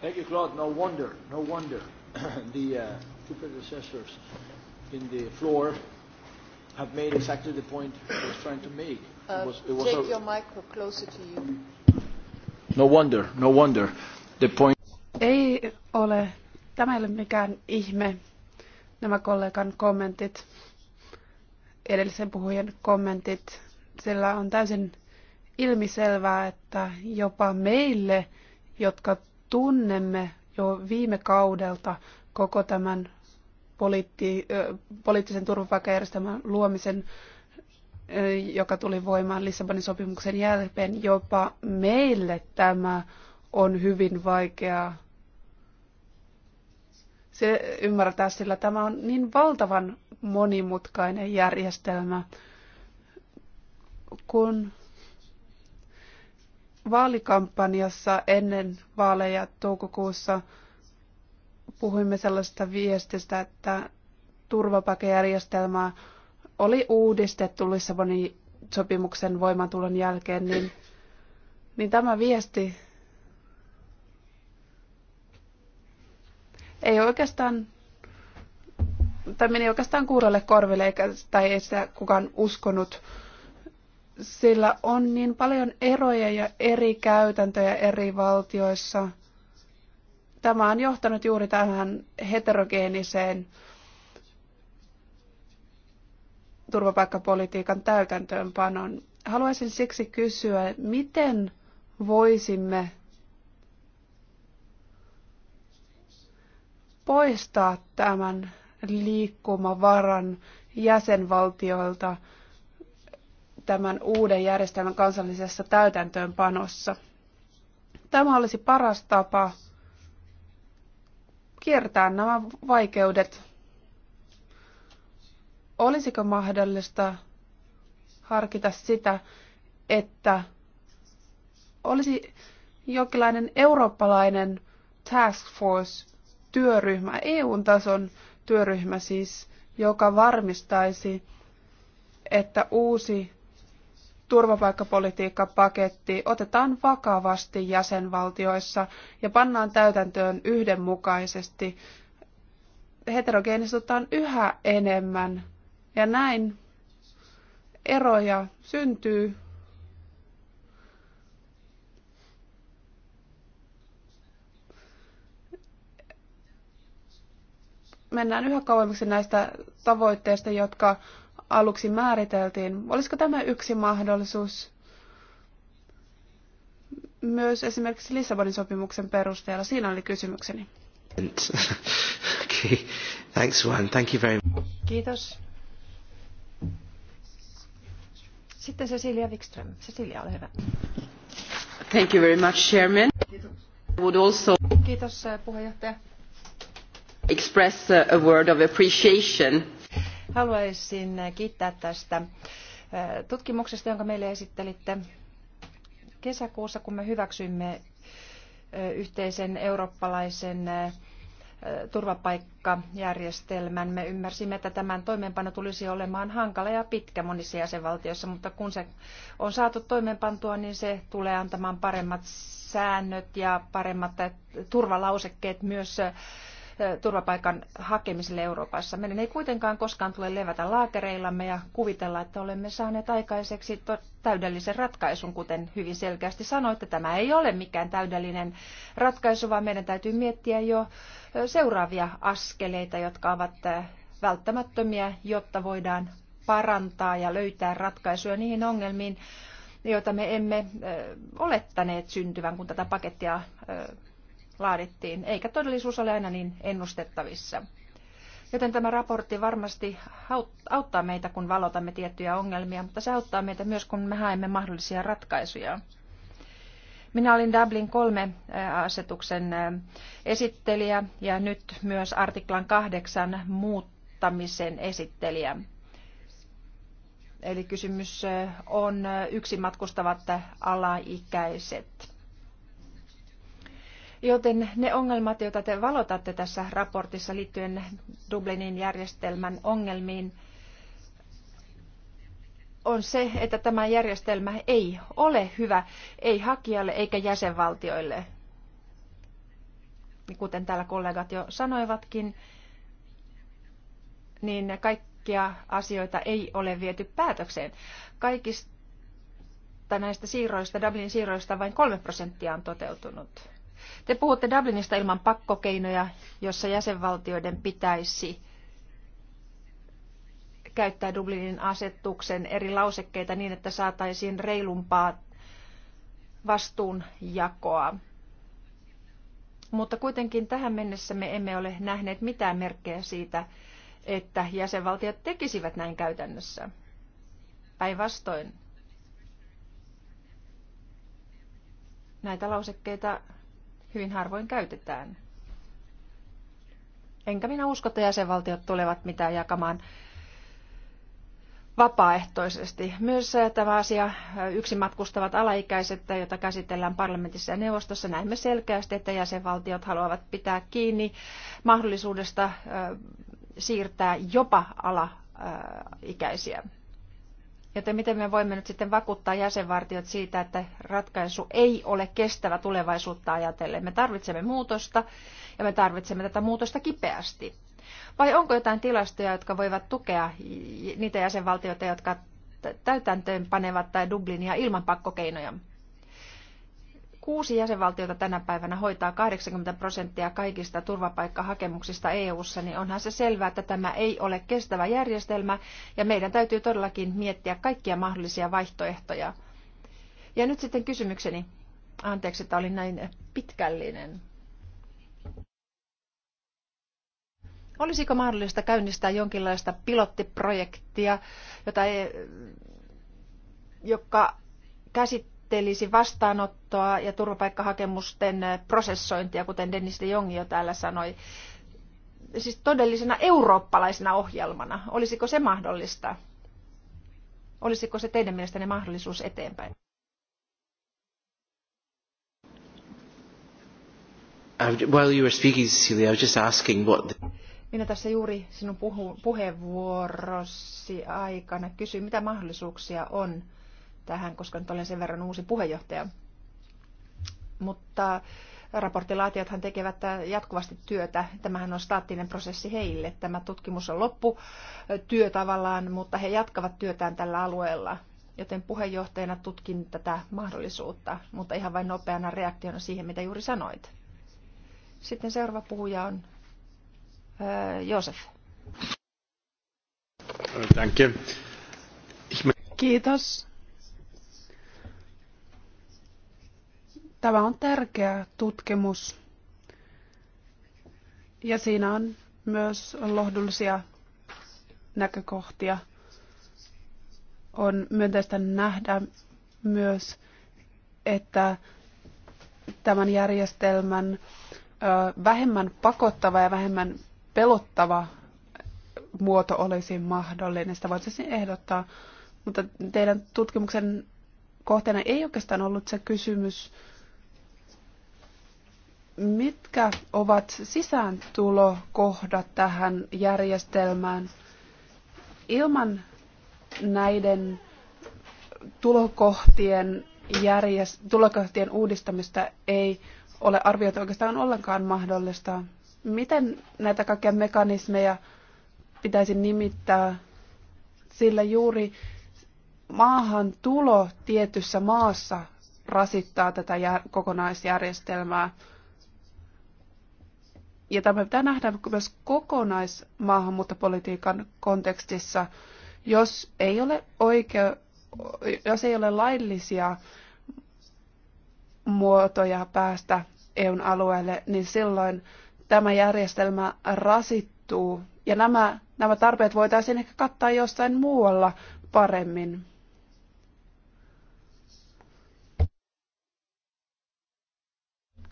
Thank you, Claude. No wonder, no wonder [clears throat] the uh, two predecessors in the floor have made exactly the point I was trying to make. Uh, it was, it was take a... your mic closer to you. No wonder, no wonder. The point... Ei ole, tämä ei ole mikään ihme, nämä kollegan kommentit, edellisen puhujan kommentit, sillä on täysin ilmiselvää, että jopa meille, jotka tunnemme jo viime kaudelta koko tämän poliitti, poliittisen turvapaikkajärjestelmän luomisen joka tuli voimaan Lissabonin sopimuksen jälkeen, jopa meille tämä on hyvin vaikeaa se ymmärtää, sillä tämä on niin valtavan monimutkainen järjestelmä. Kun vaalikampanjassa ennen vaaleja toukokuussa puhuimme sellaista viestistä, että turvapaikkajärjestelmää oli uudistettu Lissabonin sopimuksen voimantulon jälkeen, niin, niin tämä viesti ei oikeastaan, tai meni oikeastaan kuurelle korville, eikä, tai ei sitä kukaan uskonut, sillä on niin paljon eroja ja eri käytäntöjä eri valtioissa. Tämä on johtanut juuri tähän heterogeeniseen turvapaikkapolitiikan täytäntöönpanon. Haluaisin siksi kysyä, miten voisimme poistaa tämän liikkumavaran jäsenvaltioilta tämän uuden järjestelmän kansallisessa täytäntöönpanossa. Tämä olisi paras tapa kiertää nämä vaikeudet olisiko mahdollista harkita sitä, että olisi jonkinlainen eurooppalainen task force työryhmä, EU-tason työryhmä siis, joka varmistaisi, että uusi turvapaikkapolitiikkapaketti otetaan vakavasti jäsenvaltioissa ja pannaan täytäntöön yhdenmukaisesti. Heterogeenisuutta on yhä enemmän ja näin eroja syntyy. Mennään yhä kauemmaksi näistä tavoitteista, jotka aluksi määriteltiin. Olisiko tämä yksi mahdollisuus myös esimerkiksi Lissabonin sopimuksen perusteella? Siinä oli kysymykseni. [laughs] Okay. Thanks, Juan. Thank you very much. Kiitos. Sitten Cecilia Wikström. Cecilia, ole hyvä. Thank you very much, Chairman. Kiitos. Would also Kiitos eh, puheenjohtaja. Express eh, a word of appreciation. Haluaisin eh, kiittää tästä tutkimuksesta, jonka meille esittelitte kesäkuussa, kun me hyväksyimme yhteisen eurooppalaisen turvapaikkajärjestelmän. Me ymmärsimme, että tämän toimeenpano tulisi olemaan hankala ja pitkä monissa jäsenvaltioissa, mutta kun se on saatu toimeenpantua, niin se tulee antamaan paremmat säännöt ja paremmat turvalausekkeet myös turvapaikan hakemiselle Euroopassa. Meidän ei kuitenkaan koskaan tule levätä laakereillamme ja kuvitella, että olemme saaneet aikaiseksi täydellisen ratkaisun, kuten hyvin selkeästi sanoitte. Tämä ei ole mikään täydellinen ratkaisu, vaan meidän täytyy miettiä jo seuraavia askeleita, jotka ovat välttämättömiä, jotta voidaan parantaa ja löytää ratkaisuja niihin ongelmiin, joita me emme olettaneet syntyvän, kun tätä pakettia laadittiin, eikä todellisuus ole aina niin ennustettavissa. Joten tämä raportti varmasti auttaa meitä, kun valotamme tiettyjä ongelmia, mutta se auttaa meitä myös, kun me haemme mahdollisia ratkaisuja. Minä olin Dublin 3 äh, asetuksen äh, esittelijä ja nyt myös artiklan 8 muuttamisen esittelijä. Eli kysymys äh, on yksi matkustavat alaikäiset. Joten ne ongelmat, joita te valotatte tässä raportissa liittyen Dublinin järjestelmän ongelmiin, on se, että tämä järjestelmä ei ole hyvä, ei hakijalle eikä jäsenvaltioille. Kuten täällä kollegat jo sanoivatkin, niin kaikkia asioita ei ole viety päätökseen. Kaikista näistä siirroista, Dublin siirroista, vain kolme prosenttia on toteutunut. Te puhutte Dublinista ilman pakkokeinoja, jossa jäsenvaltioiden pitäisi käyttää Dublinin asetuksen eri lausekkeita niin, että saataisiin reilumpaa vastuunjakoa. Mutta kuitenkin tähän mennessä me emme ole nähneet mitään merkkejä siitä, että jäsenvaltiot tekisivät näin käytännössä. Päinvastoin näitä lausekkeita hyvin harvoin käytetään. Enkä minä usko, että jäsenvaltiot tulevat mitään jakamaan vapaaehtoisesti. Myös äh, tämä asia äh, yksin matkustavat alaikäiset, äh, jota käsitellään parlamentissa ja neuvostossa, näemme selkeästi, että jäsenvaltiot haluavat pitää kiinni mahdollisuudesta siirtää jopa alaikäisiä. Joten miten me voimme nyt sitten vakuuttaa jäsenvartiot siitä, että ratkaisu ei ole kestävä tulevaisuutta ajatellen? Me tarvitsemme muutosta ja me tarvitsemme tätä muutosta kipeästi. Vai onko jotain tilastoja, jotka voivat tukea niitä jäsenvaltioita, jotka täytäntöön panevat tai Dublinia ilman pakkokeinoja? Kuusi jäsenvaltiota tänä päivänä hoitaa 80 prosenttia kaikista turvapaikkahakemuksista EU-ssa, niin onhan se selvää, että tämä ei ole kestävä järjestelmä ja meidän täytyy todellakin miettiä kaikkia mahdollisia vaihtoehtoja. Ja nyt sitten kysymykseni. Anteeksi, että olin näin pitkällinen. Olisiko mahdollista käynnistää jonkinlaista pilottiprojektia, jota ei, joka käsittää välttelisi vastaanottoa ja turvapaikkahakemusten prosessointia, kuten Dennis de Jong jo täällä sanoi, siis todellisena eurooppalaisena ohjelmana. Olisiko se mahdollista? Olisiko se teidän mielestänne mahdollisuus eteenpäin? Uh, while you were speaking, Cecilia, I was just asking what the... Minä tässä juuri sinun puhu, puheenvuorosi aikana kysyin, mitä mahdollisuuksia on tähän, koska nyt olen sen verran uusi puheenjohtaja. Mutta raporttilaatijathan tekevät jatkuvasti työtä. Tämähän on staattinen prosessi heille. Tämä tutkimus on loppu työ tavallaan, mutta he jatkavat työtään tällä alueella. Joten puheenjohtajana tutkin tätä mahdollisuutta, mutta ihan vain nopeana reaktiona siihen, mitä juuri sanoit. Sitten seuraava puhuja on äh, Josef. Joosef. Äh, Kiitos. Tämä on tärkeä tutkimus ja siinä on myös lohdullisia näkökohtia. On myönteistä nähdä myös, että tämän järjestelmän vähemmän pakottava ja vähemmän pelottava muoto olisi mahdollinen. Sitä voitaisiin ehdottaa, mutta teidän tutkimuksen kohteena ei oikeastaan ollut se kysymys, mitkä ovat sisääntulokohdat tähän järjestelmään? Ilman näiden tulokohtien, järjest- tulokohtien uudistamista ei ole arvioitu oikeastaan ollenkaan mahdollista. Miten näitä kaikkia mekanismeja pitäisi nimittää? Sillä juuri maahan tulo tietyssä maassa rasittaa tätä kokonaisjärjestelmää ja tämä pitää nähdä myös kokonaismaahanmuuttopolitiikan kontekstissa. Jos ei ole, oikea, jos ei ole laillisia muotoja päästä EUn alueelle, niin silloin tämä järjestelmä rasittuu. Ja nämä, nämä tarpeet voitaisiin ehkä kattaa jossain muualla paremmin.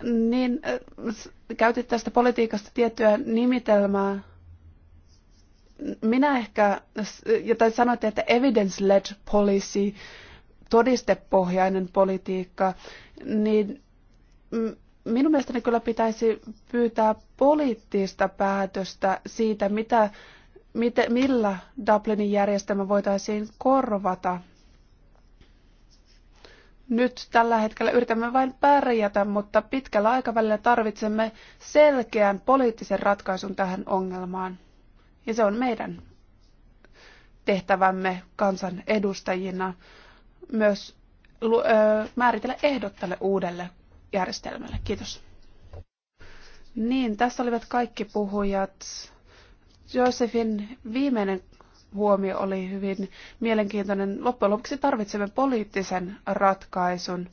niin käytit tästä politiikasta tiettyä nimitelmää. Minä ehkä, tai sanoitte, että evidence-led policy, todistepohjainen politiikka, niin minun mielestäni kyllä pitäisi pyytää poliittista päätöstä siitä, mitä, mitä, millä Dublinin järjestelmä voitaisiin korvata nyt tällä hetkellä yritämme vain pärjätä, mutta pitkällä aikavälillä tarvitsemme selkeän poliittisen ratkaisun tähän ongelmaan. Ja se on meidän tehtävämme kansan edustajina myös määritellä ehdot tälle uudelle järjestelmälle. Kiitos. Niin, tässä olivat kaikki puhujat. Josefin viimeinen huomio oli hyvin mielenkiintoinen. Loppujen lopuksi tarvitsemme poliittisen ratkaisun.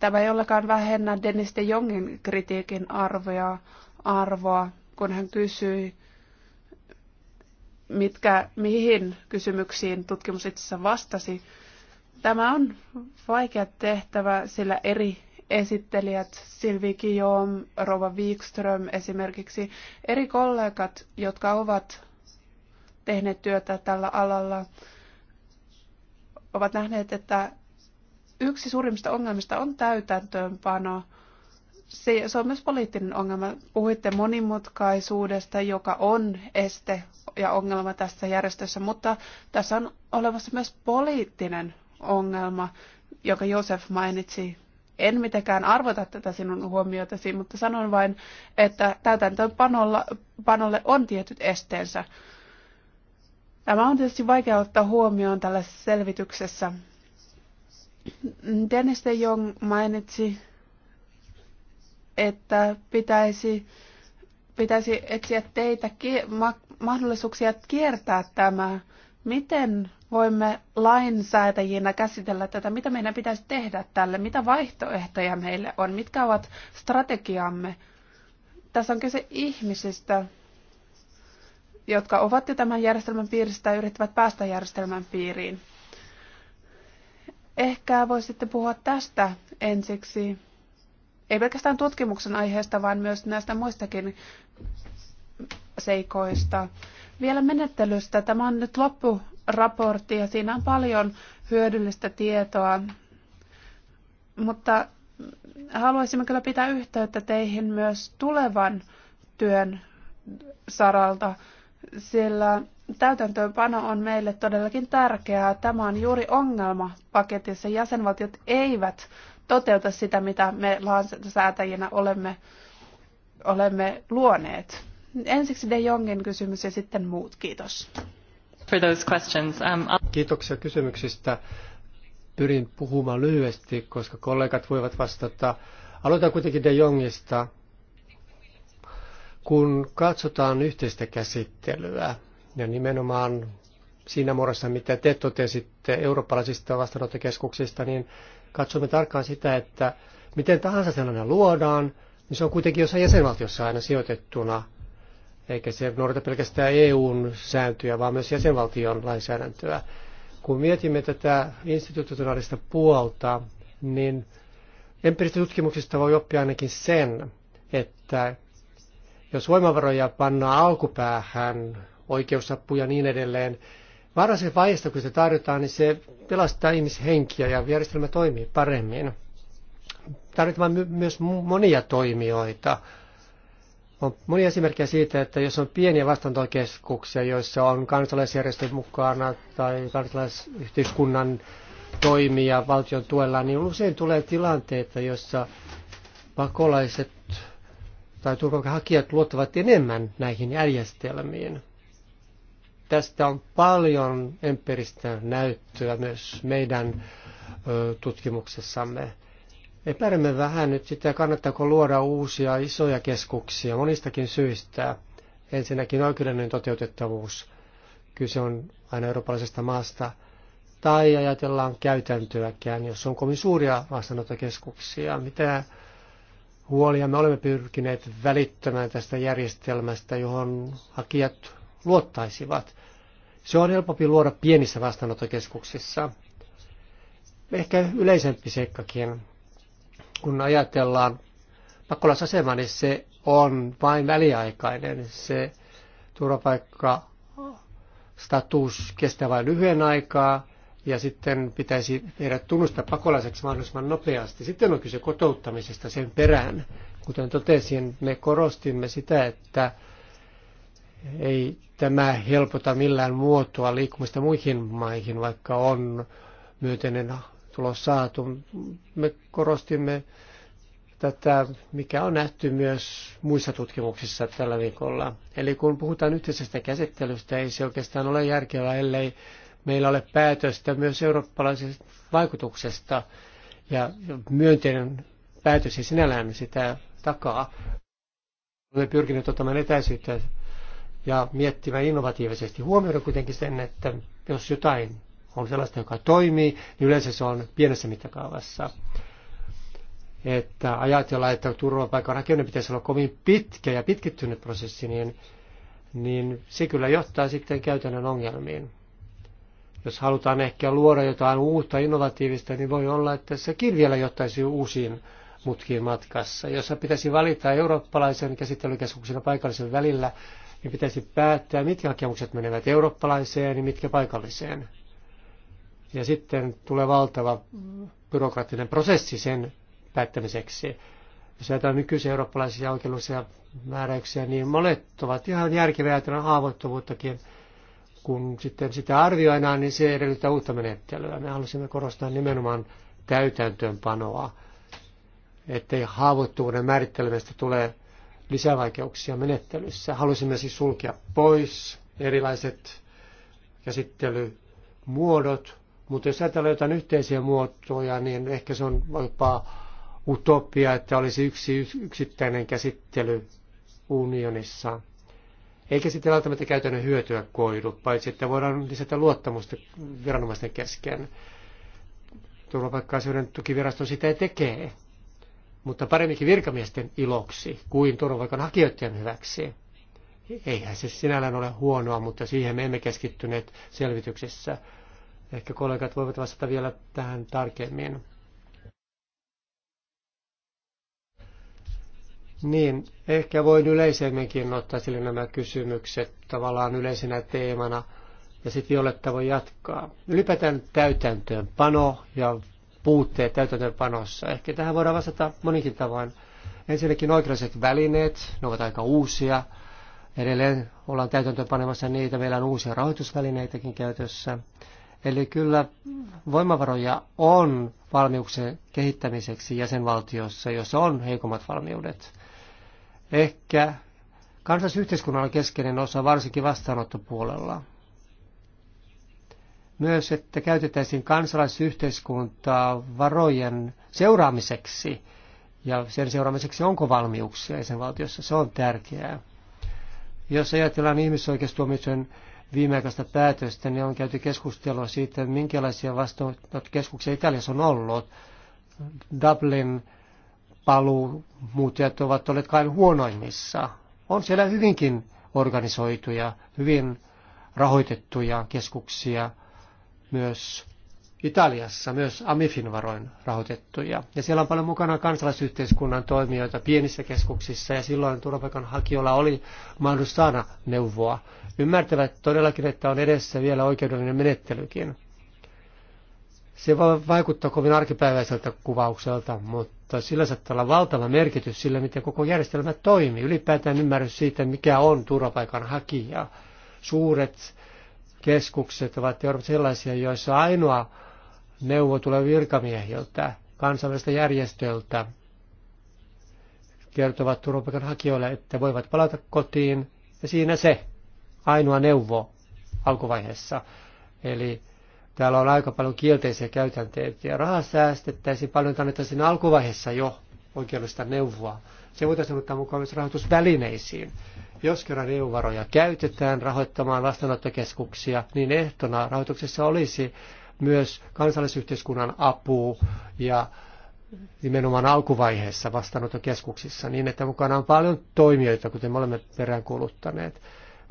Tämä ei ollenkaan vähennä Dennis de Jongin kritiikin arvoa arvoa, kun hän kysyi, mitkä, mihin kysymyksiin tutkimus itse vastasi. Tämä on vaikea tehtävä, sillä eri esittelijät Silvi Kijom, Rova Wikström esimerkiksi, eri kollegat, jotka ovat tehneet työtä tällä alalla, ovat nähneet, että yksi suurimmista ongelmista on täytäntöönpano. Se, se on myös poliittinen ongelma. Puhuitte monimutkaisuudesta, joka on este ja ongelma tässä järjestössä, mutta tässä on olemassa myös poliittinen ongelma, joka Josef mainitsi en mitenkään arvota tätä sinun huomiotasi, mutta sanon vain, että täytäntöönpanolle on tietyt esteensä. Tämä on tietysti vaikea ottaa huomioon tällaisessa selvityksessä. Dennis de Jong mainitsi, että pitäisi, pitäisi etsiä teitä, mahdollisuuksia kiertää tämä Miten voimme lainsäätäjinä käsitellä tätä? Mitä meidän pitäisi tehdä tälle? Mitä vaihtoehtoja meille on? Mitkä ovat strategiamme? Tässä on kyse ihmisistä, jotka ovat jo tämän järjestelmän piirissä tai yrittävät päästä järjestelmän piiriin. Ehkä voisitte puhua tästä ensiksi, ei pelkästään tutkimuksen aiheesta, vaan myös näistä muistakin seikoista. Vielä menettelystä. Tämä on nyt loppuraportti ja siinä on paljon hyödyllistä tietoa. Mutta haluaisimme kyllä pitää yhteyttä teihin myös tulevan työn saralta, sillä täytäntöönpano on meille todellakin tärkeää. Tämä on juuri ongelma paketissa. Jäsenvaltiot eivät toteuta sitä, mitä me lainsäätäjinä olemme, olemme luoneet. Ensiksi De Jongin kysymys ja sitten muut. Kiitos. For those questions. Um, Kiitoksia kysymyksistä. Pyrin puhumaan lyhyesti, koska kollegat voivat vastata. Aloitan kuitenkin De Jongista. Kun katsotaan yhteistä käsittelyä ja nimenomaan siinä muodossa, mitä te totesitte eurooppalaisista vastaanottokeskuksista, niin katsomme tarkkaan sitä, että miten tahansa sellainen luodaan, niin se on kuitenkin jossain jäsenvaltiossa aina sijoitettuna eikä se noudata pelkästään EUn sääntöjä, vaan myös jäsenvaltion lainsäädäntöä. Kun mietimme tätä institutionaalista puolta, niin empiiristä tutkimuksista voi oppia ainakin sen, että jos voimavaroja pannaan alkupäähän, oikeusapu ja niin edelleen, varhaisessa vaiheessa, kun sitä tarjotaan, niin se pelastaa ihmishenkiä ja järjestelmä toimii paremmin. Tarvitaan myös monia toimijoita, on monia esimerkkejä siitä, että jos on pieniä vastaantokeskuksia, joissa on kansalaisjärjestö mukana tai kansalaisyhteiskunnan toimia valtion tuella, niin usein tulee tilanteita, joissa pakolaiset tai turvapaikanhakijat luottavat enemmän näihin järjestelmiin. Tästä on paljon empiiristä näyttöä myös meidän tutkimuksessamme. Epäilemme vähän nyt sitä, kannattaako luoda uusia isoja keskuksia monistakin syistä. Ensinnäkin oikeudellinen toteutettavuus. Kyse on aina eurooppalaisesta maasta. Tai ajatellaan käytäntöäkään, jos on kovin suuria vastaanottokeskuksia. Mitä huolia me olemme pyrkineet välittämään tästä järjestelmästä, johon hakijat luottaisivat. Se on helpompi luoda pienissä vastaanottokeskuksissa. Ehkä yleisempi seikkakin kun ajatellaan pakolaisasemaa, niin se on vain väliaikainen. Se turvapaikka status kestää vain lyhyen aikaa ja sitten pitäisi tehdä tunnustaa pakolaiseksi mahdollisimman nopeasti. Sitten on kyse kotouttamisesta sen perään. Kuten totesin, me korostimme sitä, että ei tämä helpota millään muotoa liikkumista muihin maihin, vaikka on myönteinen tulos saatu. Me korostimme tätä, mikä on nähty myös muissa tutkimuksissa tällä viikolla. Eli kun puhutaan yhteisestä käsittelystä, ei se oikeastaan ole järkevää, ellei meillä ole päätöstä myös eurooppalaisesta vaikutuksesta. Ja myönteinen päätös ei sinällään sitä takaa. Olen pyrkinyt ottamaan etäisyyttä ja miettimään innovatiivisesti. Huomioida kuitenkin sen, että jos jotain on sellaista, joka toimii, niin yleensä se on pienessä mittakaavassa. Että ajatellaan, että turvapaikan rakenne pitäisi olla kovin pitkä ja pitkittynyt prosessi, niin, niin se kyllä johtaa sitten käytännön ongelmiin. Jos halutaan ehkä luoda jotain uutta innovatiivista, niin voi olla, että sekin vielä johtaisi uusiin mutkiin matkassa. Jos pitäisi valita eurooppalaisen käsittelykeskuksen ja paikallisen välillä, niin pitäisi päättää, mitkä hakemukset menevät eurooppalaiseen ja mitkä paikalliseen. Ja sitten tulee valtava byrokraattinen prosessi sen päättämiseksi. Jos ajatellaan nykyisiä eurooppalaisia oikeudellisia määräyksiä, niin monet ovat ihan järkeviä ajatellen haavoittuvuuttakin. Kun sitten sitä arvioidaan, niin se edellyttää uutta menettelyä. Me halusimme korostaa nimenomaan täytäntöönpanoa, ettei haavoittuvuuden määrittelemästä tule lisävaikeuksia menettelyssä. Halusimme siis sulkea pois erilaiset käsittelymuodot, mutta jos ajatellaan jotain yhteisiä muotoja, niin ehkä se on jopa utopia, että olisi yksi yksittäinen käsittely unionissa. Eikä sitten välttämättä käytännön hyötyä koidu, paitsi että voidaan lisätä luottamusta viranomaisten kesken. Turvapaikka-asioiden tukivirasto sitä tekee, mutta paremminkin virkamiesten iloksi kuin turvapaikanhakijoiden hyväksi. Eihän se sinällään ole huonoa, mutta siihen me emme keskittyneet selvityksessä Ehkä kollegat voivat vastata vielä tähän tarkemmin. Niin, ehkä voin yleisemminkin ottaa sille nämä kysymykset tavallaan yleisenä teemana, ja sitten Violetta voi jatkaa. Ylipäätään täytäntöönpano ja puutteet täytäntöönpanossa. Ehkä tähän voidaan vastata monikin tavoin. Ensinnäkin oikeudelliset välineet, ne ovat aika uusia. Edelleen ollaan täytäntöönpanemassa niitä, meillä on uusia rahoitusvälineitäkin käytössä. Eli kyllä voimavaroja on valmiuksen kehittämiseksi jäsenvaltiossa, jossa on heikommat valmiudet. Ehkä kansallisyhteiskunnan keskeinen osa, varsinkin vastaanottopuolella. Myös, että käytettäisiin kansalaisyhteiskuntaa varojen seuraamiseksi ja sen seuraamiseksi onko valmiuksia jäsenvaltiossa. Se on tärkeää. Jos ajatellaan ihmisoikeustuomioiden viimeaikaista päätöstä, niin on käyty keskustelua siitä, minkälaisia vastaanottokeskuksia Italiassa on ollut. Dublin paluu muuttajat ovat olleet kai huonoimmissa. On siellä hyvinkin organisoituja, hyvin rahoitettuja keskuksia, myös Italiassa myös Amifin varoin rahoitettuja. Ja siellä on paljon mukana kansalaisyhteiskunnan toimijoita pienissä keskuksissa ja silloin turvapaikanhakijoilla oli mahdollisuus saada neuvoa. Ymmärtävät todellakin, että on edessä vielä oikeudellinen menettelykin. Se voi vaikuttaa kovin arkipäiväiseltä kuvaukselta, mutta sillä saattaa olla valtava merkitys sillä, miten koko järjestelmä toimii. Ylipäätään ymmärrys siitä, mikä on turvapaikanhakija. Suuret keskukset ovat sellaisia, joissa ainoa neuvo virkamiehiltä, kansainvälisiltä järjestöltä, kertovat turvapaikanhakijoille, että voivat palata kotiin. Ja siinä se ainoa neuvo alkuvaiheessa. Eli täällä on aika paljon kielteisiä käytänteitä ja rahaa säästettäisiin paljon, annettaisiin alkuvaiheessa jo oikeudellista neuvoa. Se voitaisiin ottaa mukaan myös rahoitusvälineisiin. Jos kerran EU-varoja käytetään rahoittamaan vastaanottokeskuksia, niin ehtona rahoituksessa olisi myös kansalaisyhteiskunnan apu ja nimenomaan alkuvaiheessa vastaanottokeskuksissa niin, että mukana on paljon toimijoita, kuten me olemme peräänkuuluttaneet.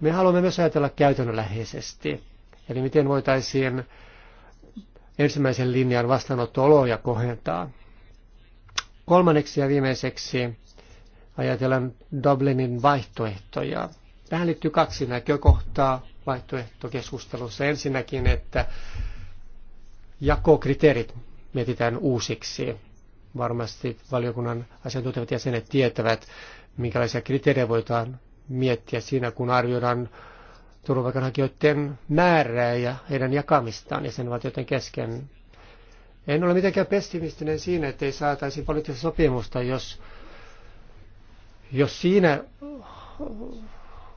Me haluamme myös ajatella käytännönläheisesti, eli miten voitaisiin ensimmäisen linjan vastaanottooloja kohentaa. Kolmanneksi ja viimeiseksi ajatellaan Dublinin vaihtoehtoja. Tähän liittyy kaksi näkökohtaa vaihtoehtokeskustelussa. Ensinnäkin, että jakokriteerit mietitään uusiksi. Varmasti valiokunnan asiantuntevat jäsenet tietävät, minkälaisia kriteerejä voidaan miettiä siinä, kun arvioidaan turvapaikanhakijoiden määrää ja heidän jakamistaan jäsenvaltioiden kesken. En ole mitenkään pessimistinen siinä, että ei saataisi poliittista sopimusta, jos, jos siinä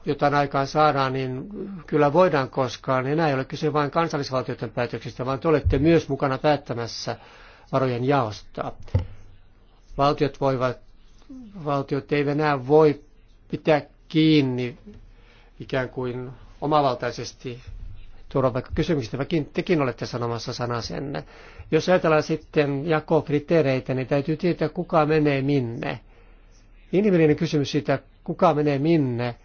jotain aikaan saadaan, niin kyllä voidaan koskaan. Niin enää ei ole kyse vain kansallisvaltioiden päätöksistä, vaan te olette myös mukana päättämässä varojen jaosta. Valtiot, voivat, valtiot eivät enää voi pitää kiinni ikään kuin omavaltaisesti vaikka kysymyksistä, vaikin tekin olette sanomassa senne. Jos ajatellaan sitten jakokriteereitä, niin täytyy tietää, kuka menee minne. Inhimillinen kysymys siitä, kuka menee minne,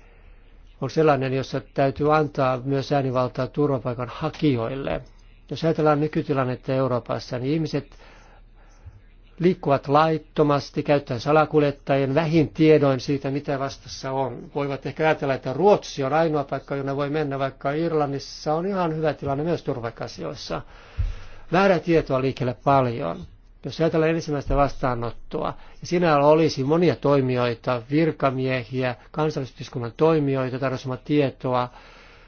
on sellainen, jossa täytyy antaa myös äänivaltaa turvapaikan hakijoille. Jos ajatellaan nykytilannetta Euroopassa, niin ihmiset liikkuvat laittomasti, käyttäen salakuljettajien vähin tiedoin siitä, mitä vastassa on. Voivat ehkä ajatella, että Ruotsi on ainoa paikka, jonne voi mennä, vaikka Irlannissa on ihan hyvä tilanne myös turvakasioissa. Väärä tietoa liikkeelle paljon. Jos ajatellaan ensimmäistä vastaanottoa, ja siinä olisi monia toimijoita, virkamiehiä, kansallisyhteiskunnan toimijoita tarjoamaan tietoa,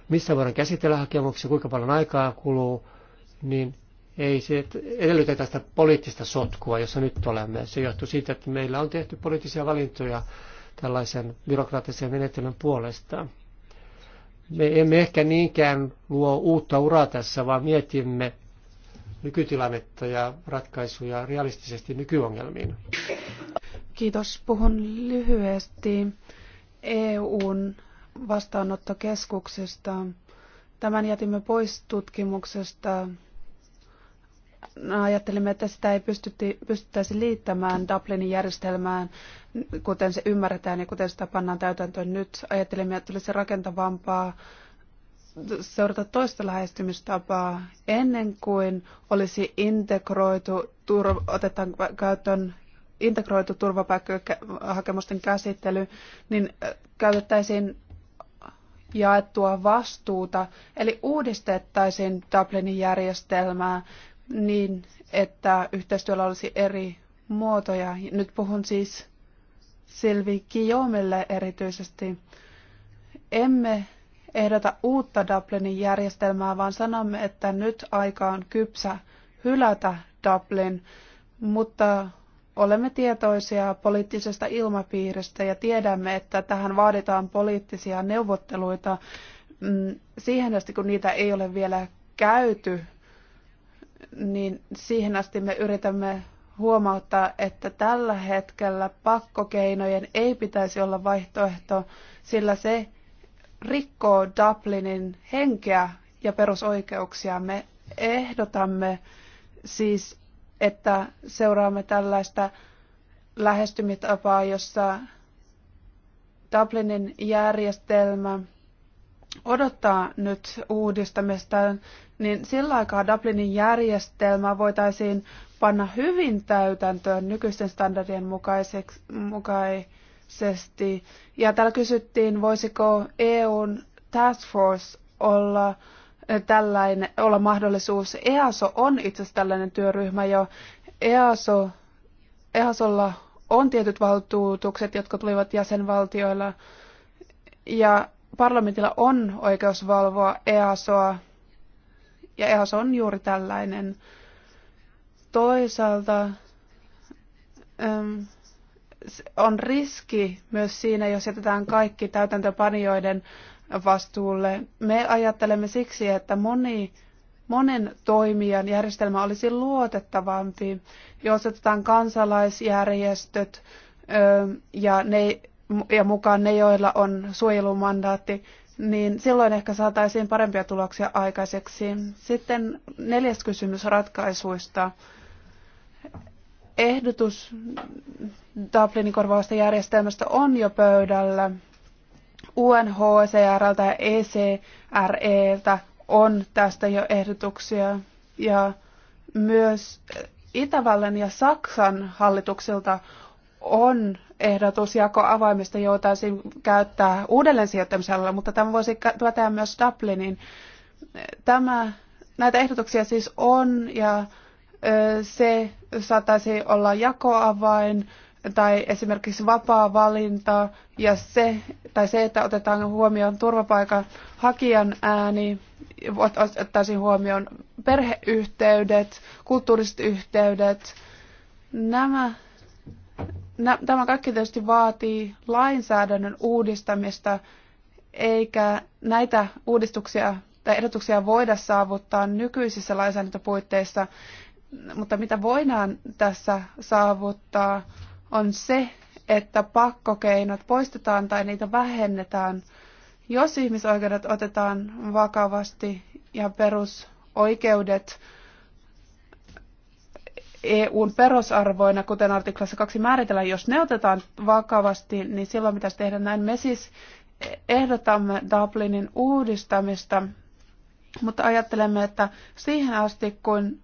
missä voidaan käsitellä hakemuksia, kuinka paljon aikaa kuluu, niin ei se edellytä tästä poliittista sotkua, jossa nyt olemme. Se johtuu siitä, että meillä on tehty poliittisia valintoja tällaisen byrokraattisen menettelyn puolesta. Me emme ehkä niinkään luo uutta uraa tässä, vaan mietimme nykytilannetta ja ratkaisuja realistisesti nykyongelmiin. Kiitos. Puhun lyhyesti EUn vastaanottokeskuksesta. Tämän jätimme pois tutkimuksesta. Ajattelimme, että sitä ei pystytti, pystyttäisi liittämään Dublinin järjestelmään, kuten se ymmärretään ja kuten sitä pannaan täytäntöön nyt. Ajattelimme, että olisi rakentavampaa seurata toista lähestymistapaa ennen kuin olisi integroitu, tur, otetaan käyttöön integroitu turvapaikkahakemusten käsittely, niin käytettäisiin jaettua vastuuta, eli uudistettaisiin Dublinin järjestelmää niin, että yhteistyöllä olisi eri muotoja. Nyt puhun siis Silvi Kiomille erityisesti. Emme ehdota uutta Dublinin järjestelmää, vaan sanomme, että nyt aika on kypsä hylätä Dublin, mutta olemme tietoisia poliittisesta ilmapiiristä ja tiedämme, että tähän vaaditaan poliittisia neuvotteluita mm, siihen asti, kun niitä ei ole vielä käyty, niin siihen asti me yritämme huomauttaa, että tällä hetkellä pakkokeinojen ei pitäisi olla vaihtoehto, sillä se rikkoo Dublinin henkeä ja perusoikeuksia. Me ehdotamme siis, että seuraamme tällaista lähestymistapaa, jossa Dublinin järjestelmä odottaa nyt uudistamista, niin sillä aikaa Dublinin järjestelmä voitaisiin panna hyvin täytäntöön nykyisten standardien mukaiseksi, mukai, mukaisesti. Ja täällä kysyttiin, voisiko EUn task force olla eh, tällainen, olla mahdollisuus. EASO on itse asiassa tällainen työryhmä jo. EASO, EASOlla on tietyt valtuutukset, jotka tulivat jäsenvaltioilla. Ja parlamentilla on oikeus valvoa EASOa. Ja EASO on juuri tällainen. Toisaalta... Ähm, on riski myös siinä, jos jätetään kaikki täytäntöpanijoiden vastuulle. Me ajattelemme siksi, että moni, monen toimijan järjestelmä olisi luotettavampi, jos otetaan kansalaisjärjestöt ja, ne, ja mukaan ne, joilla on suojelumandaatti, niin silloin ehkä saataisiin parempia tuloksia aikaiseksi. Sitten neljäs kysymys ratkaisuista ehdotus Dublinin korvaavasta järjestelmästä on jo pöydällä. UNHCRltä ja ECREltä on tästä jo ehdotuksia ja myös Itävallan ja Saksan hallituksilta on ehdotus jakoavaimista, joita käyttää uudelleen sijoittamisella, mutta tämä voisi tuottaa myös Dublinin. Tämä, näitä ehdotuksia siis on ja se saattaisi olla jakoavain tai esimerkiksi vapaa valinta ja se, tai se, että otetaan huomioon turvapaikan hakijan ääni, otettaisiin huomioon perheyhteydet, kulttuuriset yhteydet. Nämä, nä, tämä kaikki tietysti vaatii lainsäädännön uudistamista, eikä näitä uudistuksia tai ehdotuksia voida saavuttaa nykyisissä lainsäädäntöpuitteissa mutta mitä voidaan tässä saavuttaa, on se, että pakkokeinot poistetaan tai niitä vähennetään, jos ihmisoikeudet otetaan vakavasti ja perusoikeudet EUn perusarvoina, kuten artiklassa 2 määritellään, jos ne otetaan vakavasti, niin silloin pitäisi tehdä näin. Me siis ehdotamme Dublinin uudistamista, mutta ajattelemme, että siihen asti, kun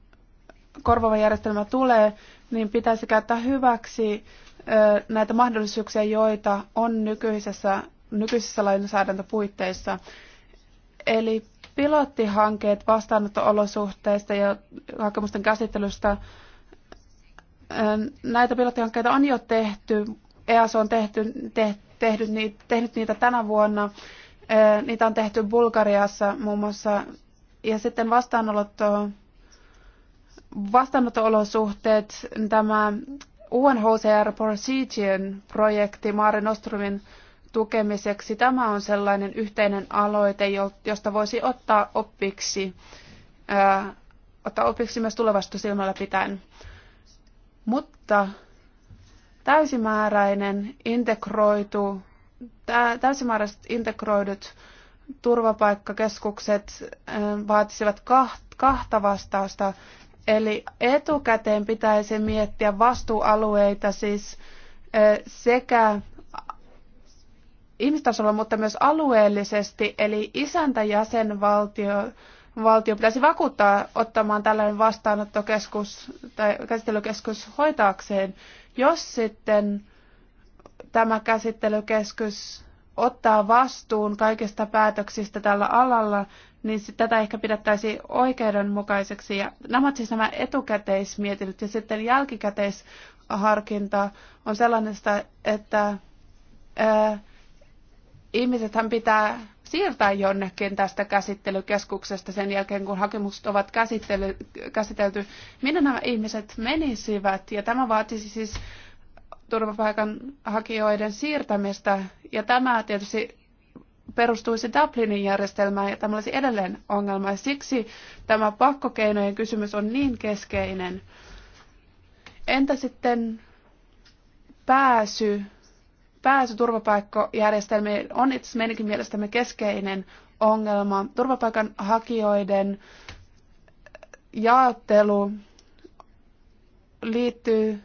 korvaava järjestelmä tulee, niin pitäisi käyttää hyväksi näitä mahdollisuuksia, joita on nykyisessä, nykyisessä lainsäädäntöpuitteissa. Eli pilottihankkeet vastaanotto-olosuhteista ja hakemusten käsittelystä. Näitä pilottihankkeita on jo tehty. EAS on tehty, te, tehnyt, niitä, tehnyt niitä tänä vuonna. Niitä on tehty Bulgariassa muun muassa. Ja sitten vastaanotto vastaanotto-olosuhteet, tämä UNHCR Procedien projekti Maare Nostrumin tukemiseksi, tämä on sellainen yhteinen aloite, josta voisi ottaa oppiksi, äh, ottaa oppiksi myös tulevasta silmällä pitäen. Mutta täysimääräinen integroitu, täysimääräiset integroidut turvapaikkakeskukset vaatisivat kahta vastausta Eli etukäteen pitäisi miettiä vastuualueita siis sekä ihmistasolla, mutta myös alueellisesti, eli isäntäjäsenvaltio valtio pitäisi vakuuttaa ottamaan tällainen vastaanottokeskus tai käsittelykeskus hoitaakseen. Jos sitten tämä käsittelykeskus ottaa vastuun kaikista päätöksistä tällä alalla, niin tätä ehkä pidettäisiin oikeudenmukaiseksi. Ja nämä siis nämä etukäteismietinnöt ja sitten jälkikäteisharkinta on sellaista, että ää, ihmisethän pitää siirtää jonnekin tästä käsittelykeskuksesta sen jälkeen, kun hakemukset ovat käsittely, käsitelty, minne nämä ihmiset menisivät. Ja tämä vaatisi siis turvapaikanhakijoiden siirtämistä. Ja tämä tietysti perustuisi Dublinin järjestelmään ja tämä olisi edelleen ongelma. Ja siksi tämä pakkokeinojen kysymys on niin keskeinen. Entä sitten pääsy, pääsy turvapaikkojärjestelmiin on itse asiassa meidänkin mielestämme keskeinen ongelma. Turvapaikanhakijoiden jaottelu liittyy,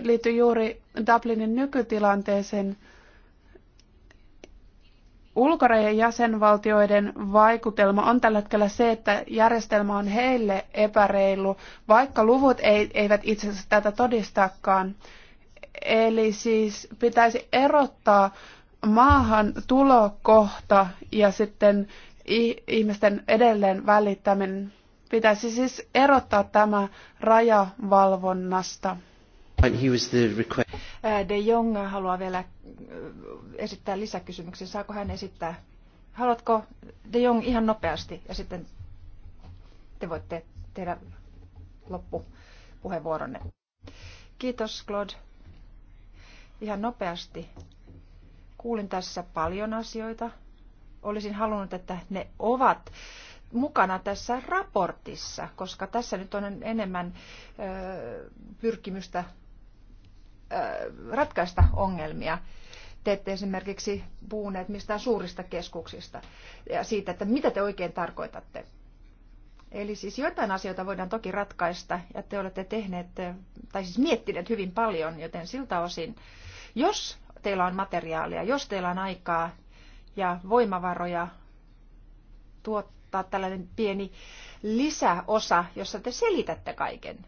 liittyy juuri Dublinin nykytilanteeseen – Ulkorajan jäsenvaltioiden vaikutelma on tällä hetkellä se, että järjestelmä on heille epäreilu, vaikka luvut eivät itse asiassa tätä todistakaan. Eli siis pitäisi erottaa maahan tulokohta ja sitten ihmisten edelleen välittäminen. Pitäisi siis erottaa tämä rajavalvonnasta. De Jong haluaa vielä esittää lisäkysymyksen. Saako hän esittää? Haluatko De Jong ihan nopeasti ja sitten te voitte tehdä loppupuheenvuoronne. Kiitos Claude. Ihan nopeasti. Kuulin tässä paljon asioita. Olisin halunnut, että ne ovat mukana tässä raportissa, koska tässä nyt on enemmän pyrkimystä Äh, ratkaista ongelmia. Te ette esimerkiksi puhuneet mistään suurista keskuksista ja siitä, että mitä te oikein tarkoitatte. Eli siis jotain asioita voidaan toki ratkaista ja te olette tehneet, äh, tai siis miettineet hyvin paljon, joten siltä osin, jos teillä on materiaalia, jos teillä on aikaa ja voimavaroja tuottaa tällainen pieni lisäosa, jossa te selitätte kaiken,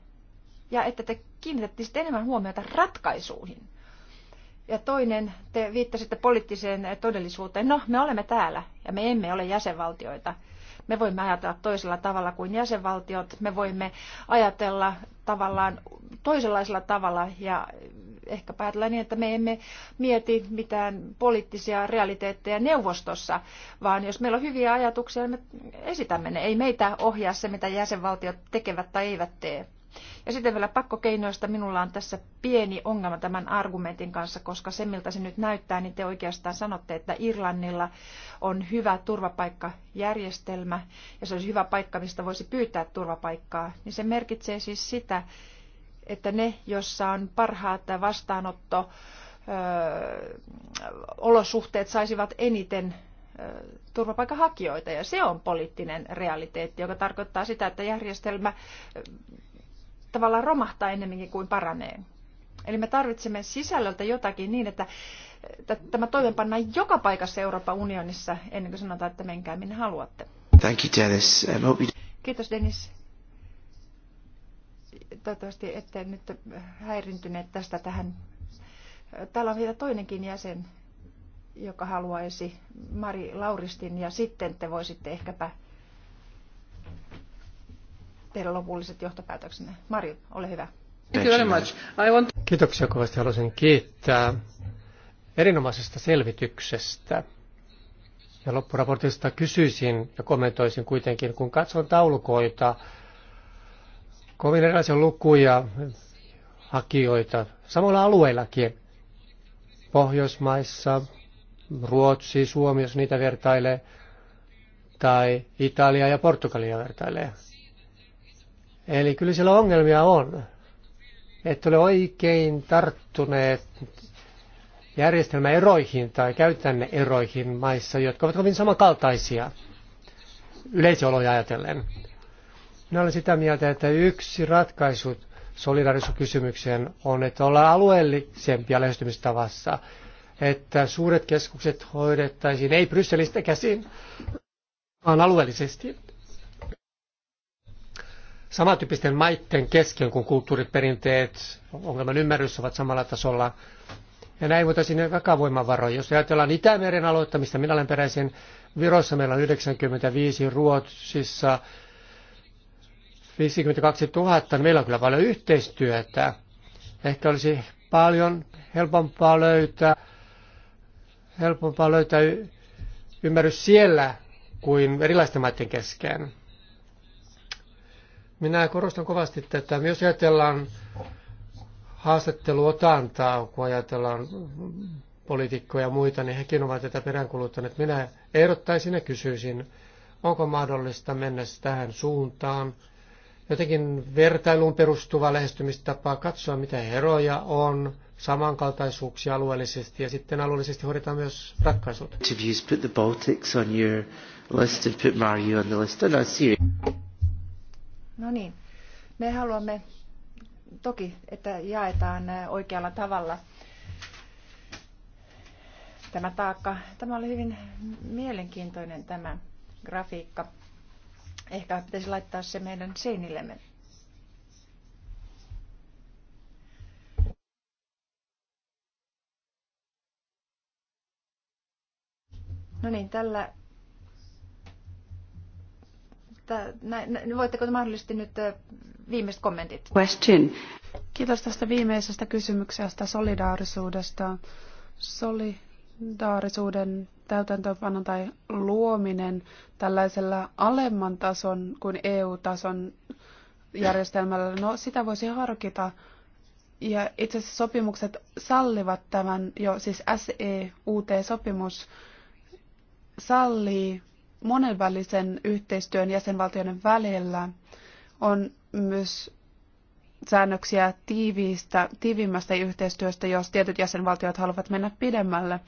ja että te kiinnitätte enemmän huomiota ratkaisuihin. Ja toinen, te viittasitte poliittiseen todellisuuteen. No, me olemme täällä ja me emme ole jäsenvaltioita. Me voimme ajatella toisella tavalla kuin jäsenvaltiot. Me voimme ajatella tavallaan toisenlaisella tavalla ja ehkä päätellä niin, että me emme mieti mitään poliittisia realiteetteja neuvostossa, vaan jos meillä on hyviä ajatuksia, niin me esitämme ne. Ei meitä ohjaa se, mitä jäsenvaltiot tekevät tai eivät tee. Ja sitten vielä pakkokeinoista. Minulla on tässä pieni ongelma tämän argumentin kanssa, koska se miltä se nyt näyttää, niin te oikeastaan sanotte, että Irlannilla on hyvä turvapaikkajärjestelmä ja se olisi hyvä paikka, mistä voisi pyytää turvapaikkaa. Niin se merkitsee siis sitä, että ne, jossa on parhaat vastaanotto, olosuhteet saisivat eniten turvapaikanhakijoita ja se on poliittinen realiteetti, joka tarkoittaa sitä, että järjestelmä tavallaan romahtaa ennemminkin kuin paranee. Eli me tarvitsemme sisällöltä jotakin niin, että tämä toimenpannaan joka paikassa Euroopan unionissa ennen kuin sanotaan, että menkää minne haluatte. Thank you, Dennis. you... Kiitos, Dennis. Toivottavasti ette nyt häirintyneet tästä tähän. Täällä on vielä toinenkin jäsen, joka haluaisi Mari Lauristin, ja sitten te voisitte ehkäpä tehdä lopulliset johtopäätöksenne. Marjo, ole hyvä. Kiitoksia kovasti. Haluaisin kiittää erinomaisesta selvityksestä. Ja loppuraportista kysyisin ja kommentoisin kuitenkin, kun katson taulukoita, kovin erilaisia lukuja hakijoita samoilla alueillakin. Pohjoismaissa, Ruotsi, Suomi, jos niitä vertailee, tai Italia ja Portugalia vertailee. Eli kyllä siellä ongelmia on. Että ole oikein tarttuneet järjestelmäeroihin tai käytänne eroihin maissa, jotka ovat kovin samankaltaisia yleisoloja ajatellen. Minä olen sitä mieltä, että yksi ratkaisu solidarisuuskysymykseen on, että olla alueellisempia lähestymistavassa, että suuret keskukset hoidettaisiin ei Brysselistä käsin, vaan alueellisesti samantyyppisten maiden kesken, kun kulttuuriperinteet, ongelman ymmärrys ovat samalla tasolla. Ja näin voitaisiin vakavoimavaroja. Jos ajatellaan Itämeren aloittamista, minä olen peräisin Virossa meillä on 95, Ruotsissa 52 000, niin meillä on kyllä paljon yhteistyötä. Ehkä olisi paljon helpompaa löytää, helpompaa löytää ymmärrys siellä kuin erilaisten maiden kesken. Minä korostan kovasti tätä. Myös ajatellaan haastatteluotantaa, kun ajatellaan poliitikkoja ja muita, niin hekin ovat tätä peräänkuluttaneet. Minä ehdottaisin ja kysyisin, onko mahdollista mennä tähän suuntaan, jotenkin vertailuun perustuva lähestymistapa, katsoa mitä eroja on, samankaltaisuuksia alueellisesti ja sitten alueellisesti hoidetaan myös ratkaisut. No niin, me haluamme toki, että jaetaan oikealla tavalla tämä taakka. Tämä oli hyvin mielenkiintoinen tämä grafiikka. Ehkä pitäisi laittaa se meidän seinillemme. No niin, tällä voitteko mahdollisesti nyt viimeiset kommentit? Question. Kiitos tästä viimeisestä kysymyksestä solidaarisuudesta. Solidaarisuuden täytäntöönpano tai luominen tällaisella alemman tason kuin EU-tason järjestelmällä, no sitä voisi harkita. Ja itse asiassa sopimukset sallivat tämän jo, siis SEUT-sopimus sallii monenvälisen yhteistyön jäsenvaltioiden välillä. On myös säännöksiä tiiviistä, tiiviimmästä yhteistyöstä, jos tietyt jäsenvaltiot haluavat mennä pidemmälle.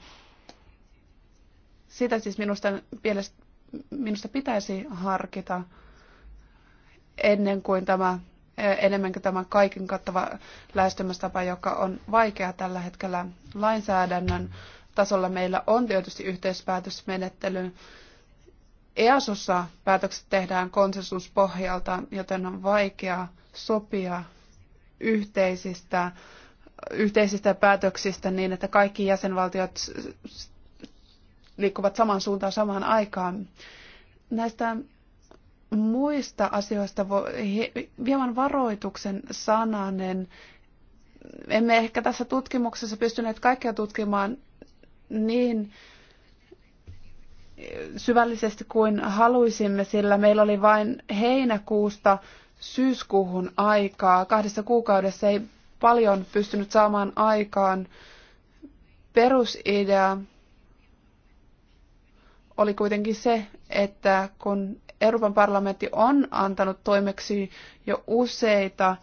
Sitä siis minusta, minusta pitäisi harkita ennen kuin tämä, enemmän kuin tämä kaiken kattava lähestymistapa, joka on vaikea tällä hetkellä lainsäädännön tasolla. Meillä on tietysti yhteispäätösmenettely, EASossa päätökset tehdään konsensuspohjalta, joten on vaikea sopia yhteisistä, yhteisistä päätöksistä niin, että kaikki jäsenvaltiot liikkuvat samaan suuntaan samaan aikaan. Näistä muista asioista voi, hieman varoituksen sananen. Emme ehkä tässä tutkimuksessa pystyneet kaikkea tutkimaan niin syvällisesti kuin haluaisimme, sillä meillä oli vain heinäkuusta syyskuuhun aikaa. Kahdessa kuukaudessa ei paljon pystynyt saamaan aikaan. Perusidea oli kuitenkin se, että kun Euroopan parlamentti on antanut toimeksi jo useita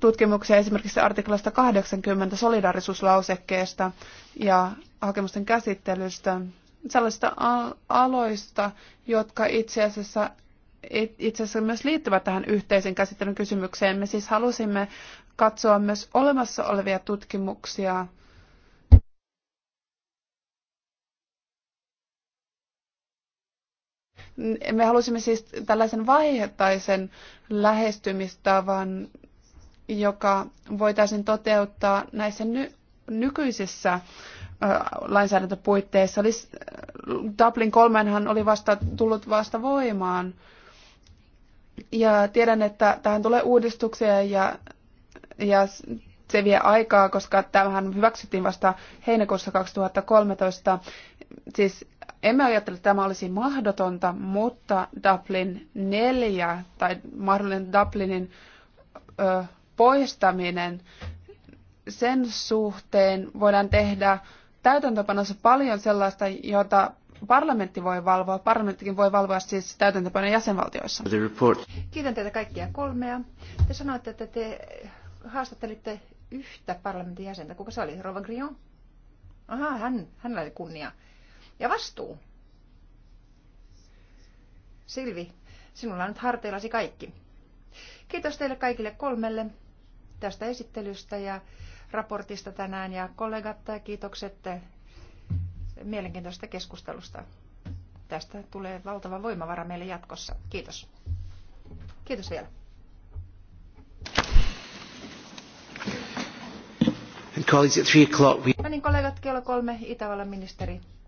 tutkimuksia esimerkiksi artiklasta 80 solidarisuuslausekkeesta ja hakemusten käsittelystä, sellaisista aloista, jotka itse asiassa itse asiassa myös liittyvät tähän yhteisen käsittelyn kysymykseen. Me siis halusimme katsoa myös olemassa olevia tutkimuksia. Me halusimme siis tällaisen vaihettaisen lähestymistavan, joka voitaisiin toteuttaa näissä ny- nykyisissä lainsäädäntöpuitteissa. Dublin kolmenhan oli vasta tullut vasta voimaan. Ja tiedän, että tähän tulee uudistuksia ja, ja se vie aikaa, koska tämähän hyväksyttiin vasta heinäkuussa 2013. Siis emme ajattele, että tämä olisi mahdotonta, mutta Dublin 4 tai mahdollinen Dublinin ö, poistaminen, sen suhteen voidaan tehdä täytäntöpanossa paljon sellaista, jota parlamentti voi valvoa. Parlamenttikin voi valvoa siis täytäntöpanon jäsenvaltioissa. Kiitän teitä kaikkia kolmea. Te sanoitte, että te haastattelitte yhtä parlamentin jäsentä. Kuka se oli? Rova Grion? Aha, hän, hänellä oli kunnia. Ja vastuu. Silvi, sinulla on nyt harteillasi kaikki. Kiitos teille kaikille kolmelle tästä esittelystä ja raportista tänään ja kollegat, kiitokset mielenkiintoista keskustelusta. Tästä tulee valtava voimavara meille jatkossa. Kiitos. Kiitos vielä. No niin, kollegat, kello kolme Itävallan ministeri